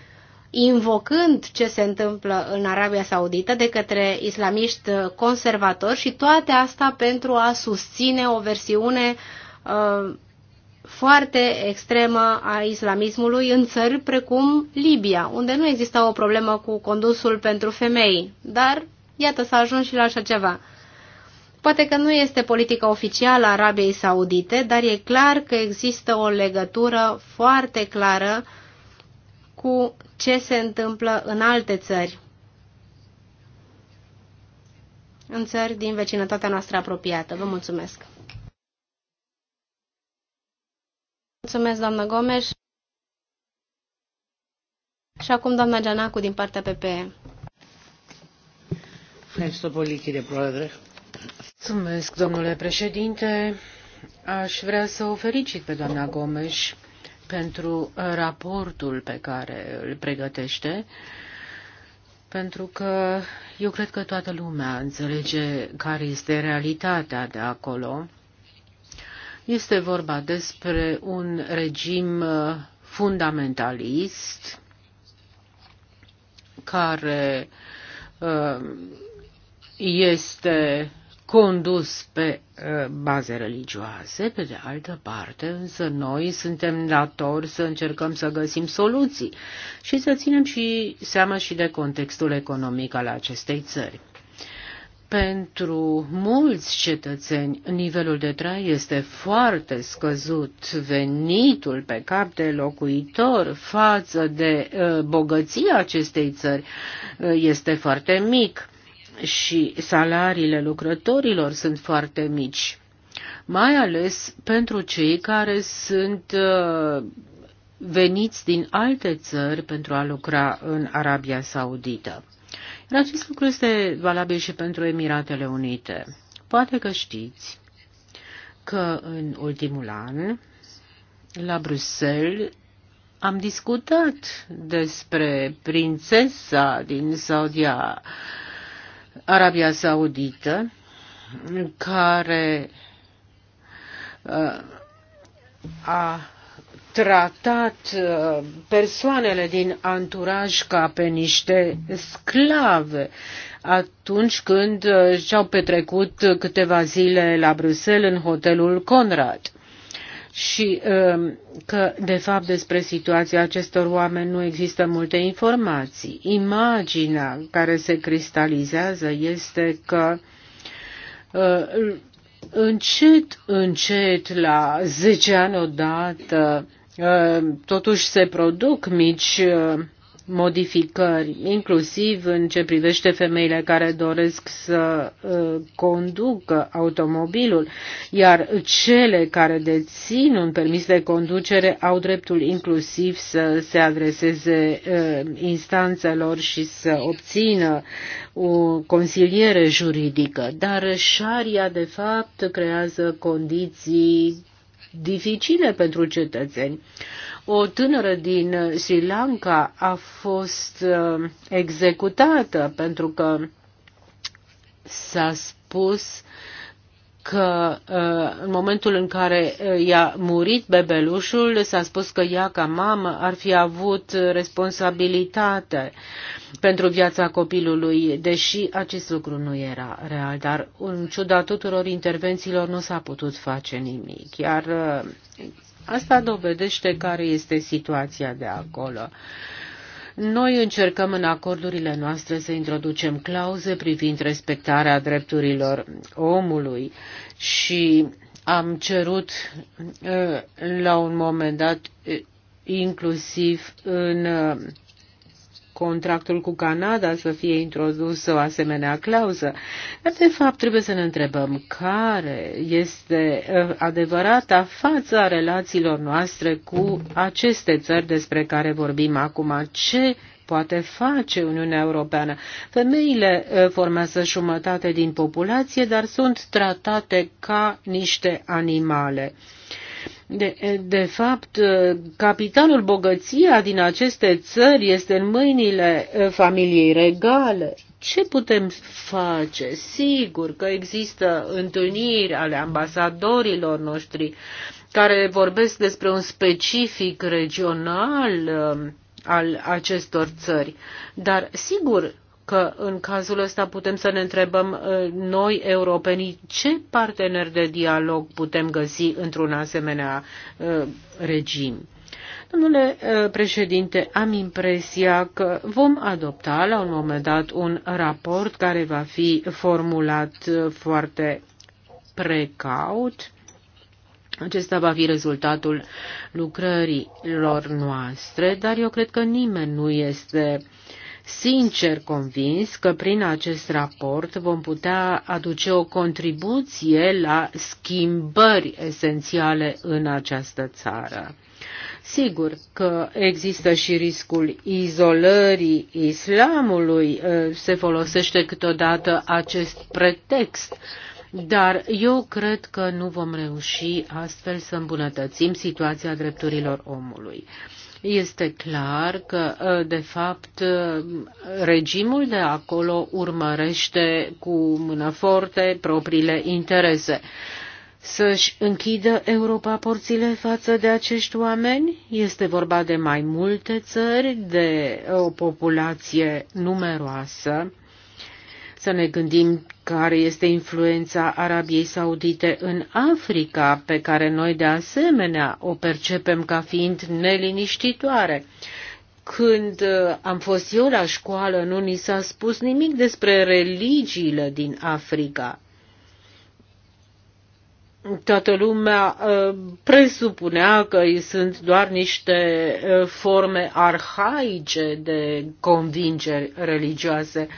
invocând ce se întâmplă în Arabia Saudită de către islamiști conservatori și toate asta pentru a susține o versiune uh, foarte extremă a islamismului în țări precum Libia, unde nu exista o problemă cu condusul pentru femei, dar iată s-a ajuns și la așa ceva. Poate că nu este politica oficială a Arabiei Saudite, dar e clar că există o legătură foarte clară cu ce se întâmplă în alte țări, în țări din vecinătatea noastră apropiată. Vă mulțumesc! Mulțumesc, doamnă Gomes. Și acum doamna Gianacu din partea PPE. Mulțumesc, domnule președinte. Aș vrea să o felicit pe doamna Gomes pentru uh, raportul pe care îl pregătește, pentru că eu cred că toată lumea înțelege care este realitatea de acolo. Este vorba despre un regim uh, fundamentalist care uh, este condus pe uh, baze religioase, pe de altă parte, însă noi suntem datori să încercăm să găsim soluții și să ținem și seama și de contextul economic al acestei țări. Pentru mulți cetățeni, nivelul de trai este foarte scăzut. Venitul pe cap de locuitor față de uh, bogăția acestei țări uh, este foarte mic și salariile lucrătorilor sunt foarte mici, mai ales pentru cei care sunt uh, veniți din alte țări pentru a lucra în Arabia Saudită. Iar acest lucru este valabil și pentru Emiratele Unite. Poate că știți că în ultimul an, la Bruxelles, am discutat despre prințesa din Saudia Arabia Saudită, care uh, a tratat uh, persoanele din anturaj ca pe niște sclave atunci când uh, și-au petrecut câteva zile la Bruxelles în hotelul Conrad și um, că, de fapt, despre situația acestor oameni nu există multe informații. Imaginea care se cristalizează este că uh, încet, încet, la 10 ani odată, uh, totuși se produc mici uh, modificări, inclusiv în ce privește femeile care doresc să uh, conducă automobilul, iar cele care dețin un permis de conducere au dreptul inclusiv să se adreseze uh, instanțelor și să obțină o consiliere juridică. Dar șaria, de fapt, creează condiții dificile pentru cetățeni. O tânără din Sri Lanka a fost uh, executată pentru că s-a spus că uh, în momentul în care uh, i-a murit bebelușul, s-a spus că ea ca mamă ar fi avut responsabilitate pentru viața copilului, deși acest lucru nu era real, dar în ciuda tuturor intervențiilor nu s-a putut face nimic. Iar Asta dovedește care este situația de acolo. Noi încercăm în acordurile noastre să introducem clauze privind respectarea drepturilor omului și am cerut uh, la un moment dat uh, inclusiv în uh, contractul cu Canada să fie introdusă o asemenea clauză. Dar, de fapt, trebuie să ne întrebăm care este uh, adevărata fața relațiilor noastre cu aceste țări despre care vorbim acum. Ce poate face Uniunea Europeană? Femeile uh, formează jumătate din populație, dar sunt tratate ca niște animale. De, de fapt, capitalul bogăția din aceste țări este în mâinile familiei regale. Ce putem face? Sigur că există întâlniri ale ambasadorilor noștri care vorbesc despre un specific regional um, al acestor țări. Dar, sigur, că în cazul ăsta putem să ne întrebăm uh, noi, europenii, ce parteneri de dialog putem găsi într-un asemenea uh, regim. Domnule uh, președinte, am impresia că vom adopta la un moment dat un raport care va fi formulat foarte precaut. Acesta va fi rezultatul lucrărilor noastre, dar eu cred că nimeni nu este uh, sincer convins că prin acest raport vom putea aduce o contribuție la schimbări esențiale în această țară. Sigur că există și riscul izolării islamului, se folosește câteodată acest pretext, dar eu cred că nu vom reuși astfel să îmbunătățim situația drepturilor omului. Este clar că, ă, de fapt, ă, regimul de acolo urmărește cu mână forte propriile interese. Să-și închidă Europa porțile față de acești oameni? Este vorba de mai multe țări, de o populație numeroasă să ne gândim care este influența Arabiei Saudite în Africa, pe care noi de asemenea o percepem ca fiind neliniștitoare. Când uh, am fost eu la școală, nu ni s-a spus nimic despre religiile din Africa. Toată lumea uh, presupunea că sunt doar niște uh, forme arhaice de convingeri religioase.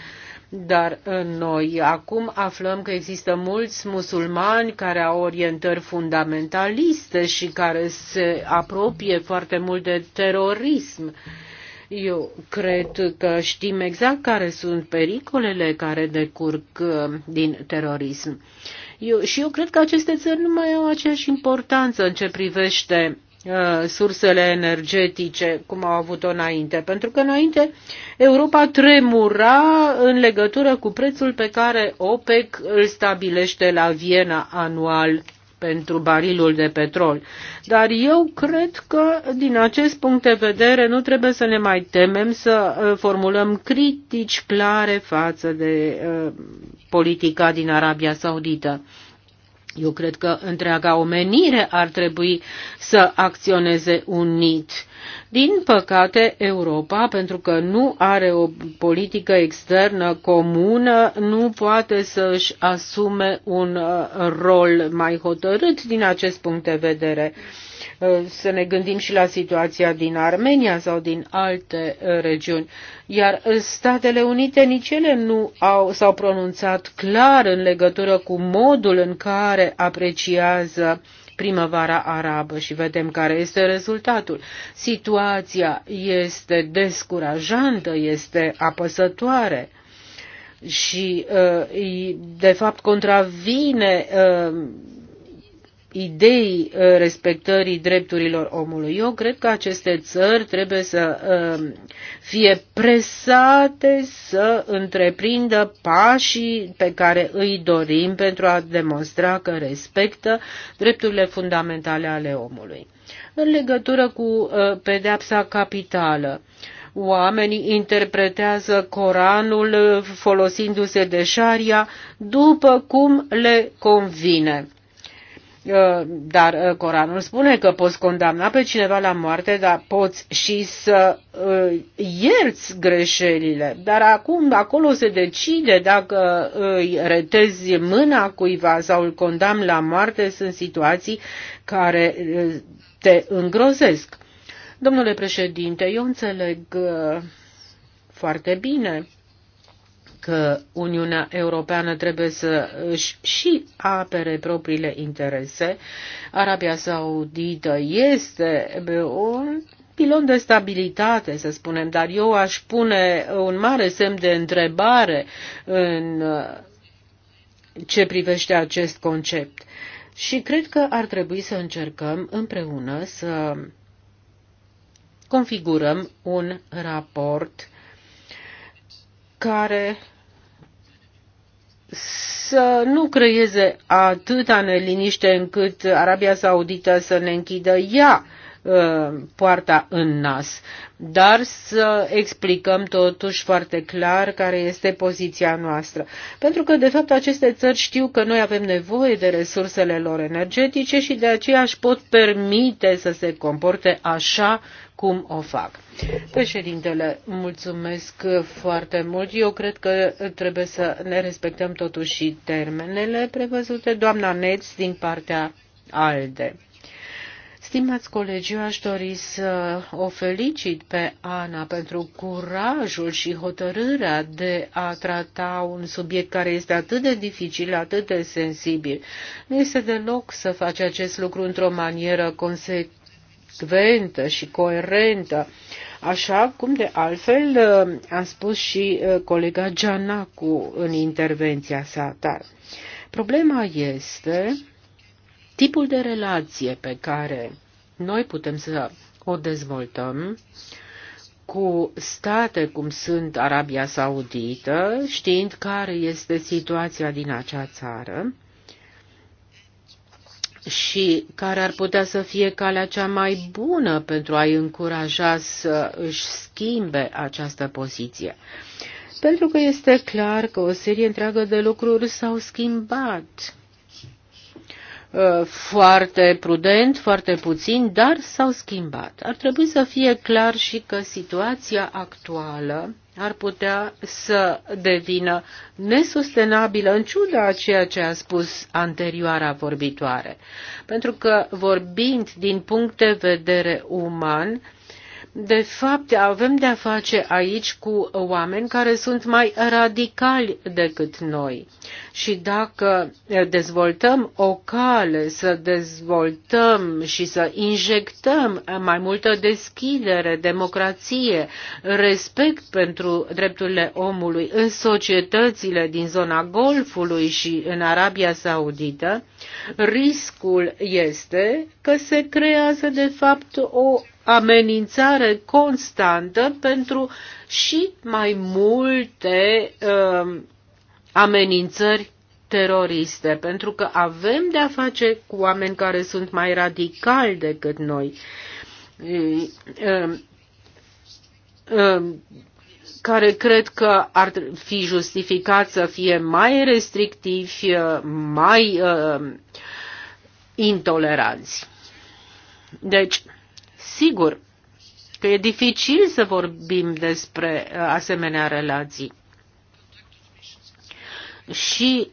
Dar uh, noi acum aflăm că există mulți musulmani care au orientări fundamentaliste și care se apropie foarte mult de terorism. Eu cred că știm exact care sunt pericolele care decurg uh, din terorism. Eu, și eu cred că aceste țări nu mai au aceeași importanță în ce privește Uh, sursele energetice cum au avut-o înainte. Pentru că înainte Europa tremura în legătură cu prețul pe care OPEC îl stabilește la Viena anual pentru barilul de petrol. Dar eu cred că, din acest punct de vedere, nu trebuie să ne mai temem să uh, formulăm critici clare față de uh, politica din Arabia Saudită. Eu cred că întreaga omenire ar trebui să acționeze unit. Din păcate, Europa, pentru că nu are o politică externă comună, nu poate să-și asume un uh, rol mai hotărât din acest punct de vedere să ne gândim și la situația din Armenia sau din alte regiuni. Iar Statele Unite nici ele nu au, s-au pronunțat clar în legătură cu modul în care apreciază primăvara arabă și vedem care este rezultatul. Situația este descurajantă, este apăsătoare și, de fapt, contravine idei uh, respectării drepturilor omului. Eu cred că aceste țări trebuie să uh, fie presate să întreprindă pașii pe care îi dorim pentru a demonstra că respectă drepturile fundamentale ale omului. În legătură cu uh, pedepsa capitală, oamenii interpretează Coranul folosindu-se de șaria după cum le convine. Uh, dar uh, Coranul spune că poți condamna pe cineva la moarte, dar poți și să uh, ierți greșelile. Dar acum acolo se decide dacă îi retezi mâna cuiva sau îl condamn la moarte, sunt situații care te îngrozesc. Domnule președinte, eu înțeleg foarte bine că Uniunea Europeană trebuie să își și apere propriile interese. Arabia Saudită este un pilon de stabilitate, să spunem, dar eu aș pune un mare semn de întrebare în ce privește acest concept. Și cred că ar trebui să încercăm împreună să configurăm un raport care să nu creeze atâta neliniște încât Arabia Saudită să ne închidă ea ă, poarta în nas, dar să explicăm totuși foarte clar care este poziția noastră. Pentru că, de fapt, aceste țări știu că noi avem nevoie de resursele lor energetice și de aceea își pot permite să se comporte așa cum o fac. Președintele, mulțumesc foarte mult. Eu cred că trebuie să ne respectăm totuși termenele prevăzute. Doamna Neț din partea ALDE. Stimați colegi, eu aș dori să o felicit pe Ana pentru curajul și hotărârea de a trata un subiect care este atât de dificil, atât de sensibil. Nu este deloc să faci acest lucru într-o manieră consecventă consecventă și coerentă, așa cum de altfel uh, a spus și uh, colega Gianacu în intervenția sa. Dar problema este tipul de relație pe care noi putem să o dezvoltăm cu state cum sunt Arabia Saudită, știind care este situația din acea țară, și care ar putea să fie calea cea mai bună pentru a-i încuraja să își schimbe această poziție. Pentru că este clar că o serie întreagă de lucruri s-au schimbat. Uh, foarte prudent, foarte puțin, dar s-au schimbat. Ar trebui să fie clar și că situația actuală ar putea să devină nesustenabilă în ciuda a ceea ce a spus anterioara vorbitoare. Pentru că vorbind din punct de vedere uman, de fapt, avem de-a face aici cu oameni care sunt mai radicali decât noi. Și dacă dezvoltăm o cale să dezvoltăm și să injectăm mai multă deschidere, democrație, respect pentru drepturile omului în societățile din zona Golfului și în Arabia Saudită, riscul este că se creează de fapt o amenințare constantă pentru și mai multe uh, amenințări teroriste, pentru că avem de-a face cu oameni care sunt mai radicali decât noi, uh, uh, care cred că ar fi justificat să fie mai restrictivi, mai intoleranți. Deci, Sigur că e dificil să vorbim despre uh, asemenea relații. Și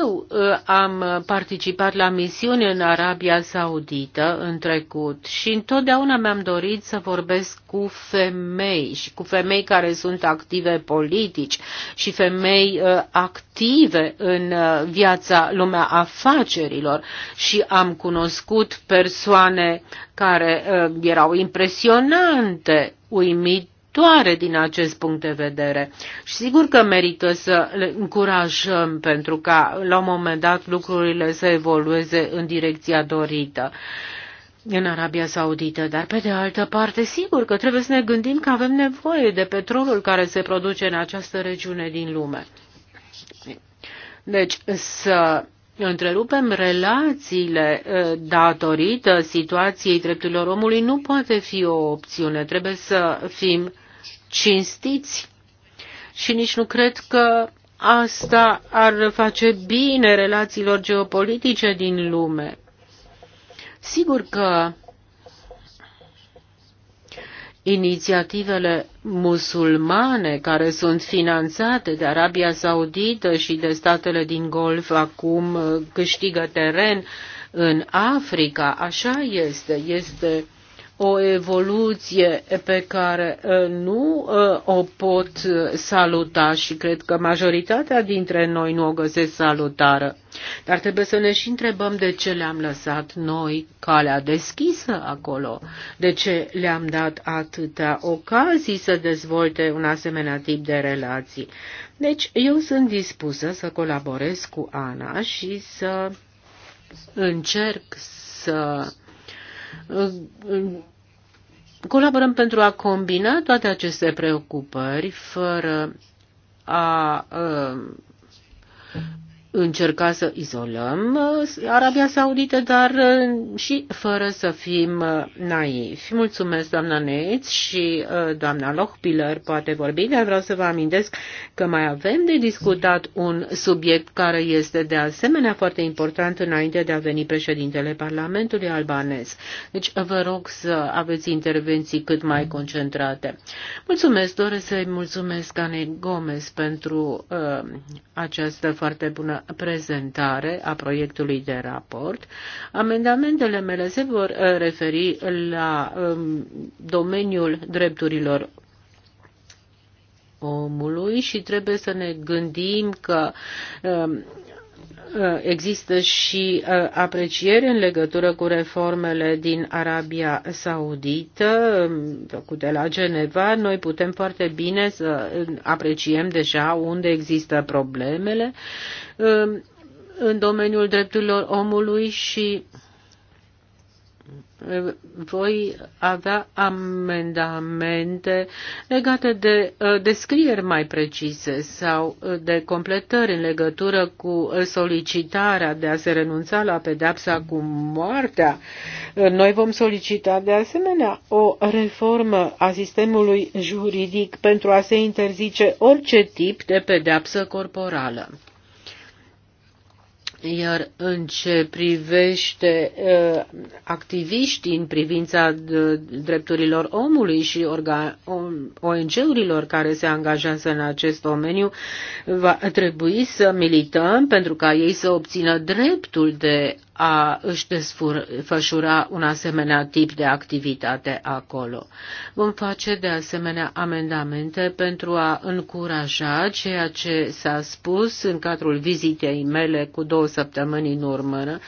eu uh, am participat la misiuni în Arabia Saudită în trecut și întotdeauna mi-am dorit să vorbesc cu femei și cu femei care sunt active politici și femei uh, active în uh, viața lumea afacerilor și am cunoscut persoane care erau impresionante, uimit viitoare din acest punct de vedere. Și sigur că merită să le încurajăm pentru ca la un moment dat lucrurile să evolueze în direcția dorită în Arabia Saudită, dar pe de altă parte, sigur că trebuie să ne gândim că avem nevoie de petrolul care se produce în această regiune din lume. Deci, să întrerupem relațiile ă, datorită situației drepturilor omului nu poate fi o opțiune. Trebuie să fim cinstiți și nici nu cred că asta ar face bine relațiilor geopolitice din lume. Sigur că inițiativele musulmane care sunt finanțate de Arabia Saudită și de statele din Golf acum uh, câștigă teren în Africa. Așa este, este o evoluție pe care uh, nu uh, o pot saluta și cred că majoritatea dintre noi nu o găsesc salutară. Dar trebuie să ne și întrebăm de ce le-am lăsat noi calea deschisă acolo, de ce le-am dat atâtea ocazii să dezvolte un asemenea tip de relații. Deci eu sunt dispusă să colaborez cu Ana și să încerc să uh, colaborăm pentru a combina toate aceste preocupări fără a ă, încerca să izolăm uh, Arabia Saudită, dar uh, și fără să fim uh, naivi. Mulțumesc, doamna Neitz și doamna Lochpiller poate vorbi, dar vreau să vă amintesc că mai avem de discutat un subiect care este de asemenea foarte important înainte de a veni președintele Parlamentului albanez. Deci vă rog să aveți intervenții cât mai concentrate. Mulțumesc, doresc să-i mulțumesc Anei Gomez pentru uh, această foarte bună prezentare a proiectului de raport. Amendamentele mele se vor uh, referi la um, domeniul drepturilor omului și trebuie să ne gândim că um, Uh, există și uh, aprecieri în legătură cu reformele din Arabia Saudită um, făcute la Geneva. Noi putem foarte bine să uh, apreciem deja unde există problemele um, în domeniul drepturilor omului și voi avea amendamente legate de uh, descrieri mai precise sau uh, de completări în legătură cu uh, solicitarea de a se renunța la pedepsa cu moartea. Noi vom solicita de asemenea o reformă a sistemului juridic pentru a se interzice orice tip de pedepsă corporală. Iar în ce privește uh, activiștii în privința uh, drepturilor omului și ONG-urilor care se angajează în acest domeniu, va trebui să milităm pentru ca ei să obțină dreptul de a își desfășura un asemenea tip de activitate acolo. Vom face de asemenea amendamente pentru a încuraja ceea ce s-a spus în cadrul vizitei mele cu două săptămâni în urmă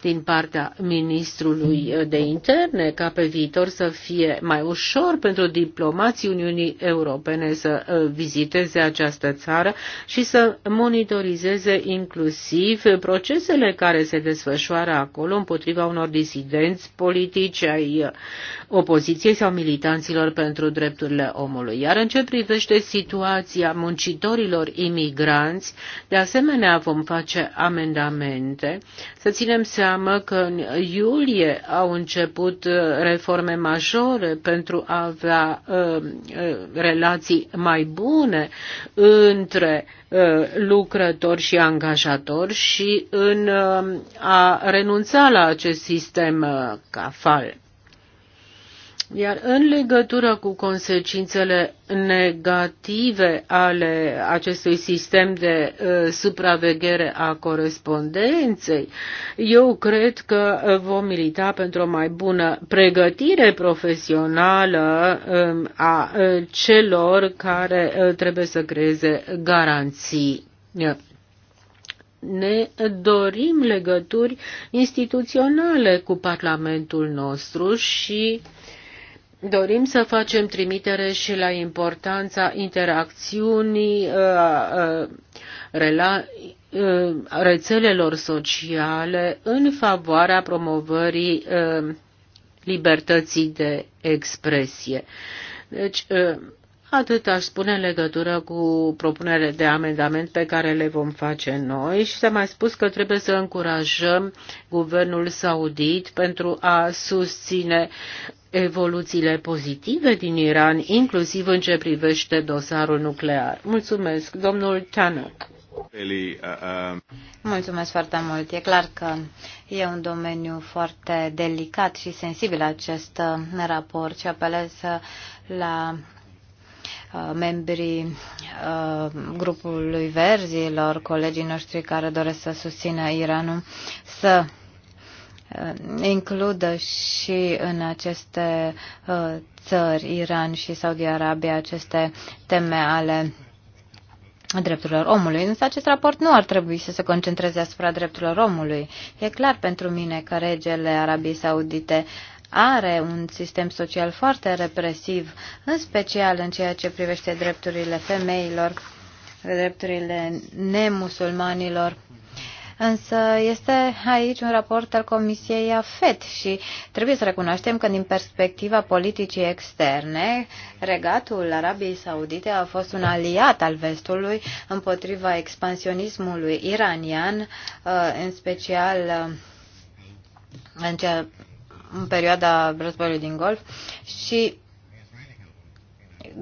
din partea ministrului de interne ca pe viitor să fie mai ușor pentru diplomații Uniunii Europene să uh, viziteze această țară și să monitorizeze inclusiv procesele care se desfășoară desfășoară acolo împotriva unor disidenți politici ai opoziției sau militanților pentru drepturile omului. Iar în ce privește situația muncitorilor imigranți, de asemenea vom face amendamente. Să ținem seama că în iulie au început uh, reforme majore pentru a avea uh, uh relații mai bune între Uh, lucrători și angajatori și în uh, a renunța la acest sistem uh, cafal. Iar în legătură cu consecințele negative ale acestui sistem de uh, supraveghere a corespondenței, eu cred că uh, vom milita pentru o mai bună pregătire profesională um, a uh, celor care uh, trebuie să creeze garanții. Yeah ne dorim legături instituționale cu Parlamentul nostru și Dorim să facem trimitere și la importanța interacțiunii uh, uh, uh, rețelelor sociale în favoarea promovării libertății de expresie. Deci, atât aș spune în legătură cu propunerea de amendament pe care le vom face noi și s-a mai spus că trebuie să încurajăm guvernul saudit pentru a susține evoluțiile pozitive din Iran, inclusiv în ce privește dosarul nuclear. Mulțumesc, domnul Tanak. Uh, uh, Mulțumesc foarte mult. E clar că e un domeniu foarte delicat și sensibil acest uh, raport și apelez la membrii grupului verzilor, colegii noștri care doresc să susțină Iranul, să Uh, includă și în aceste uh, țări, Iran și Saudi Arabia, aceste teme ale drepturilor omului. Însă acest raport nu ar trebui să se concentreze asupra drepturilor omului. E clar pentru mine că regele Arabiei Saudite are un sistem social foarte represiv, în special în ceea ce privește drepturile femeilor, drepturile nemusulmanilor Însă este aici un raport al Comisiei AFET și trebuie să recunoaștem că din perspectiva politicii externe, regatul Arabiei Saudite a fost un aliat al vestului împotriva expansionismului iranian, uh, în special uh, în, cea, în perioada războiului din Golf și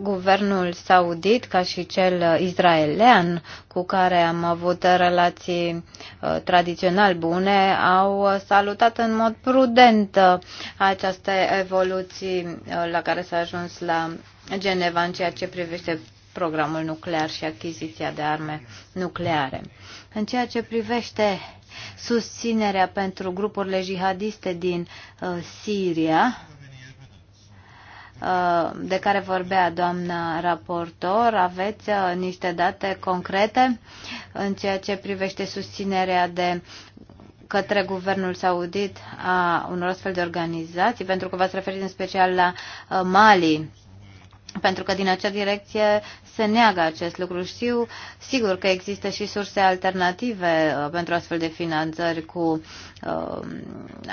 guvernul saudit ca și cel uh, israelian cu care am avut relații uh, tradițional bune au uh, salutat în mod prudent aceste evoluții la care s-a ajuns la Geneva în ceea ce privește programul nuclear și achiziția de arme nucleare. În ceea ce privește susținerea pentru grupurile jihadiste din uh, Siria, Uh, de care vorbea doamna raportor, aveți uh, niște date concrete în ceea ce privește susținerea de către guvernul saudit a unor astfel de organizații, pentru că v-ați referit în special la uh, Mali, pentru că din acea direcție se neagă acest lucru. Știu, sigur că există și surse alternative uh, pentru astfel de finanțări cu uh,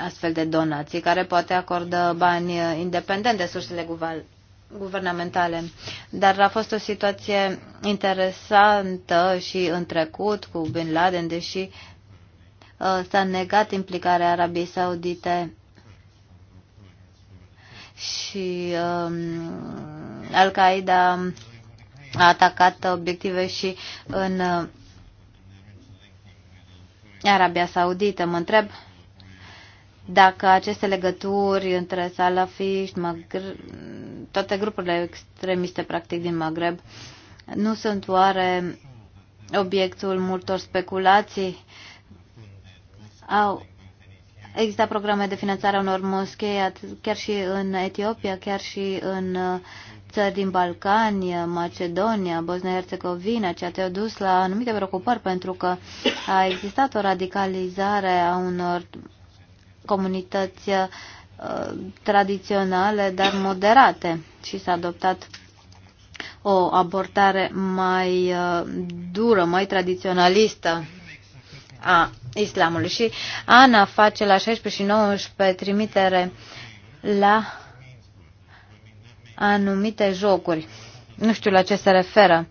astfel de donații, care poate acordă bani uh, independent de sursele guvernamentale. Dar a fost o situație interesantă și în trecut cu Bin Laden, deși s-a negat implicarea Arabiei Saudite și uh, Al-Qaeda a atacat obiective și în uh, Arabia Saudită. Mă întreb dacă aceste legături între salafiști, toate grupurile extremiste practic din Maghreb, nu sunt oare obiectul multor speculații? Au există programe de finanțare a unor moschei chiar și în Etiopia, chiar și în uh, țări din Balcani, Macedonia, Bosnia-Herzegovina, ceea ce a dus la anumite preocupări pentru că a existat o radicalizare a unor comunități uh, tradiționale, dar moderate și s-a adoptat o abordare mai uh, dură, mai tradiționalistă a islamului. Și Ana face la 16 și 19 trimitere la anumite jocuri. Nu știu la ce se referă.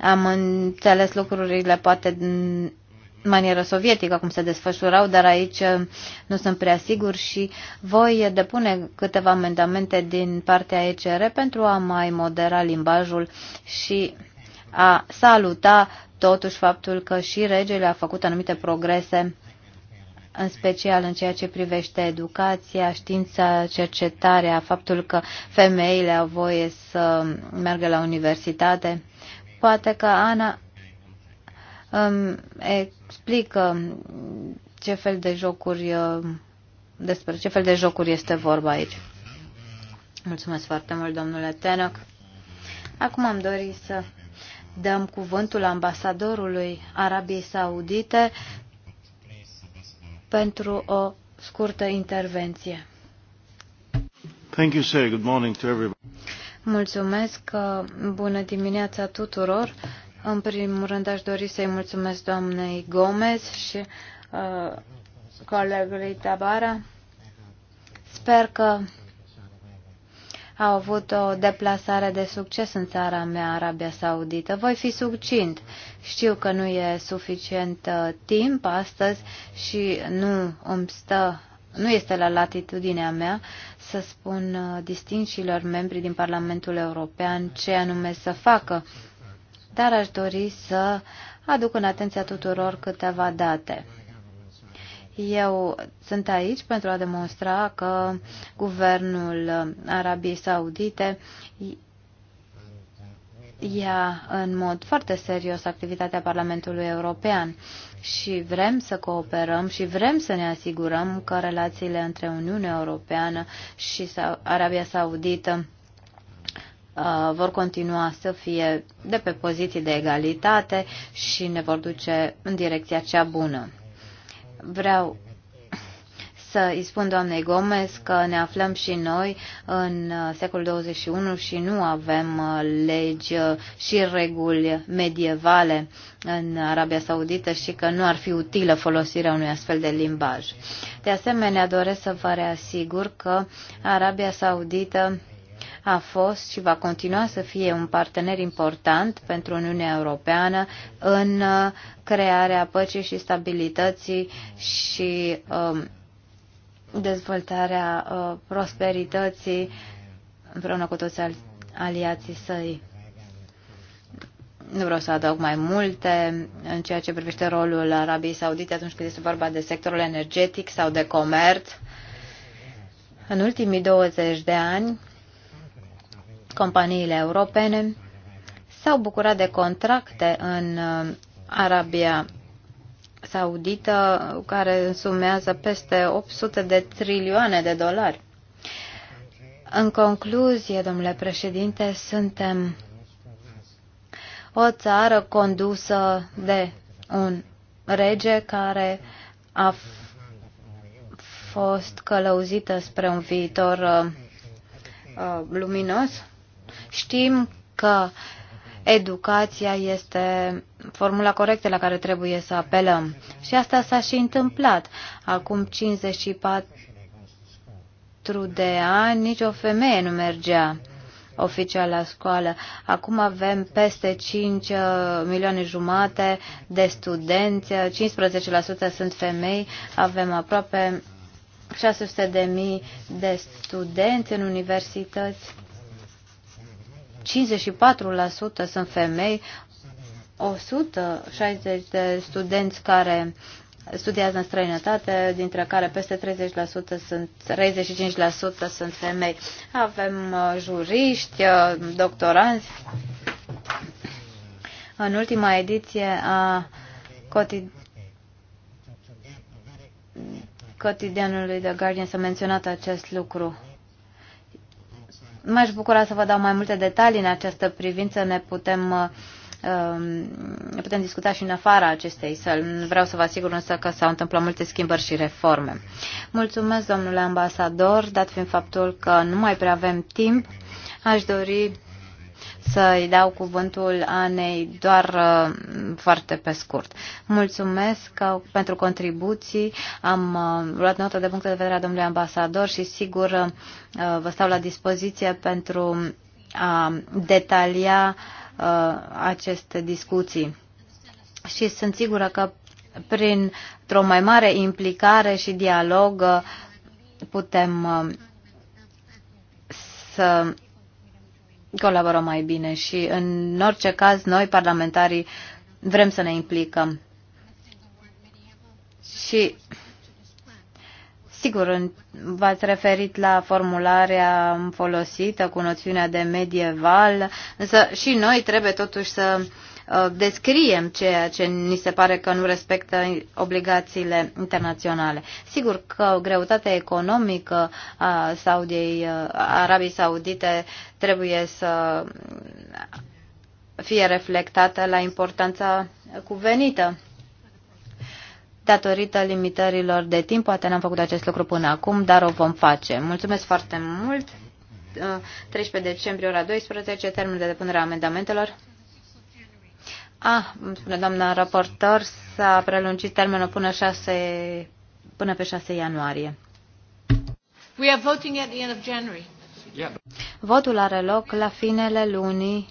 Am înțeles lucrurile poate în manieră sovietică cum se desfășurau, dar aici uh, nu sunt prea sigur și voi depune câteva amendamente din partea ECR pentru a mai modera limbajul și a saluta totuși faptul că și regele a făcut anumite progrese în special în ceea ce privește educația, știința, cercetarea, faptul că femeile au voie să meargă la universitate. Poate că Ana îmi um, explică ce fel de jocuri, uh, despre ce fel de jocuri este vorba aici. Mulțumesc foarte mult, domnule Tenoc. Acum am dorit să dăm cuvântul ambasadorului Arabiei Saudite pentru o scurtă intervenție. Thank you, sir. Good morning to everybody. Mulțumesc. Uh, bună dimineața tuturor. În primul rând aș dori să-i mulțumesc doamnei Gomez și uh, colegului Tabara. Sper că au avut o deplasare de succes în țara mea, Arabia Saudită. Voi fi succint. Știu că nu e suficient uh, timp astăzi și nu îmi stă nu este la latitudinea mea să spun uh, distinșilor membri din Parlamentul European ce anume să facă, dar aș dori să aduc în atenția tuturor câteva date. Eu sunt aici pentru a demonstra că guvernul Arabiei Saudite ia în mod foarte serios activitatea Parlamentului European și vrem să cooperăm și vrem să ne asigurăm că relațiile între Uniunea Europeană și Arabia Saudită uh, vor continua să fie de pe poziții de egalitate și ne vor duce în direcția cea bună vreau să îi spun doamnei Gomez că ne aflăm și noi în uh, secolul 21 și nu avem uh, legi uh, și reguli medievale în Arabia Saudită și că nu ar fi utilă folosirea unui astfel de limbaj. De asemenea, doresc să vă reasigur că Arabia Saudită a fost și va continua să fie un partener important pentru Uniunea Europeană în uh, crearea păcii și stabilității și um, dezvoltarea uh, prosperității împreună cu toți aliații săi. Nu vreau să adaug mai multe în ceea ce privește rolul Arabiei Saudite atunci când este vorba de sectorul energetic sau de comerț. În ultimii 20 de ani, companiile europene s-au bucurat de contracte în uh, Arabia Saudită care sumează peste 800 de trilioane de dolari. În concluzie, domnule președinte, suntem o țară condusă de un rege care a fost călăuzită spre un viitor uh, uh luminos Știm că educația este formula corectă la care trebuie să apelăm. Și asta s-a și întâmplat. Acum 54 de ani nicio femeie nu mergea oficial la școală. Acum avem peste 5 uh, milioane jumate de studenți, 15% uh, sunt femei, avem aproape 600 de mii de studenți în universități. 54% sunt femei, 160 de studenți care studiază în străinătate, dintre care peste 30% sunt, 35% sunt femei. Avem uh, juriști, uh, doctoranți. În ultima ediție a cotidianului The Guardian s-a menționat acest lucru. M-aș bucura să vă dau mai multe detalii în această privință. Ne putem, uh, um, ne putem discuta și în afara acestei săli. Vreau să vă asigur însă că s-au întâmplat multe schimbări și reforme. Mulțumesc, domnule ambasador, dat fiind faptul că nu mai prea avem timp. Aș dori să-i dau cuvântul Anei doar uh, foarte pe scurt. Mulțumesc uh, pentru contribuții. Am uh, luat notă de punct de vedere a domnului ambasador și sigur vă stau la dispoziție pentru a detalia aceste discuții. Și sunt sigură că printr-o mai mare implicare și dialog putem să colaborăm mai bine și în orice caz noi parlamentarii vrem să ne implicăm. Și sigur, v-ați referit la formularea folosită cu noțiunea de medieval, însă și noi trebuie totuși să uh, Uh, descriem ceea ce ni se pare că nu respectă obligațiile internaționale. Sigur că greutatea economică a Saudiei, a uh, Arabiei Saudite trebuie să fie reflectată la importanța cuvenită. Datorită limitărilor de timp, poate n-am făcut acest lucru până acum, dar o vom face. Mulțumesc foarte mult! 13 uh, decembrie, ora 12, termenul de depunere a amendamentelor. Ah, spune doamna raportor, s-a prelungit termenul până, șase, până pe 6 ianuarie. We are voting at the end of January. Yeah. Votul are loc la finele lunii.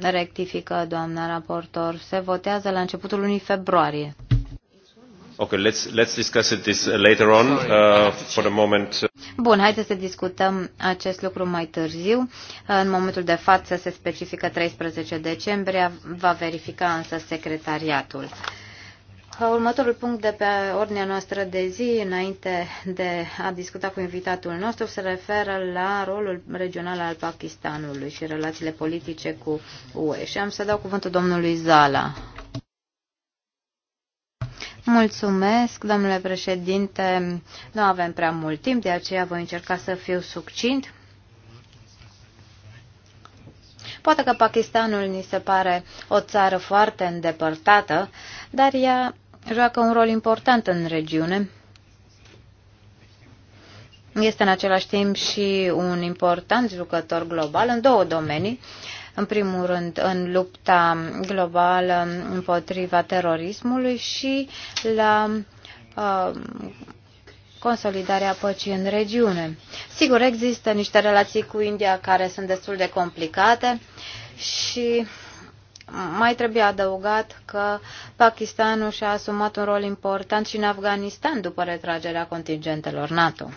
Rectifică, doamna raportor. Se votează la începutul lunii februarie. Okay, let's, let's discuss it this uh, later on. Uh, for the moment. Bun, haideți să discutăm acest lucru mai târziu. În momentul de față se specifică 13 decembrie, va verifica însă secretariatul. Următorul punct de pe ordinea noastră de zi, înainte de a discuta cu invitatul nostru, se referă la rolul regional al Pakistanului și relațiile politice cu UE. Și am să dau cuvântul domnului Zala. Mulțumesc, domnule președinte. Nu avem prea mult timp, de aceea voi încerca să fiu succint. Poate că Pakistanul ni se pare o țară foarte îndepărtată, dar ea joacă un rol important în regiune. Este în același timp și un important jucător global în două domenii în primul rând, în lupta globală împotriva terorismului și la uh, consolidarea păcii în regiune. Sigur, există niște relații cu India care sunt destul de complicate și mai trebuie adăugat că Pakistanul și-a asumat un rol important și în Afganistan după retragerea contingentelor NATO.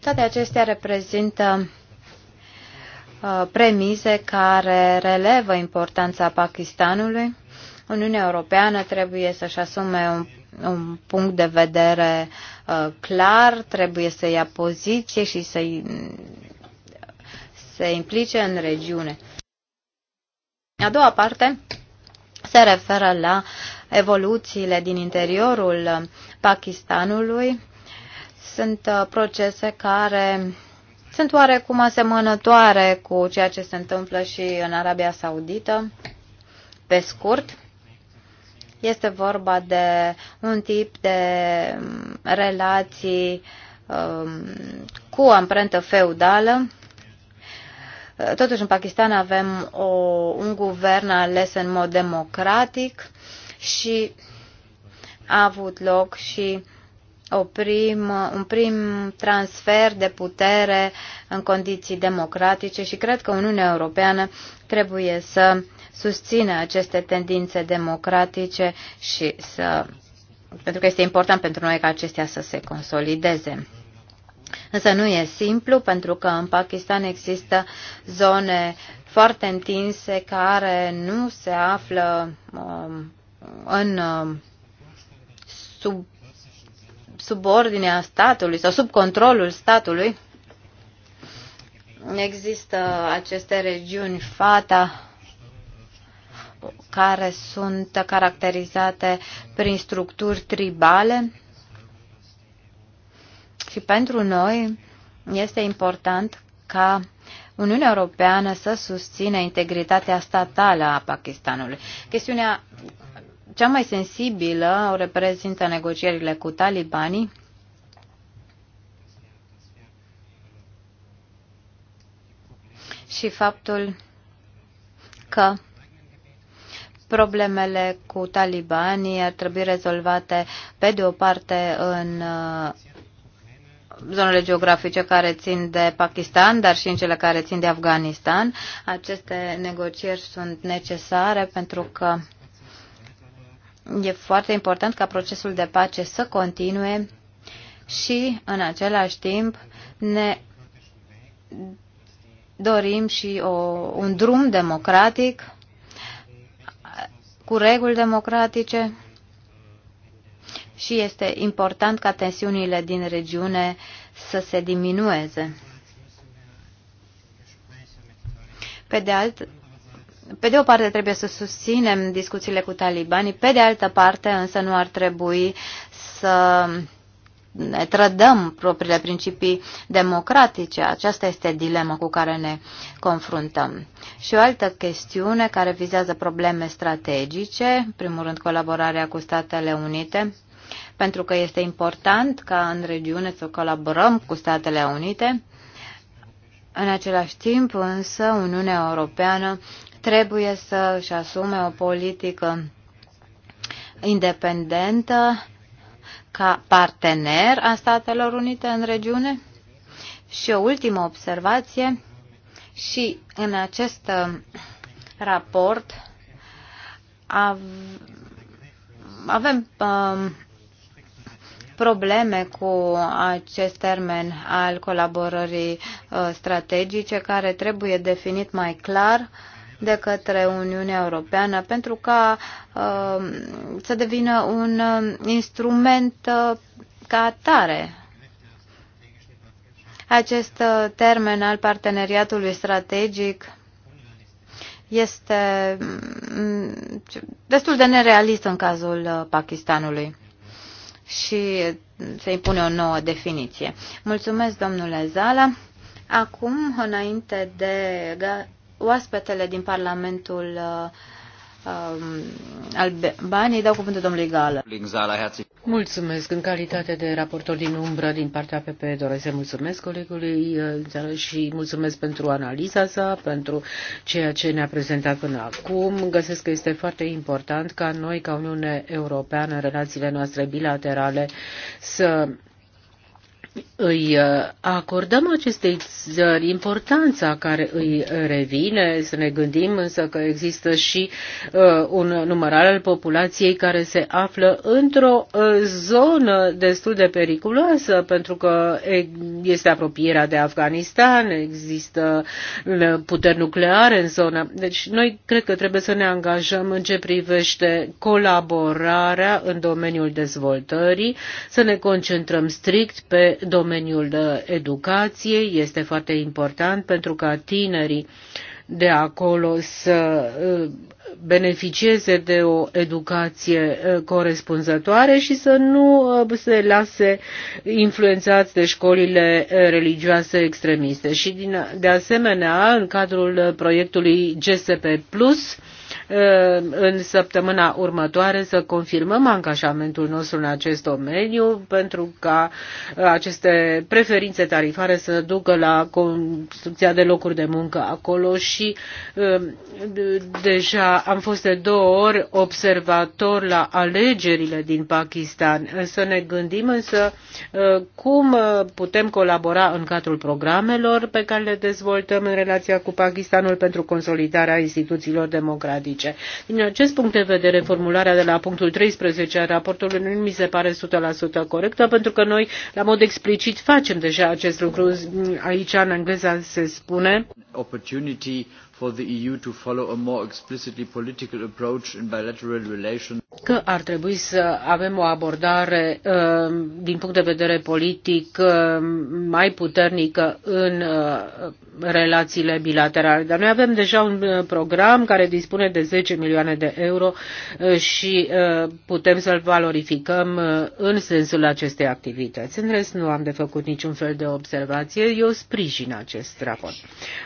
Toate acestea reprezintă Uh, premise care relevă importanța Pakistanului. Uniunea Europeană trebuie să-și asume un, un punct de vedere uh, clar, trebuie să ia poziție și să se implice în regiune. A doua parte se referă la evoluțiile din interiorul Pakistanului. Sunt uh, procese care sunt oarecum asemănătoare cu ceea ce se întâmplă și în Arabia Saudită. Pe scurt, este vorba de un tip de mm, relații um, cu amprentă feudală. Totuși, în Pakistan avem o, un guvern ales în mod democratic și a avut loc și o prim, un prim transfer de putere în condiții democratice și cred că Uniunea Europeană trebuie să susțină aceste tendințe democratice și să pentru că este important pentru noi ca acestea să se consolideze. Însă nu e simplu, pentru că în Pakistan există zone foarte întinse care nu se află um, în um, sub sub ordinea statului sau sub controlul statului. Există aceste regiuni fata care sunt caracterizate prin structuri tribale și pentru noi este important ca Uniunea Europeană să susțină integritatea statală a Pakistanului. Chestiunea cea mai sensibilă o reprezintă negocierile cu talibanii, și faptul că problemele cu talibanii ar trebui rezolvate pe de o parte în uh, zonele geografice care țin de Pakistan, dar și în cele care țin de Afganistan. Aceste negocieri sunt necesare pentru că e foarte important ca procesul de pace să continue și, în același timp, ne dorim și o, un drum democratic cu reguli democratice și este important ca tensiunile din regiune să se diminueze. Pe de altă pe de o parte trebuie să susținem discuțiile cu talibanii, pe de altă parte însă nu ar trebui să ne trădăm propriile principii democratice. Aceasta este dilema cu care ne confruntăm. Și o altă chestiune care vizează probleme strategice, în primul rând colaborarea cu Statele Unite, pentru că este important ca în regiune să colaborăm cu Statele Unite. În același timp, însă, Uniunea Europeană trebuie să își asume o politică independentă ca partener a Statelor Unite în regiune? Și o ultimă observație, și în acest uh, raport avem um, probleme cu acest termen al colaborării uh, strategice care trebuie definit mai clar uh, de către Uniunea Europeană pentru ca uh, să devină un uh, instrument uh, ca atare. Acest uh, termen al parteneriatului strategic este mm, destul de nerealist în cazul uh, Pakistanului și se impune o nouă definiție. Mulțumesc, domnule Zala. Acum, înainte de oaspetele din Parlamentul uh, um, Albaniei dau cuvântul domnului Gală. Mulțumesc. În calitate de raportor din umbră din partea PP doresc să mulțumesc colegului uh, și mulțumesc pentru analiza sa, pentru ceea ce ne-a prezentat până acum. Găsesc că este foarte important ca noi, ca Uniune Europeană, în relațiile noastre bilaterale, să îi uh, acordăm acestei țări importanța care îi revine, să ne gândim însă că există și uh, un număr al populației care se află într-o uh, zonă destul de periculoasă, pentru că este apropierea de Afganistan, există puteri nucleare în zonă. Deci noi cred că trebuie să ne angajăm în ce privește colaborarea în domeniul dezvoltării, să ne concentrăm strict pe domeniul educației este foarte important pentru ca tinerii de acolo să uh, beneficieze de o educație uh, corespunzătoare și să nu uh, se lase influențați de școlile religioase extremiste. Și din, de asemenea, în cadrul proiectului GSP Plus, Uh, în săptămâna următoare să confirmăm angajamentul nostru în acest domeniu pentru ca uh, aceste preferințe tarifare să ducă la construcția de locuri de muncă acolo și uh, deja am fost de două ori observator la alegerile din Pakistan. Să ne gândim însă cum putem colabora în cadrul programelor pe care le dezvoltăm în relația cu Pakistanul pentru consolidarea instituțiilor democratice juridice. Din acest punct de vedere, formularea de la punctul 13 a raportului nu mi se pare 100% corectă, pentru că noi, la mod explicit, facem deja acest lucru. Aici, în engleză, se spune for the EU to follow a more explicitly political approach in bilateral relations. Că ar trebui să avem o abordare um, din punct de vedere politic um, mai puternică în uh, relațiile bilaterale. Dar noi avem deja un uh, program care dispune de 10 milioane de euro uh, și putem să-l valorificăm în sensul acestei activități. În rest, nu am de făcut niciun fel de observație. Eu sprijin acest raport.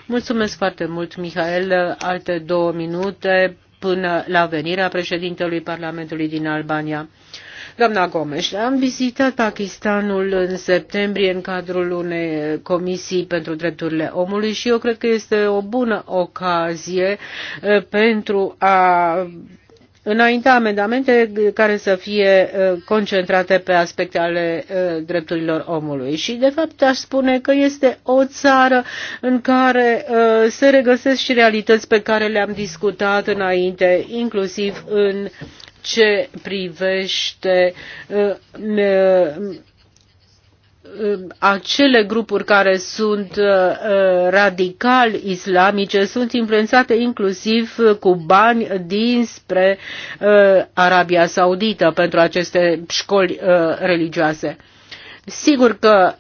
Mulțumesc foarte mult, Mihai Mihail alte două minute până la venirea președintelui Parlamentului din Albania. Doamna Gomes, am vizitat Pakistanul în septembrie în cadrul unei comisii pentru drepturile omului și eu cred că este o bună ocazie eh, pentru a înainta amendamente care să fie uh, concentrate pe aspecte ale uh, drepturilor omului. Și, de fapt, aș spune că este o țară în care uh, se regăsesc și realități pe care le-am discutat înainte, inclusiv în ce privește acele grupuri care sunt uh, uh, radical islamice sunt influențate inclusiv cu bani dinspre uh, Arabia Saudită pentru aceste școli religioase. Sigur că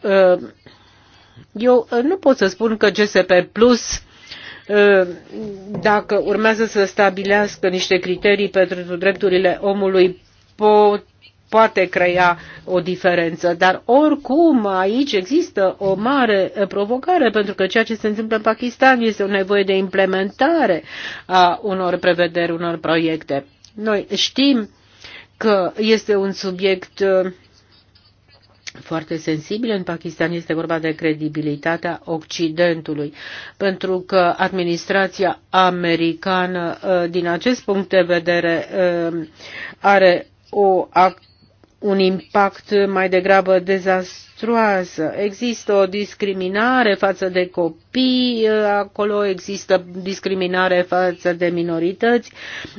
eu nu pot să spun că GSP Plus dacă urmează să stabilească niște criterii pentru drepturile omului pot poate crea o diferență. Dar oricum aici există o mare provocare pentru că ceea ce se întâmplă în Pakistan este o nevoie de implementare a unor prevederi, unor proiecte. Noi știm că este un subiect uh, foarte sensibil în Pakistan este vorba de credibilitatea Occidentului, pentru că administrația americană, uh, din acest punct de vedere, uh, are o act un impact mai degrabă dezastruoasă. Există o discriminare față de copii, uh, acolo există discriminare față de minorități,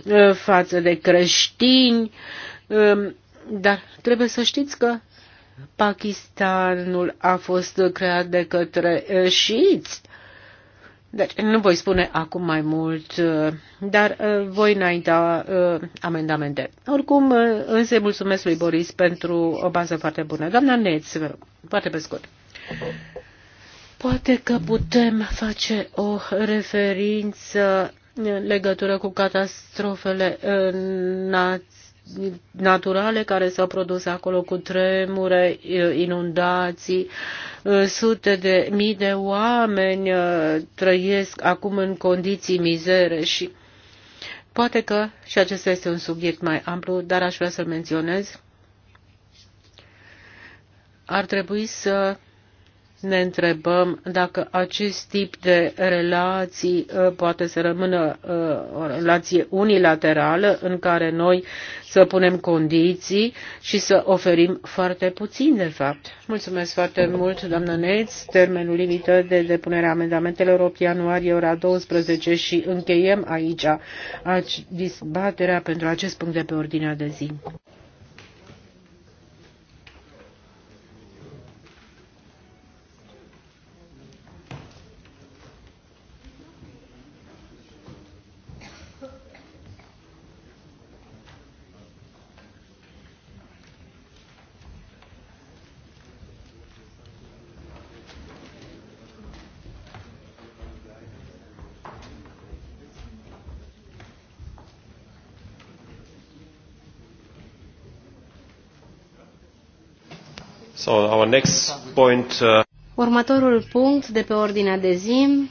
uh, față de creștini, um, dar trebuie să știți că Pakistanul a fost creat de către uh, șiți deci, nu voi spune acum mai mult, uh, dar uh, voi înainta uh, amendamente. Oricum, însă mulțumesc lui Boris pentru o bază foarte bună. Doamna Neț, vă rog, foarte pe scurt. Poate că putem face o referință în legătură cu catastrofele naționale naturale care s-au produs acolo cu tremure, inundații. Sute de mii de oameni uh, trăiesc acum în condiții mizere și poate că și acesta este un subiect mai amplu, dar aș vrea să-l menționez. Ar trebui să ne întrebăm dacă acest tip de relații uh, poate să rămână uh, o relație unilaterală în care noi să punem condiții și să oferim foarte puțin, de fapt. Mulțumesc foarte mult, doamnă Neț. Termenul limită de depunere a amendamentelor 8 ianuarie, ora 12 și încheiem aici dezbaterea pentru acest punct de pe ordinea de zi. our next point. Uh, Următorul punct de pe ordinea de zi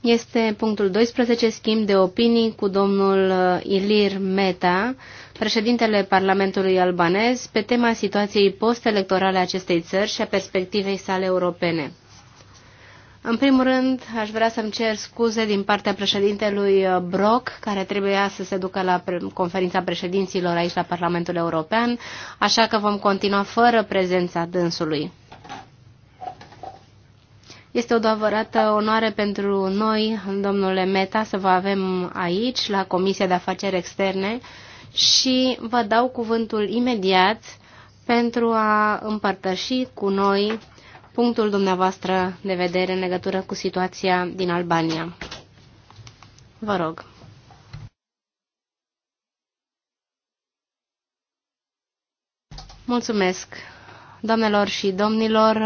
este punctul 12, schimb de opinii cu domnul uh, Ilir Meta, președintele Parlamentului albanez, pe tema situației post-electorale acestei țări și a perspectivei sale europene. În primul rând, aș vrea să-mi cer scuze din partea președintelui uh, Brock, care trebuia să se ducă la conferința președinților aici la Parlamentul European, așa că vom continua fără prezența dânsului. Este o doavărată onoare pentru noi, domnule Meta, să vă avem aici, la Comisia de Afaceri Externe, și vă dau cuvântul imediat pentru a împărtăși cu noi punctul dumneavoastră de vedere în legătură cu situația din Albania. Vă rog. Mulțumesc, doamnelor și domnilor,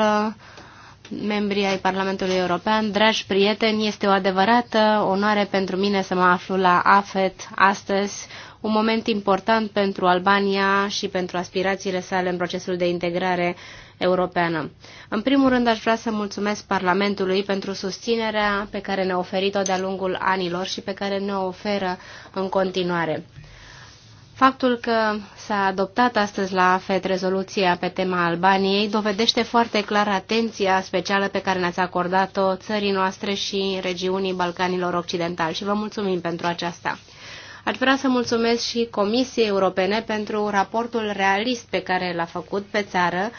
membrii ai Parlamentului European, dragi prieteni, este o adevărată onoare pentru mine să mă aflu la AFET astăzi, un moment important pentru Albania și pentru aspirațiile sale în procesul de integrare Europeană. În primul rând, aș vrea să mulțumesc Parlamentului pentru susținerea pe care ne-a oferit-o de-a lungul anilor și pe care ne-o oferă în continuare. Faptul că s-a adoptat astăzi la AFET rezoluția pe tema Albaniei dovedește foarte clar atenția specială pe care ne-ați acordat-o țării noastre și regiunii Balcanilor Occidentali și vă mulțumim pentru aceasta. Aș vrea să mulțumesc și Comisiei Europene pentru raportul realist pe care l-a făcut pe țară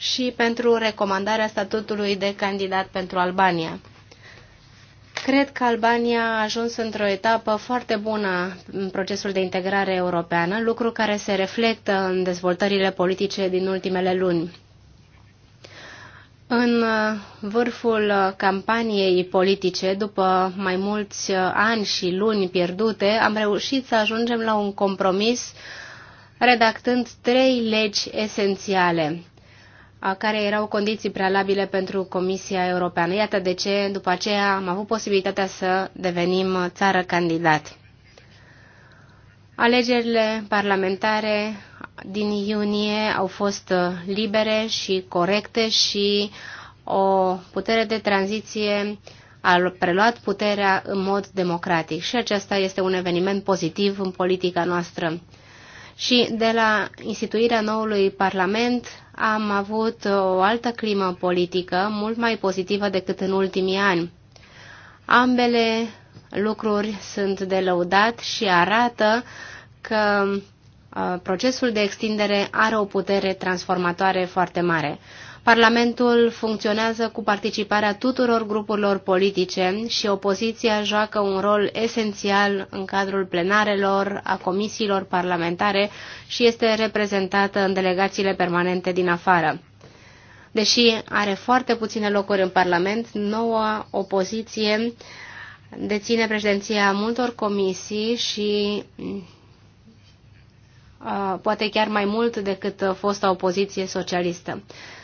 și pentru recomandarea statutului de candidat pentru Albania. Cred că Albania a ajuns într-o etapă foarte bună în procesul de integrare europeană, lucru care se reflectă în dezvoltările politice din ultimele luni. În uh, vârful campaniei politice, după mai mulți uh, ani și luni pierdute, am reușit să ajungem la un compromis redactând trei legi esențiale a care erau condiții prealabile pentru Comisia Europeană. Iată de ce, după aceea, am avut posibilitatea să devenim țară candidat. Alegerile parlamentare din iunie au fost uh, libere și corecte și o putere de tranziție a preluat puterea în mod democratic și acesta este un eveniment pozitiv în politica noastră. Și de la instituirea noului Parlament am avut o altă climă politică, mult mai pozitivă decât în ultimii ani. Ambele lucruri sunt de lăudat și arată că uh, procesul de extindere are o putere transformatoare foarte mare. Parlamentul funcționează cu participarea tuturor grupurilor politice și opoziția joacă un rol esențial în cadrul plenarelor, a comisiilor parlamentare și este reprezentată în delegațiile permanente din afară. Deși are foarte puține locuri în Parlament, noua opoziție deține președinția multor comisii și uh, poate chiar mai mult decât fosta opoziție socialistă.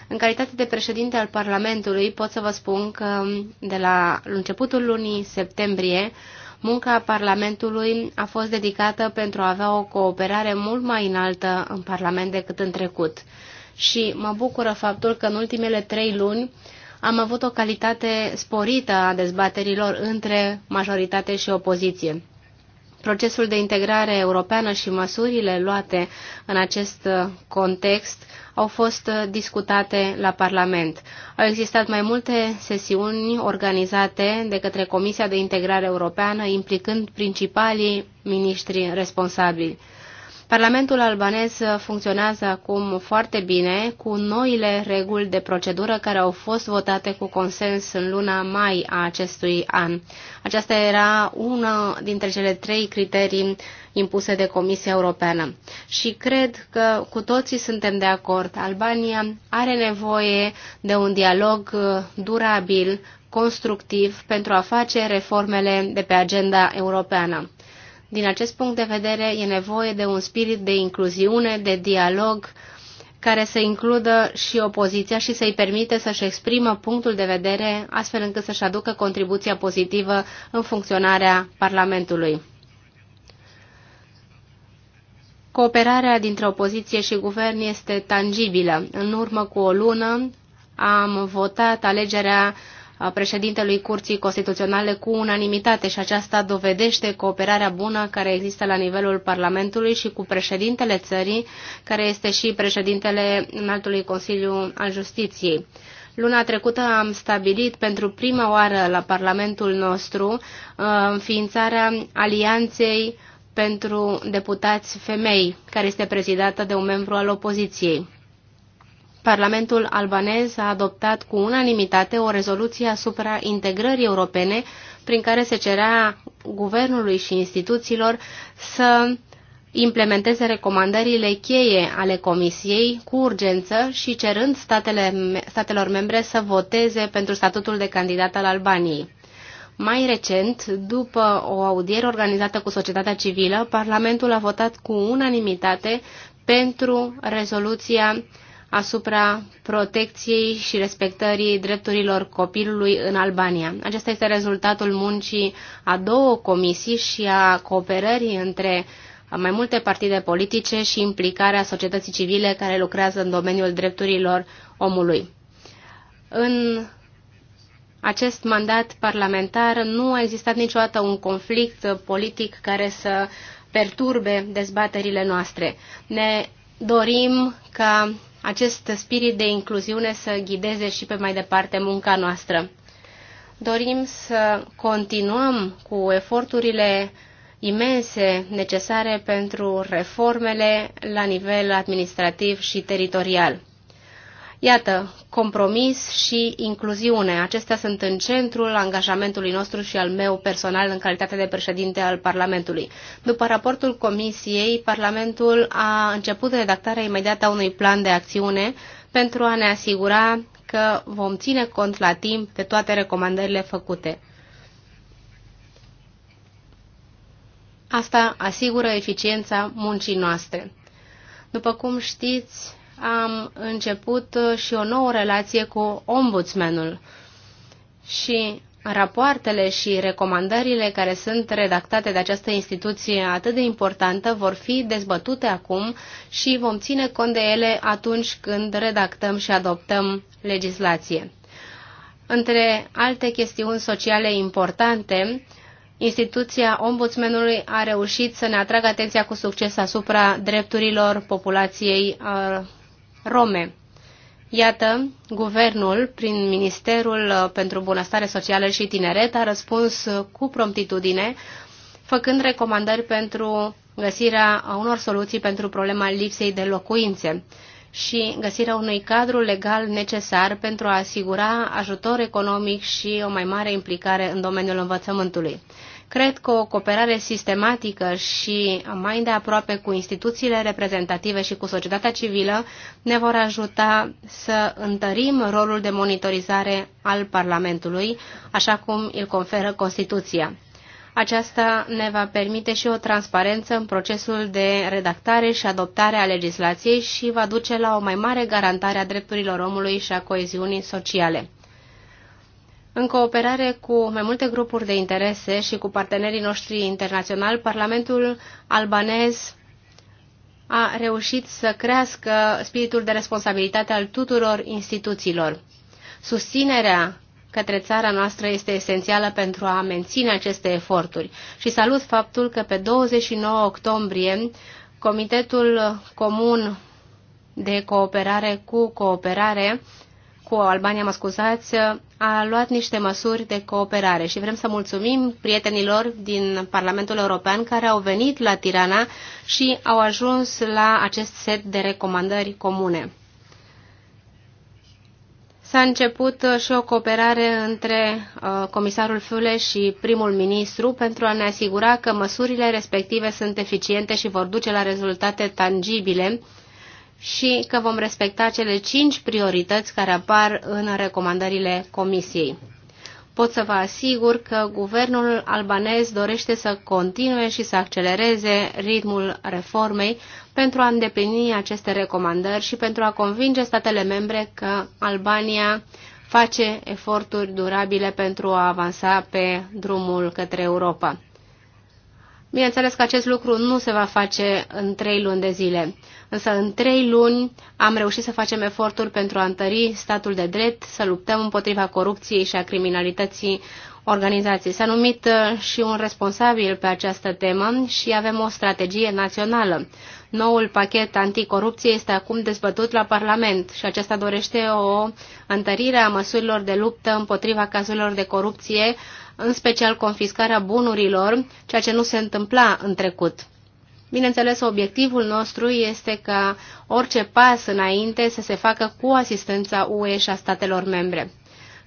În calitate de președinte al Parlamentului pot să vă spun că de la începutul lunii septembrie munca Parlamentului a fost dedicată pentru a avea o cooperare mult mai înaltă în Parlament decât în trecut. Și mă bucură faptul că în ultimele trei luni am avut o calitate sporită a dezbaterilor între majoritate și opoziție. Procesul de integrare europeană și măsurile luate în acest context au fost uh, discutate la Parlament. Au existat mai multe sesiuni organizate de către Comisia de Integrare Europeană, implicând principalii miniștri responsabili. Parlamentul albanez funcționează acum foarte bine cu noile reguli de procedură care au fost votate cu consens în luna mai a acestui an. Aceasta era una dintre cele trei criterii impuse de Comisia Europeană. Și cred că cu toții suntem de acord. Albania are nevoie de un dialog durabil, constructiv, pentru a face reformele de pe agenda europeană. Din acest punct de vedere, e nevoie de un spirit de incluziune, de dialog, care să includă și opoziția și să-i permite să-și exprimă punctul de vedere, astfel încât să-și aducă contribuția pozitivă în funcționarea Parlamentului. Cooperarea dintre opoziție și guvern este tangibilă. În urmă cu o lună am votat alegerea președintelui Curții Constituționale cu unanimitate și aceasta dovedește cooperarea bună care există la nivelul Parlamentului și cu președintele țării, care este și președintele Înaltului Consiliu al Justiției. Luna trecută am stabilit pentru prima oară la Parlamentul nostru uh, înființarea Alianței pentru deputați femei, care este prezidată de un membru al opoziției. Parlamentul albanez a adoptat cu unanimitate o rezoluție asupra integrării europene prin care se cerea guvernului și instituțiilor să implementeze recomandările cheie ale Comisiei cu urgență și cerând statele, statelor membre să voteze pentru statutul de candidat al Albaniei. Mai recent, după o audiere organizată cu societatea civilă, Parlamentul a votat cu unanimitate pentru rezoluția asupra protecției și respectării drepturilor copilului în Albania. Acesta este rezultatul muncii a două comisii și a cooperării între mai multe partide politice și implicarea societății civile care lucrează în domeniul drepturilor omului. În acest mandat parlamentar nu a existat niciodată un conflict politic care să perturbe dezbaterile noastre. Ne dorim ca acest spirit de incluziune să ghideze și pe mai departe munca noastră. Dorim să continuăm cu eforturile imense necesare pentru reformele la nivel administrativ și teritorial. Iată, compromis și incluziune. Acestea sunt în centrul angajamentului nostru și al meu personal în calitate de președinte al Parlamentului. După raportul Comisiei, Parlamentul a început redactarea imediată a unui plan de acțiune pentru a ne asigura că vom ține cont la timp de toate recomandările făcute. Asta asigură eficiența muncii noastre. După cum știți, am început uh, și o nouă relație cu ombudsmanul și rapoartele și recomandările care sunt redactate de această instituție atât de importantă vor fi dezbătute acum și vom ține cont de ele atunci când redactăm și adoptăm legislație. Între alte chestiuni sociale importante, instituția ombudsmanului a reușit să ne atragă atenția cu succes asupra drepturilor populației rome. Iată, guvernul, prin Ministerul uh, pentru Bunăstare Socială și Tineret, a răspuns uh, cu promptitudine, făcând recomandări pentru găsirea unor soluții pentru problema lipsei de locuințe și găsirea unui cadru legal necesar pentru a asigura ajutor economic și o mai mare implicare în domeniul învățământului. Cred că o cooperare sistematică și mai de aproape cu instituțiile reprezentative și cu societatea civilă ne vor ajuta să întărim rolul de monitorizare al Parlamentului, așa cum îl conferă Constituția. Aceasta ne va permite și o transparență în procesul de redactare și adoptare a legislației și va duce la o mai mare garantare a drepturilor omului și a coeziunii sociale. În cooperare cu mai multe grupuri de interese și cu partenerii noștri internaționali, Parlamentul albanez a reușit să crească spiritul de responsabilitate al tuturor instituțiilor. Susținerea către țara noastră este esențială pentru a menține aceste eforturi și salut faptul că pe 29 octombrie Comitetul Comun de Cooperare cu Cooperare cu Albania, mă scuzați, a luat niște măsuri de cooperare și vrem să mulțumim prietenilor din Parlamentul European care au venit la Tirana și au ajuns la acest set de recomandări comune. S-a început uh, și o cooperare între uh, comisarul Fule și primul ministru pentru a ne asigura că măsurile respective sunt eficiente și vor duce la rezultate tangibile și că vom respecta cele cinci priorități care apar în recomandările Comisiei. Pot să vă asigur că guvernul albanez dorește să continue și să accelereze ritmul reformei pentru a îndeplini aceste recomandări și pentru a convinge statele membre că Albania face eforturi durabile pentru a avansa pe drumul către Europa. Bineînțeles că acest lucru nu se va face în trei luni de zile, însă în trei luni am reușit să facem eforturi pentru a întări statul de drept, să luptăm împotriva corupției și a criminalității organizației. S-a numit uh, și un responsabil pe această temă și avem o strategie națională. Noul pachet anticorupție este acum dezbătut la Parlament și acesta dorește o întărire a măsurilor de luptă împotriva cazurilor de corupție în special confiscarea bunurilor, ceea ce nu se întâmpla în trecut. Bineînțeles, obiectivul nostru este ca orice pas înainte să se facă cu asistența UE și a statelor membre.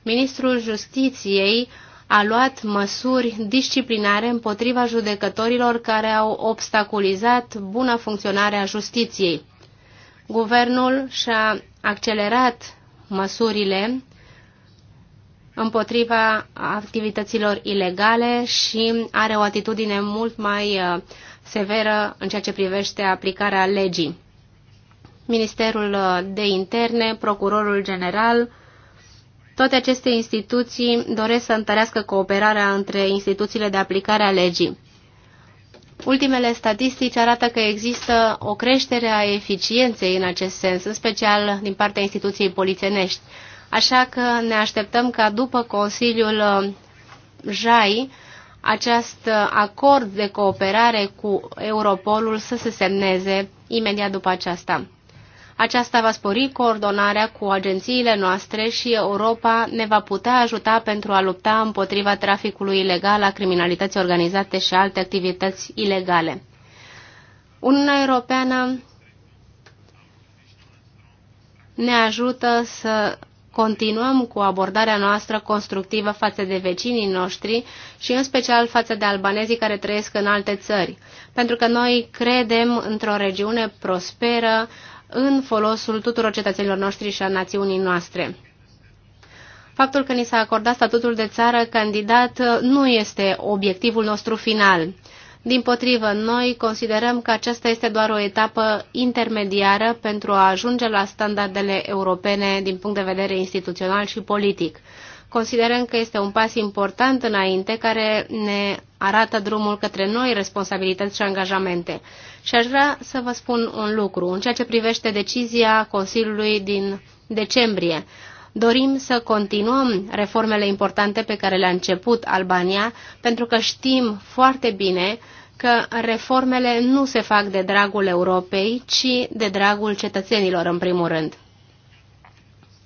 Ministrul Justiției a luat măsuri disciplinare împotriva judecătorilor care au obstaculizat buna funcționare a justiției. Guvernul și-a accelerat măsurile împotriva activităților ilegale și are o atitudine mult mai uh, severă în ceea ce privește aplicarea legii. Ministerul uh, de Interne, Procurorul General, toate aceste instituții doresc să întărească cooperarea între instituțiile de aplicare a legii. Ultimele statistici arată că există o creștere a eficienței în acest sens, în special din partea instituției polițenești. Așa că ne așteptăm ca după Consiliul uh, JAI acest uh, acord de cooperare cu Europolul să se semneze imediat după aceasta. Aceasta va spori coordonarea cu agențiile noastre și Europa ne va putea ajuta pentru a lupta împotriva traficului ilegal, a criminalității organizate și alte activități ilegale. Uniunea Europeană ne ajută să continuăm cu abordarea noastră constructivă față de vecinii noștri și în special față de albanezii care trăiesc în alte țări, pentru că noi credem într-o regiune prosperă în folosul tuturor cetățenilor noștri și a națiunii noastre. Faptul că ni s-a acordat statutul de țară candidat nu este obiectivul nostru final. Din potrivă, noi considerăm că aceasta este doar o etapă intermediară pentru a ajunge la standardele europene din punct de vedere instituțional și politic. Considerăm că este un pas important înainte care ne arată drumul către noi responsabilități și angajamente. Și aș vrea să vă spun un lucru în ceea ce privește decizia Consiliului din decembrie. Dorim să continuăm reformele importante pe care le-a început Albania, pentru că știm foarte bine că reformele nu se fac de dragul Europei, ci de dragul cetățenilor, în primul rând.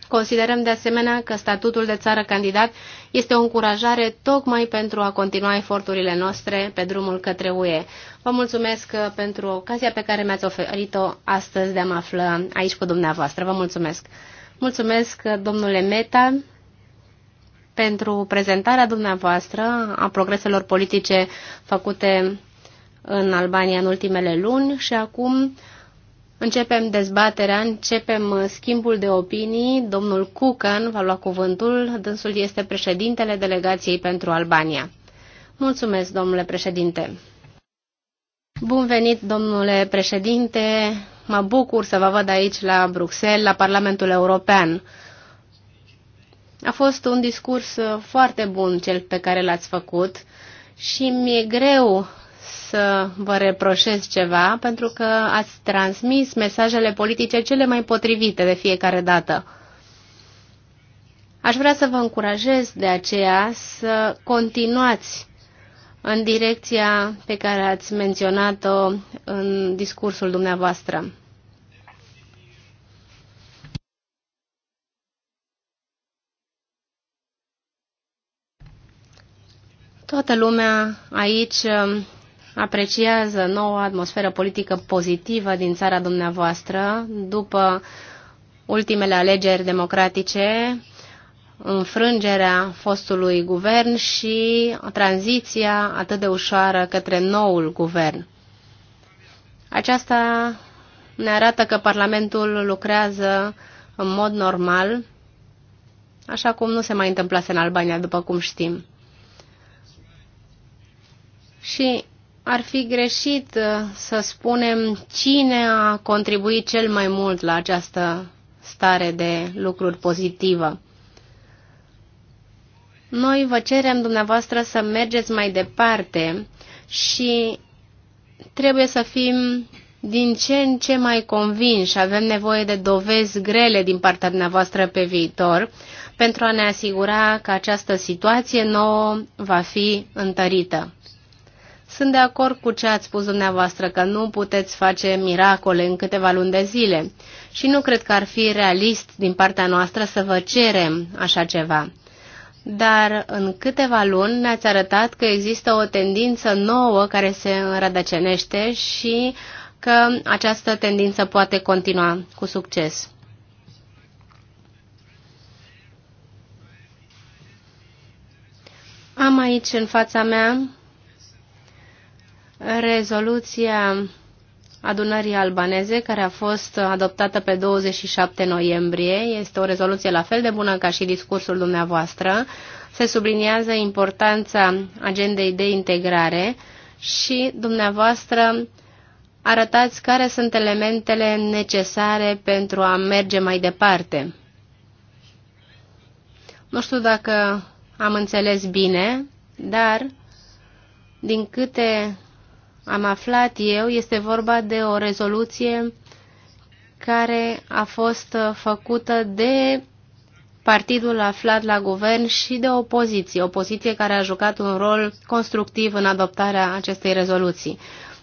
Considerăm de asemenea că statutul de țară candidat este o încurajare tocmai pentru a continua eforturile noastre pe drumul către UE. Vă mulțumesc uh, pentru ocazia pe care mi-ați oferit-o astăzi de a mă afla aici cu dumneavoastră. Vă mulțumesc. Mulțumesc, uh, domnule Meta, pentru prezentarea dumneavoastră a progreselor politice făcute în Albania în ultimele luni și acum începem dezbaterea, începem uh, schimbul de opinii. Domnul Cucan va lua cuvântul, dânsul este președintele delegației pentru Albania. Mulțumesc, domnule președinte. Bun venit, domnule președinte. Mă bucur să vă văd aici la Bruxelles, la Parlamentul European. A fost un discurs uh, foarte bun cel pe care l-ați făcut și mi-e greu să vă reproșez ceva, pentru că ați transmis mesajele politice cele mai potrivite de fiecare dată. Aș vrea să vă încurajez de aceea să continuați în direcția pe care ați menționat-o în discursul dumneavoastră. Toată lumea aici apreciază noua atmosferă politică pozitivă din țara dumneavoastră după ultimele alegeri democratice, înfrângerea fostului guvern și tranziția atât de ușoară către noul guvern. Aceasta ne arată că Parlamentul lucrează în mod normal, așa cum nu se mai întâmplase în Albania, după cum știm. Și ar fi greșit uh, să spunem cine a contribuit cel mai mult la această stare de lucruri pozitivă. Noi vă cerem dumneavoastră să mergeți mai departe și trebuie să fim din ce în ce mai convinși. Avem nevoie de dovezi grele din partea dumneavoastră pe viitor pentru a ne asigura că această situație nouă va fi întărită. Sunt de acord cu ce ați spus dumneavoastră, că nu puteți face miracole în câteva luni de zile și nu cred că ar fi realist din partea noastră să vă cerem așa ceva. Dar în câteva luni ne-ați arătat că există o tendință nouă care se înrădăcenește și că această tendință poate continua cu succes. Am aici în fața mea rezoluția adunării albaneze, care a fost adoptată pe 27 noiembrie. Este o rezoluție la fel de bună ca și discursul dumneavoastră. Se subliniază importanța agendei de integrare și dumneavoastră arătați care sunt elementele necesare pentru a merge mai departe. Nu știu dacă am înțeles bine, dar din câte am aflat eu, este vorba de o rezoluție care a fost făcută de partidul aflat la guvern și de opoziție, opoziție care a jucat un rol constructiv în adoptarea acestei rezoluții.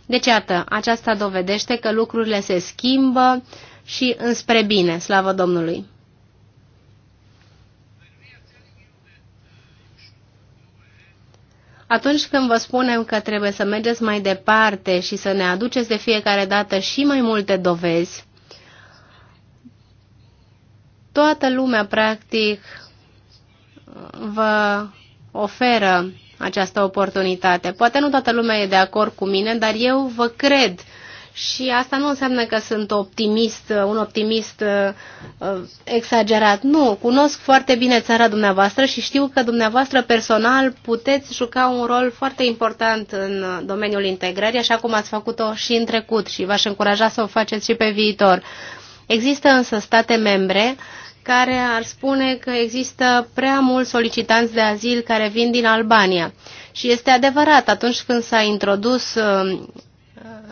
Deci, iată, aceasta dovedește că lucrurile se schimbă și înspre bine, slavă Domnului. Atunci când vă spunem că trebuie să mergeți mai departe și să ne aduceți de fiecare dată și mai multe dovezi, toată lumea, practic, vă oferă această oportunitate. Poate nu toată lumea e de acord cu mine, dar eu vă cred și asta nu înseamnă că sunt optimist, un optimist uh, uh, exagerat. Nu, cunosc foarte bine țara dumneavoastră și știu că dumneavoastră personal puteți juca un rol foarte important în uh, domeniul integrării, așa cum ați făcut-o și în trecut și v-aș încuraja să o faceți și pe viitor. Există însă state membre care ar spune că există prea mulți solicitanți de azil care vin din Albania. Și este adevărat, atunci când s-a introdus uh,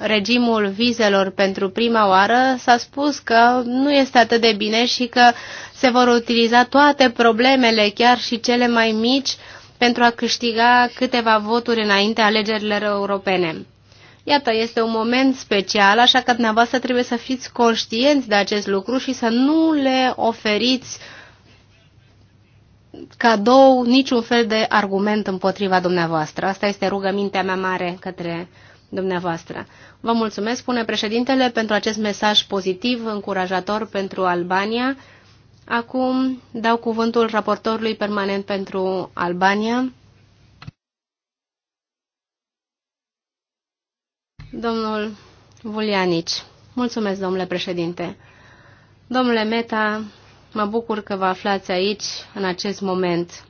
regimul vizelor pentru prima oară, s-a spus că nu este atât de bine și că se vor utiliza toate problemele, chiar și cele mai mici, pentru a câștiga câteva voturi înainte alegerilor europene. Iată, este un moment special, așa că dumneavoastră trebuie să fiți conștienți de acest lucru și să nu le oferiți cadou niciun fel de argument împotriva dumneavoastră. Asta este rugămintea mea mare către dumneavoastră. Vă mulțumesc, spune președintele, pentru acest mesaj pozitiv, încurajator pentru Albania. Acum dau cuvântul raportorului permanent pentru Albania, domnul Vulianici. Mulțumesc, domnule președinte. Domnule Meta, mă bucur că vă aflați aici în acest moment.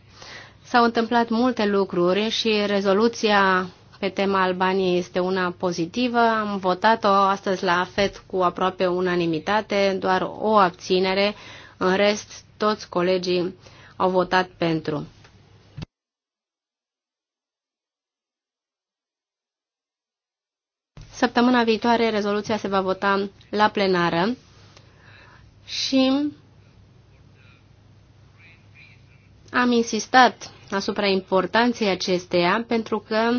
S-au întâmplat multe lucruri și rezoluția pe tema Albaniei este una pozitivă. Am votat-o astăzi la AFET cu aproape unanimitate, doar o abținere. În rest, toți colegii au votat pentru. Săptămâna viitoare rezoluția se va vota la plenară și am insistat asupra importanței acesteia pentru că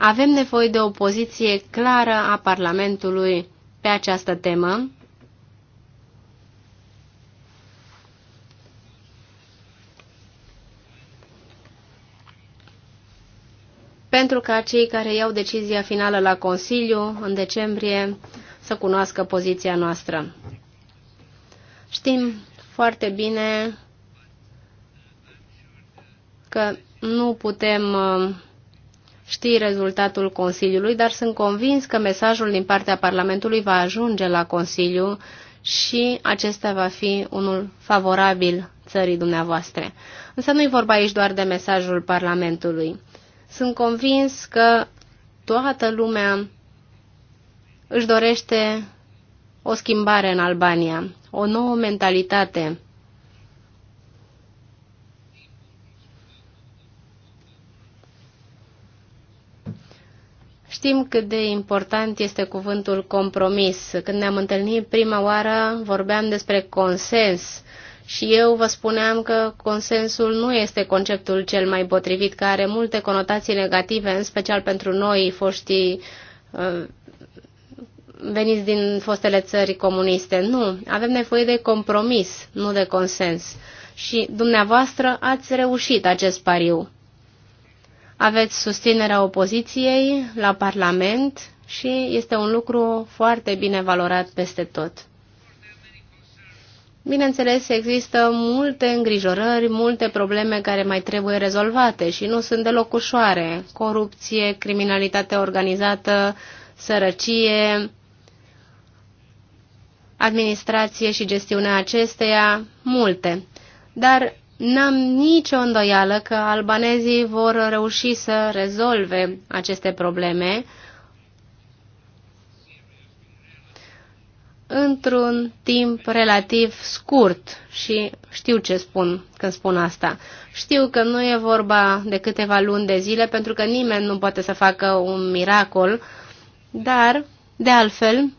avem nevoie de o poziție clară a Parlamentului pe această temă. pentru ca cei care iau decizia finală la Consiliu în decembrie să cunoască poziția noastră. Știm foarte bine că nu putem uh, știi rezultatul Consiliului, dar sunt convins că mesajul din partea Parlamentului va ajunge la Consiliu și acesta va fi unul favorabil țării dumneavoastră. Însă nu-i vorba aici doar de mesajul Parlamentului. Sunt convins că toată lumea își dorește o schimbare în Albania, o nouă mentalitate Știm cât de important este cuvântul compromis. Când ne-am întâlnit prima oară, vorbeam despre consens și eu vă spuneam că consensul nu este conceptul cel mai potrivit, care are multe conotații negative, în special pentru noi, foștii uh, veniți din fostele țări comuniste. Nu, avem nevoie de compromis, nu de consens. Și dumneavoastră ați reușit acest pariu. Aveți susținerea opoziției la Parlament și este un lucru foarte bine valorat peste tot. Bineînțeles, există multe îngrijorări, multe probleme care mai trebuie rezolvate și nu sunt deloc ușoare. Corupție, criminalitate organizată, sărăcie, administrație și gestiunea acesteia, multe. Dar N-am nicio îndoială că albanezii vor reuși să rezolve aceste probleme într-un timp relativ scurt și știu ce spun când spun asta. Știu că nu e vorba de câteva luni de zile pentru că nimeni nu poate să facă un miracol, dar, de altfel,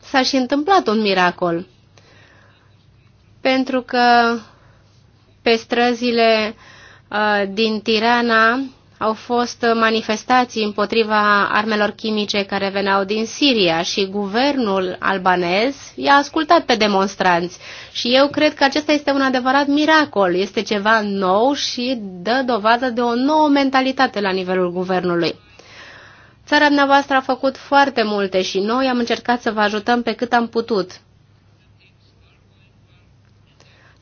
s-a și întâmplat un miracol. Pentru că pe străzile uh, din Tirana au fost manifestații împotriva armelor chimice care veneau din Siria și guvernul albanez i-a ascultat pe demonstranți. Și eu cred că acesta este un adevărat miracol, este ceva nou și dă dovadă de o nouă mentalitate la nivelul guvernului. Țara dumneavoastră a făcut foarte multe și noi am încercat să vă ajutăm pe cât am putut.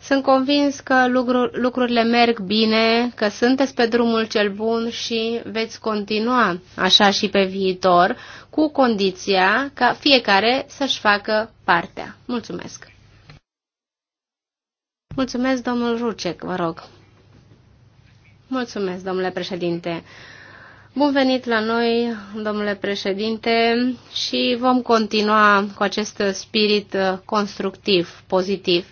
Sunt convins că lucru, lucrurile merg bine, că sunteți pe drumul cel bun și veți continua așa și pe viitor, cu condiția ca fiecare să-și facă partea. Mulțumesc! Mulțumesc, domnul Rucec, vă rog. Mulțumesc, domnule președinte. Bun venit la noi, domnule președinte, și vom continua cu acest spirit uh, constructiv, pozitiv.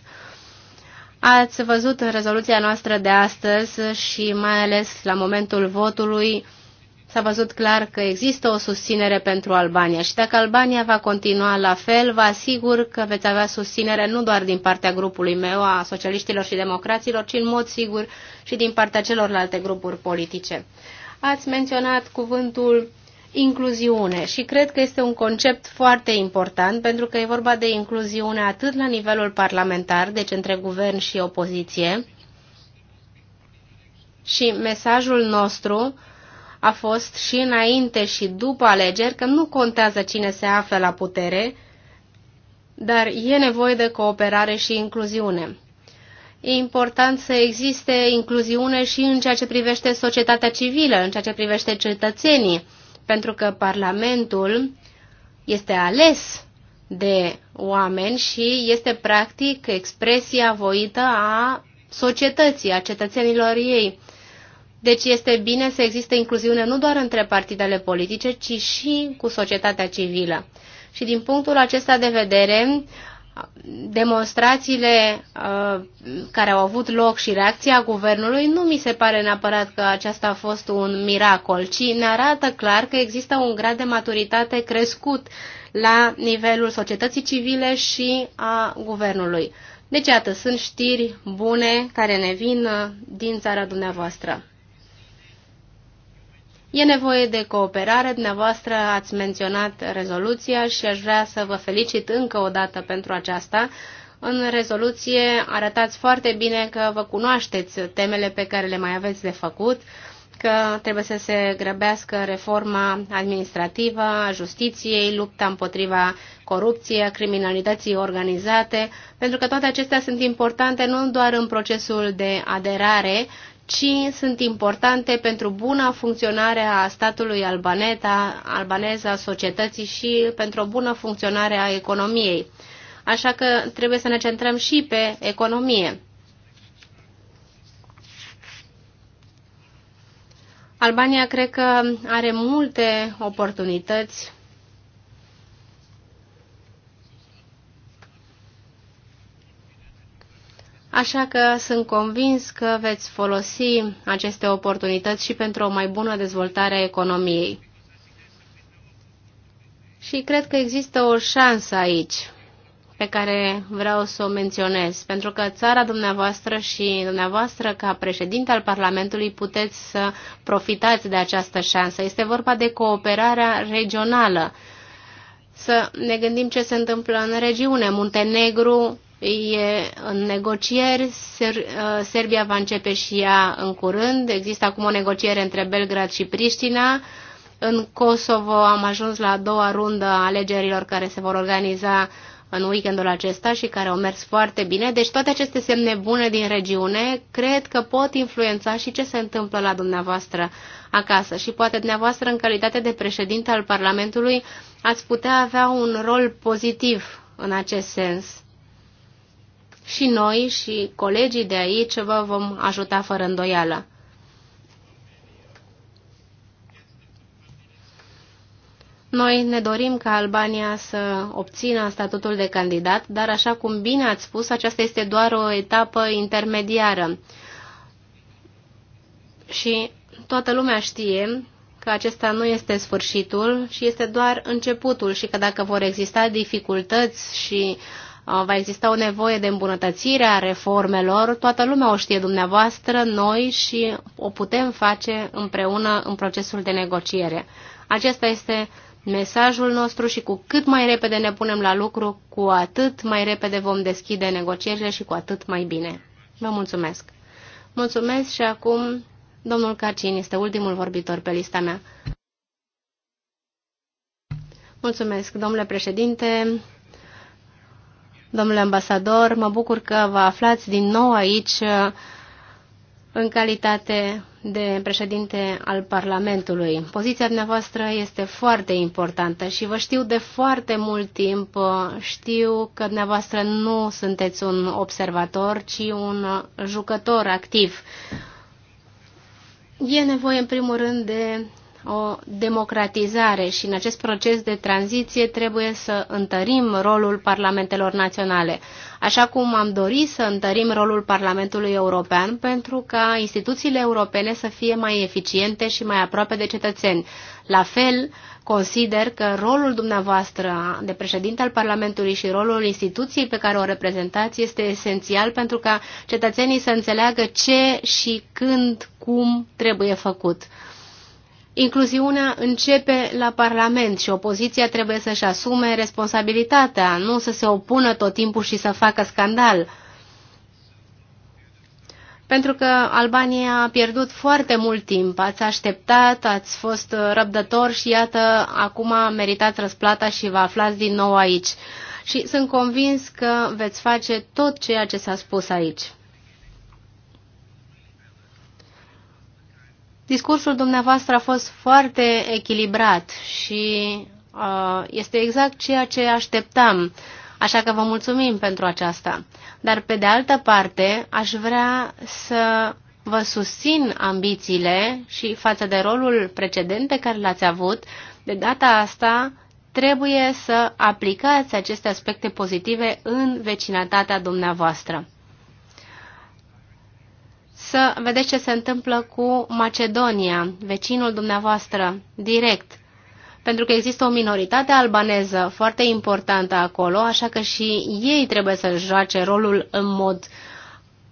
Ați văzut în rezoluția noastră de astăzi și mai ales la momentul votului s-a văzut clar că există o susținere pentru Albania și dacă Albania va continua la fel, vă asigur că veți avea susținere nu doar din partea grupului meu, a socialiștilor și democraților, ci în mod sigur și din partea celorlalte grupuri politice. Ați menționat cuvântul incluziune și cred că este un concept foarte important pentru că e vorba de incluziune atât la nivelul parlamentar, deci între guvern și opoziție. Și mesajul nostru a fost și înainte și după alegeri că nu contează cine se află la putere, dar e nevoie de cooperare și incluziune. E important să existe incluziune și în ceea ce privește societatea civilă, în ceea ce privește cetățenii pentru că Parlamentul este ales de oameni și este practic expresia voită a societății, a cetățenilor ei. Deci este bine să existe incluziune nu doar între partidele politice, ci și cu societatea civilă. Și din punctul acesta de vedere, demonstrațiile uh, care au avut loc și reacția guvernului, nu mi se pare neapărat că aceasta a fost un miracol, ci ne arată clar că există un grad de maturitate crescut la nivelul societății civile și a guvernului. Deci, iată, sunt știri bune care ne vin din țara dumneavoastră. E nevoie de cooperare, dumneavoastră ați menționat rezoluția și aș vrea să vă felicit încă o dată pentru aceasta. În rezoluție arătați foarte bine că vă cunoașteți temele pe care le mai aveți de făcut, că trebuie să se grăbească reforma administrativă, a justiției, lupta împotriva corupției, a criminalității organizate, pentru că toate acestea sunt importante nu doar în procesul de aderare, ci sunt importante pentru buna funcționare a statului albaneta, albanez, a societății și pentru o bună funcționare a economiei. Așa că trebuie să ne centrăm și pe economie. Albania cred că are multe oportunități Așa că sunt convins că veți folosi aceste oportunități și pentru o mai bună dezvoltare a economiei. Și cred că există o șansă aici pe care vreau să o menționez, pentru că țara dumneavoastră și dumneavoastră ca președinte al Parlamentului puteți să profitați de această șansă. Este vorba de cooperarea regională. Să ne gândim ce se întâmplă în regiune. Muntenegru e în negocieri, Ser, uh, Serbia va începe și ea în curând, există acum o negociere între Belgrad și Priștina, în Kosovo am ajuns la a doua rundă a alegerilor care se vor organiza în weekendul acesta și care au mers foarte bine. Deci toate aceste semne bune din regiune cred că pot influența și ce se întâmplă la dumneavoastră acasă. Și poate dumneavoastră, în calitate de președinte al Parlamentului, ați putea avea un rol pozitiv în acest sens și noi și colegii de aici vă vom ajuta fără îndoială. Noi ne dorim ca Albania să obțină statutul de candidat, dar așa cum bine ați spus, aceasta este doar o etapă intermediară. Și toată lumea știe că acesta nu este sfârșitul și este doar începutul și că dacă vor exista dificultăți și uh, Uh, va exista o nevoie de îmbunătățire a reformelor. Toată lumea o știe dumneavoastră, noi și o putem face împreună în procesul de negociere. Acesta este mesajul nostru și cu cât mai repede ne punem la lucru, cu atât mai repede vom deschide negocierile și cu atât mai bine. Vă mulțumesc! Mulțumesc și acum domnul Carcin este ultimul vorbitor pe lista mea. Mulțumesc, domnule președinte, Domnule ambasador, mă bucur că vă aflați din nou aici în calitate de președinte al Parlamentului. Poziția dumneavoastră este foarte importantă și vă știu de foarte mult timp. Știu că dumneavoastră nu sunteți un observator, ci un jucător activ. E nevoie, în primul rând, de o democratizare și în acest proces de tranziție trebuie să întărim rolul parlamentelor naționale, așa cum am dorit să întărim rolul Parlamentului European pentru ca instituțiile europene să fie mai eficiente și mai aproape de cetățeni. La fel, consider că rolul dumneavoastră de președinte al Parlamentului și rolul instituției pe care o reprezentați este esențial pentru ca cetățenii să înțeleagă ce și când, cum trebuie făcut. Incluziunea începe la Parlament și opoziția trebuie să-și asume responsabilitatea, nu să se opună tot timpul și să facă scandal. Pentru că Albania a pierdut foarte mult timp, ați așteptat, ați fost răbdător și iată, acum meritați răsplata și vă aflați din nou aici. Și sunt convins că veți face tot ceea ce s-a spus aici. Discursul dumneavoastră a fost foarte echilibrat și uh, este exact ceea ce așteptam, așa că vă mulțumim pentru aceasta. Dar, pe de altă parte, aș vrea să vă susțin ambițiile și față de rolul precedent pe care l-ați avut, de data asta trebuie să aplicați aceste aspecte pozitive în vecinătatea dumneavoastră să vedeți ce se întâmplă cu Macedonia, vecinul dumneavoastră, direct. Pentru că există o minoritate albaneză foarte importantă acolo, așa că și ei trebuie să joace rolul în mod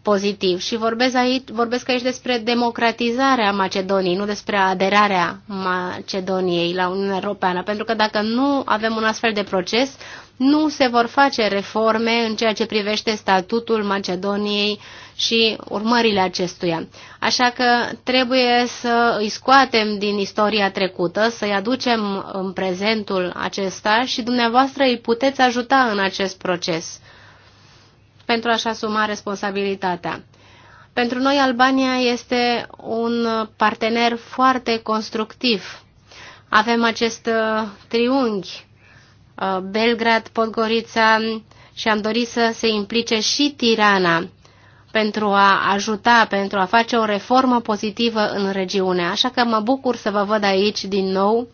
pozitiv. Și vorbesc aici, vorbesc aici despre democratizarea Macedoniei, nu despre aderarea Macedoniei la Uniunea Europeană. Pentru că dacă nu avem un astfel de proces, nu se vor face reforme în ceea ce privește statutul Macedoniei și urmările acestuia. Așa că trebuie să îi scoatem din istoria trecută, să-i aducem în prezentul acesta și dumneavoastră îi puteți ajuta în acest proces pentru a-și asuma responsabilitatea. Pentru noi Albania este un partener foarte constructiv. Avem acest uh, triunghi, uh, Belgrad, Podgorița și am dorit să se implice și Tirana pentru a ajuta, pentru a face o reformă pozitivă în regiune. Așa că mă bucur să vă văd aici din nou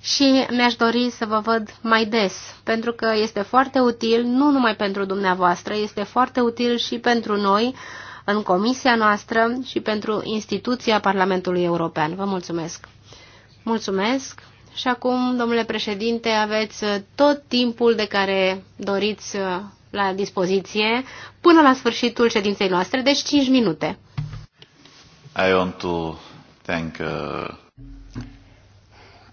și mi-aș dori să vă văd mai des, pentru că este foarte util, nu numai pentru dumneavoastră, este foarte util și pentru noi, în comisia noastră și pentru instituția Parlamentului European. Vă mulțumesc! Mulțumesc! Și acum, domnule președinte, aveți tot timpul de care doriți la dispoziție până la sfârșitul ședinței noastre, deci 5 minute. I want to thank, uh...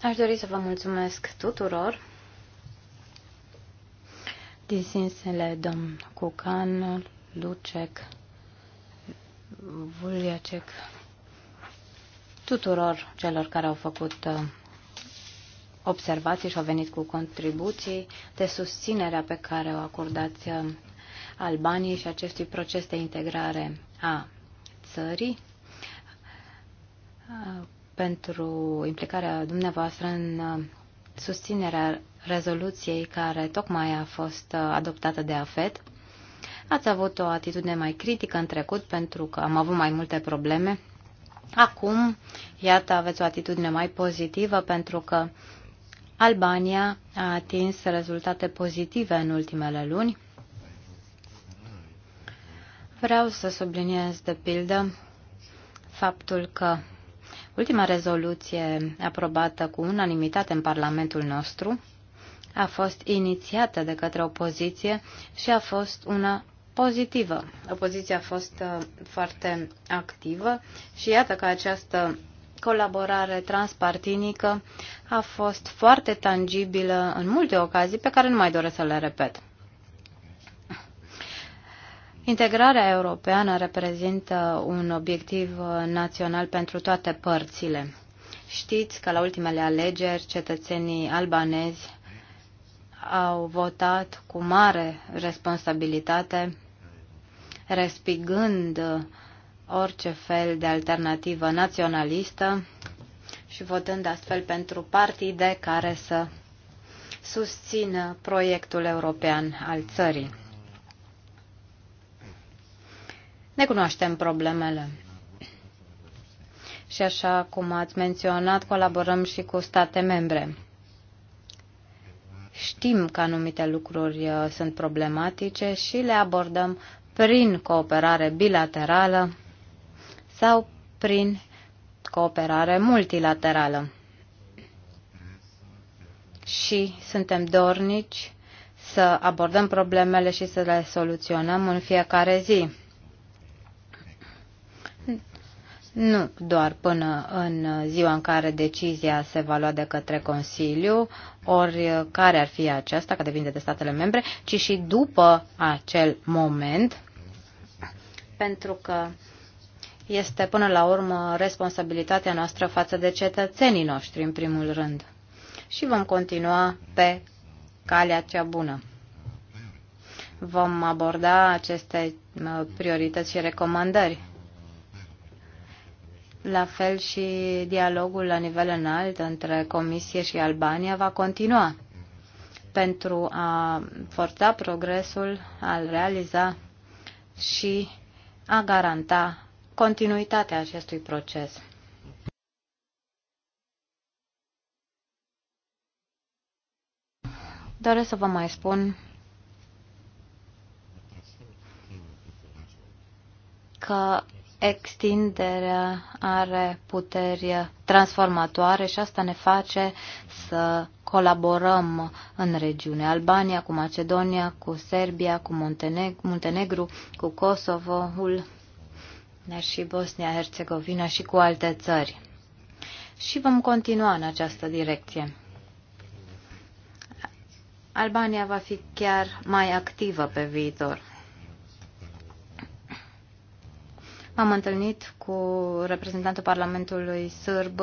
Aș dori să vă mulțumesc tuturor din domn Cucan, Lucec, Vuliacec, tuturor celor care au făcut uh, observații și au venit cu contribuții de susținerea pe care o acordați uh, Albaniei și acestui proces de integrare a țării uh, pentru implicarea dumneavoastră în uh, susținerea rezoluției care tocmai a fost adoptată de AFET. Ați avut o atitudine mai critică în trecut pentru că am avut mai multe probleme. Acum, iată, aveți o atitudine mai pozitivă pentru că Albania a atins rezultate pozitive în ultimele luni. Vreau să subliniez de pildă faptul că ultima rezoluție aprobată cu unanimitate în Parlamentul nostru a fost inițiată de către opoziție și a fost una pozitivă. Opoziția a fost uh, foarte activă și iată că această colaborare transpartinică a fost foarte tangibilă în multe ocazii pe care nu mai doresc să le repet. Integrarea europeană reprezintă un obiectiv național pentru toate părțile. Știți că la ultimele alegeri cetățenii albanezi au votat cu mare responsabilitate, uh, orice fel de alternativă naționalistă și votând astfel pentru partide care să susțină proiectul european al țării. Ne cunoaștem problemele. Și așa cum ați menționat, colaborăm și cu state membre. Știm că anumite lucruri uh, sunt problematice și le abordăm prin cooperare bilaterală sau prin cooperare multilaterală. Și suntem dornici să abordăm problemele și să le soluționăm în fiecare zi. Nu doar până în ziua în care decizia se va lua de către Consiliu, ori care ar fi aceasta, că depinde de statele membre, ci și după acel moment, pentru că este până la urmă responsabilitatea noastră față de cetățenii noștri, în primul rând. Și vom continua pe calea cea bună. Vom aborda aceste priorități și recomandări. La fel și dialogul la nivel înalt între Comisie și Albania va continua pentru a forța progresul, a realiza și a garanta continuitatea acestui proces. Doresc să vă mai spun că extinderea are puteri transformatoare și asta ne face să colaborăm în regiune. Albania cu Macedonia, cu Serbia, cu Munteneg- Muntenegru, cu Kosovo, dar și Bosnia-Herzegovina și cu alte țări. Și vom continua în această direcție. Albania va fi chiar mai activă pe viitor. M-am întâlnit cu reprezentantul Parlamentului Sârb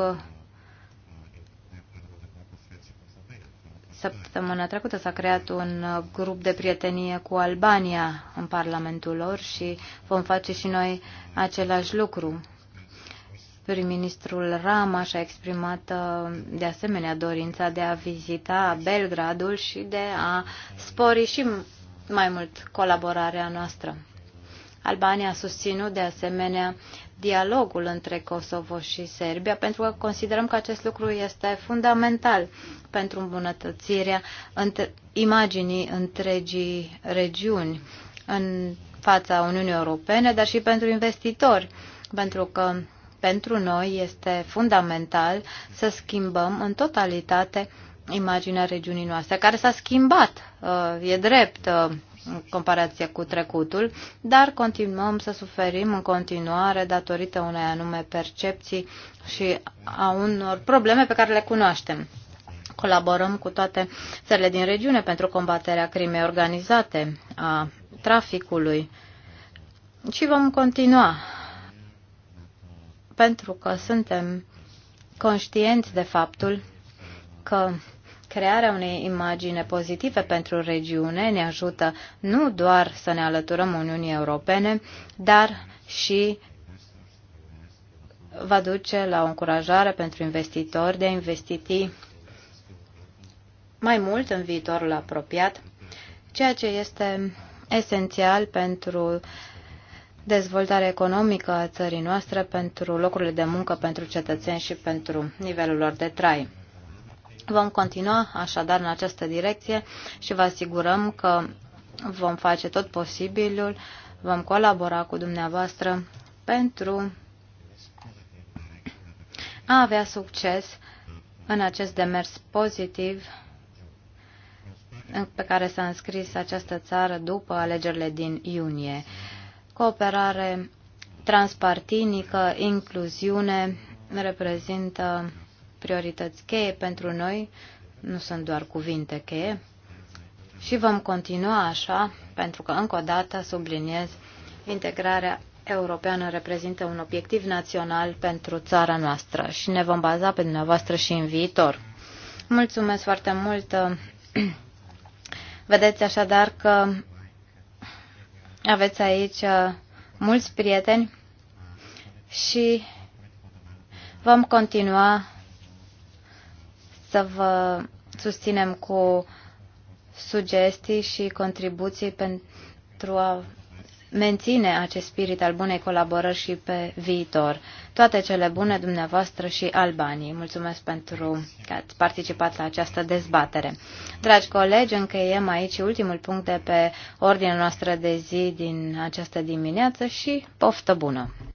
Săptămâna trecută s-a creat un uh, grup de prietenie cu Albania în Parlamentul lor și vom face și noi același lucru. Prim-ministrul Rama și-a exprimat uh, de asemenea dorința de a vizita Belgradul și de a spori și mai mult colaborarea noastră. Albania a susținut de asemenea dialogul între Kosovo și Serbia, pentru că considerăm că acest lucru este fundamental pentru îmbunătățirea între, imaginii întregii regiuni în fața Uniunii Europene, dar și pentru investitori, pentru că pentru noi este fundamental să schimbăm în totalitate imaginea regiunii noastre, care s-a schimbat, uh, e drept, uh, în comparație cu trecutul, dar continuăm să suferim în continuare datorită unei anume percepții și a unor probleme pe care le cunoaștem. Colaborăm cu toate țările din regiune pentru combaterea crimei organizate, a traficului și vom continua pentru că suntem conștienți de faptul că Crearea unei imagine pozitive pentru regiune ne ajută nu doar să ne alăturăm Uniunii Europene, dar și va duce la o încurajare pentru investitori de a investi mai mult în viitorul apropiat, ceea ce este esențial pentru dezvoltarea economică a țării noastre, pentru locurile de muncă, pentru cetățeni și pentru nivelul lor de trai. Vom continua așadar în această direcție și vă asigurăm că vom face tot posibilul, vom colabora cu dumneavoastră pentru a avea succes în acest demers pozitiv pe care s-a înscris această țară după alegerile din iunie. Cooperare transpartinică, incluziune reprezintă priorități cheie pentru noi, nu sunt doar cuvinte cheie. Și vom continua așa, pentru că, încă o dată, subliniez, integrarea europeană reprezintă un obiectiv național pentru țara noastră și ne vom baza pe dumneavoastră și în viitor. Mulțumesc foarte mult! Vedeți așadar că aveți aici uh, mulți prieteni și vom continua să vă susținem cu sugestii și contribuții pentru a menține acest spirit al bunei colaborări și pe viitor. Toate cele bune dumneavoastră și albanii. Mulțumesc pentru că ați participat la această dezbatere. Dragi colegi, încheiem aici ultimul punct de pe ordinea noastră de zi din această dimineață și poftă bună!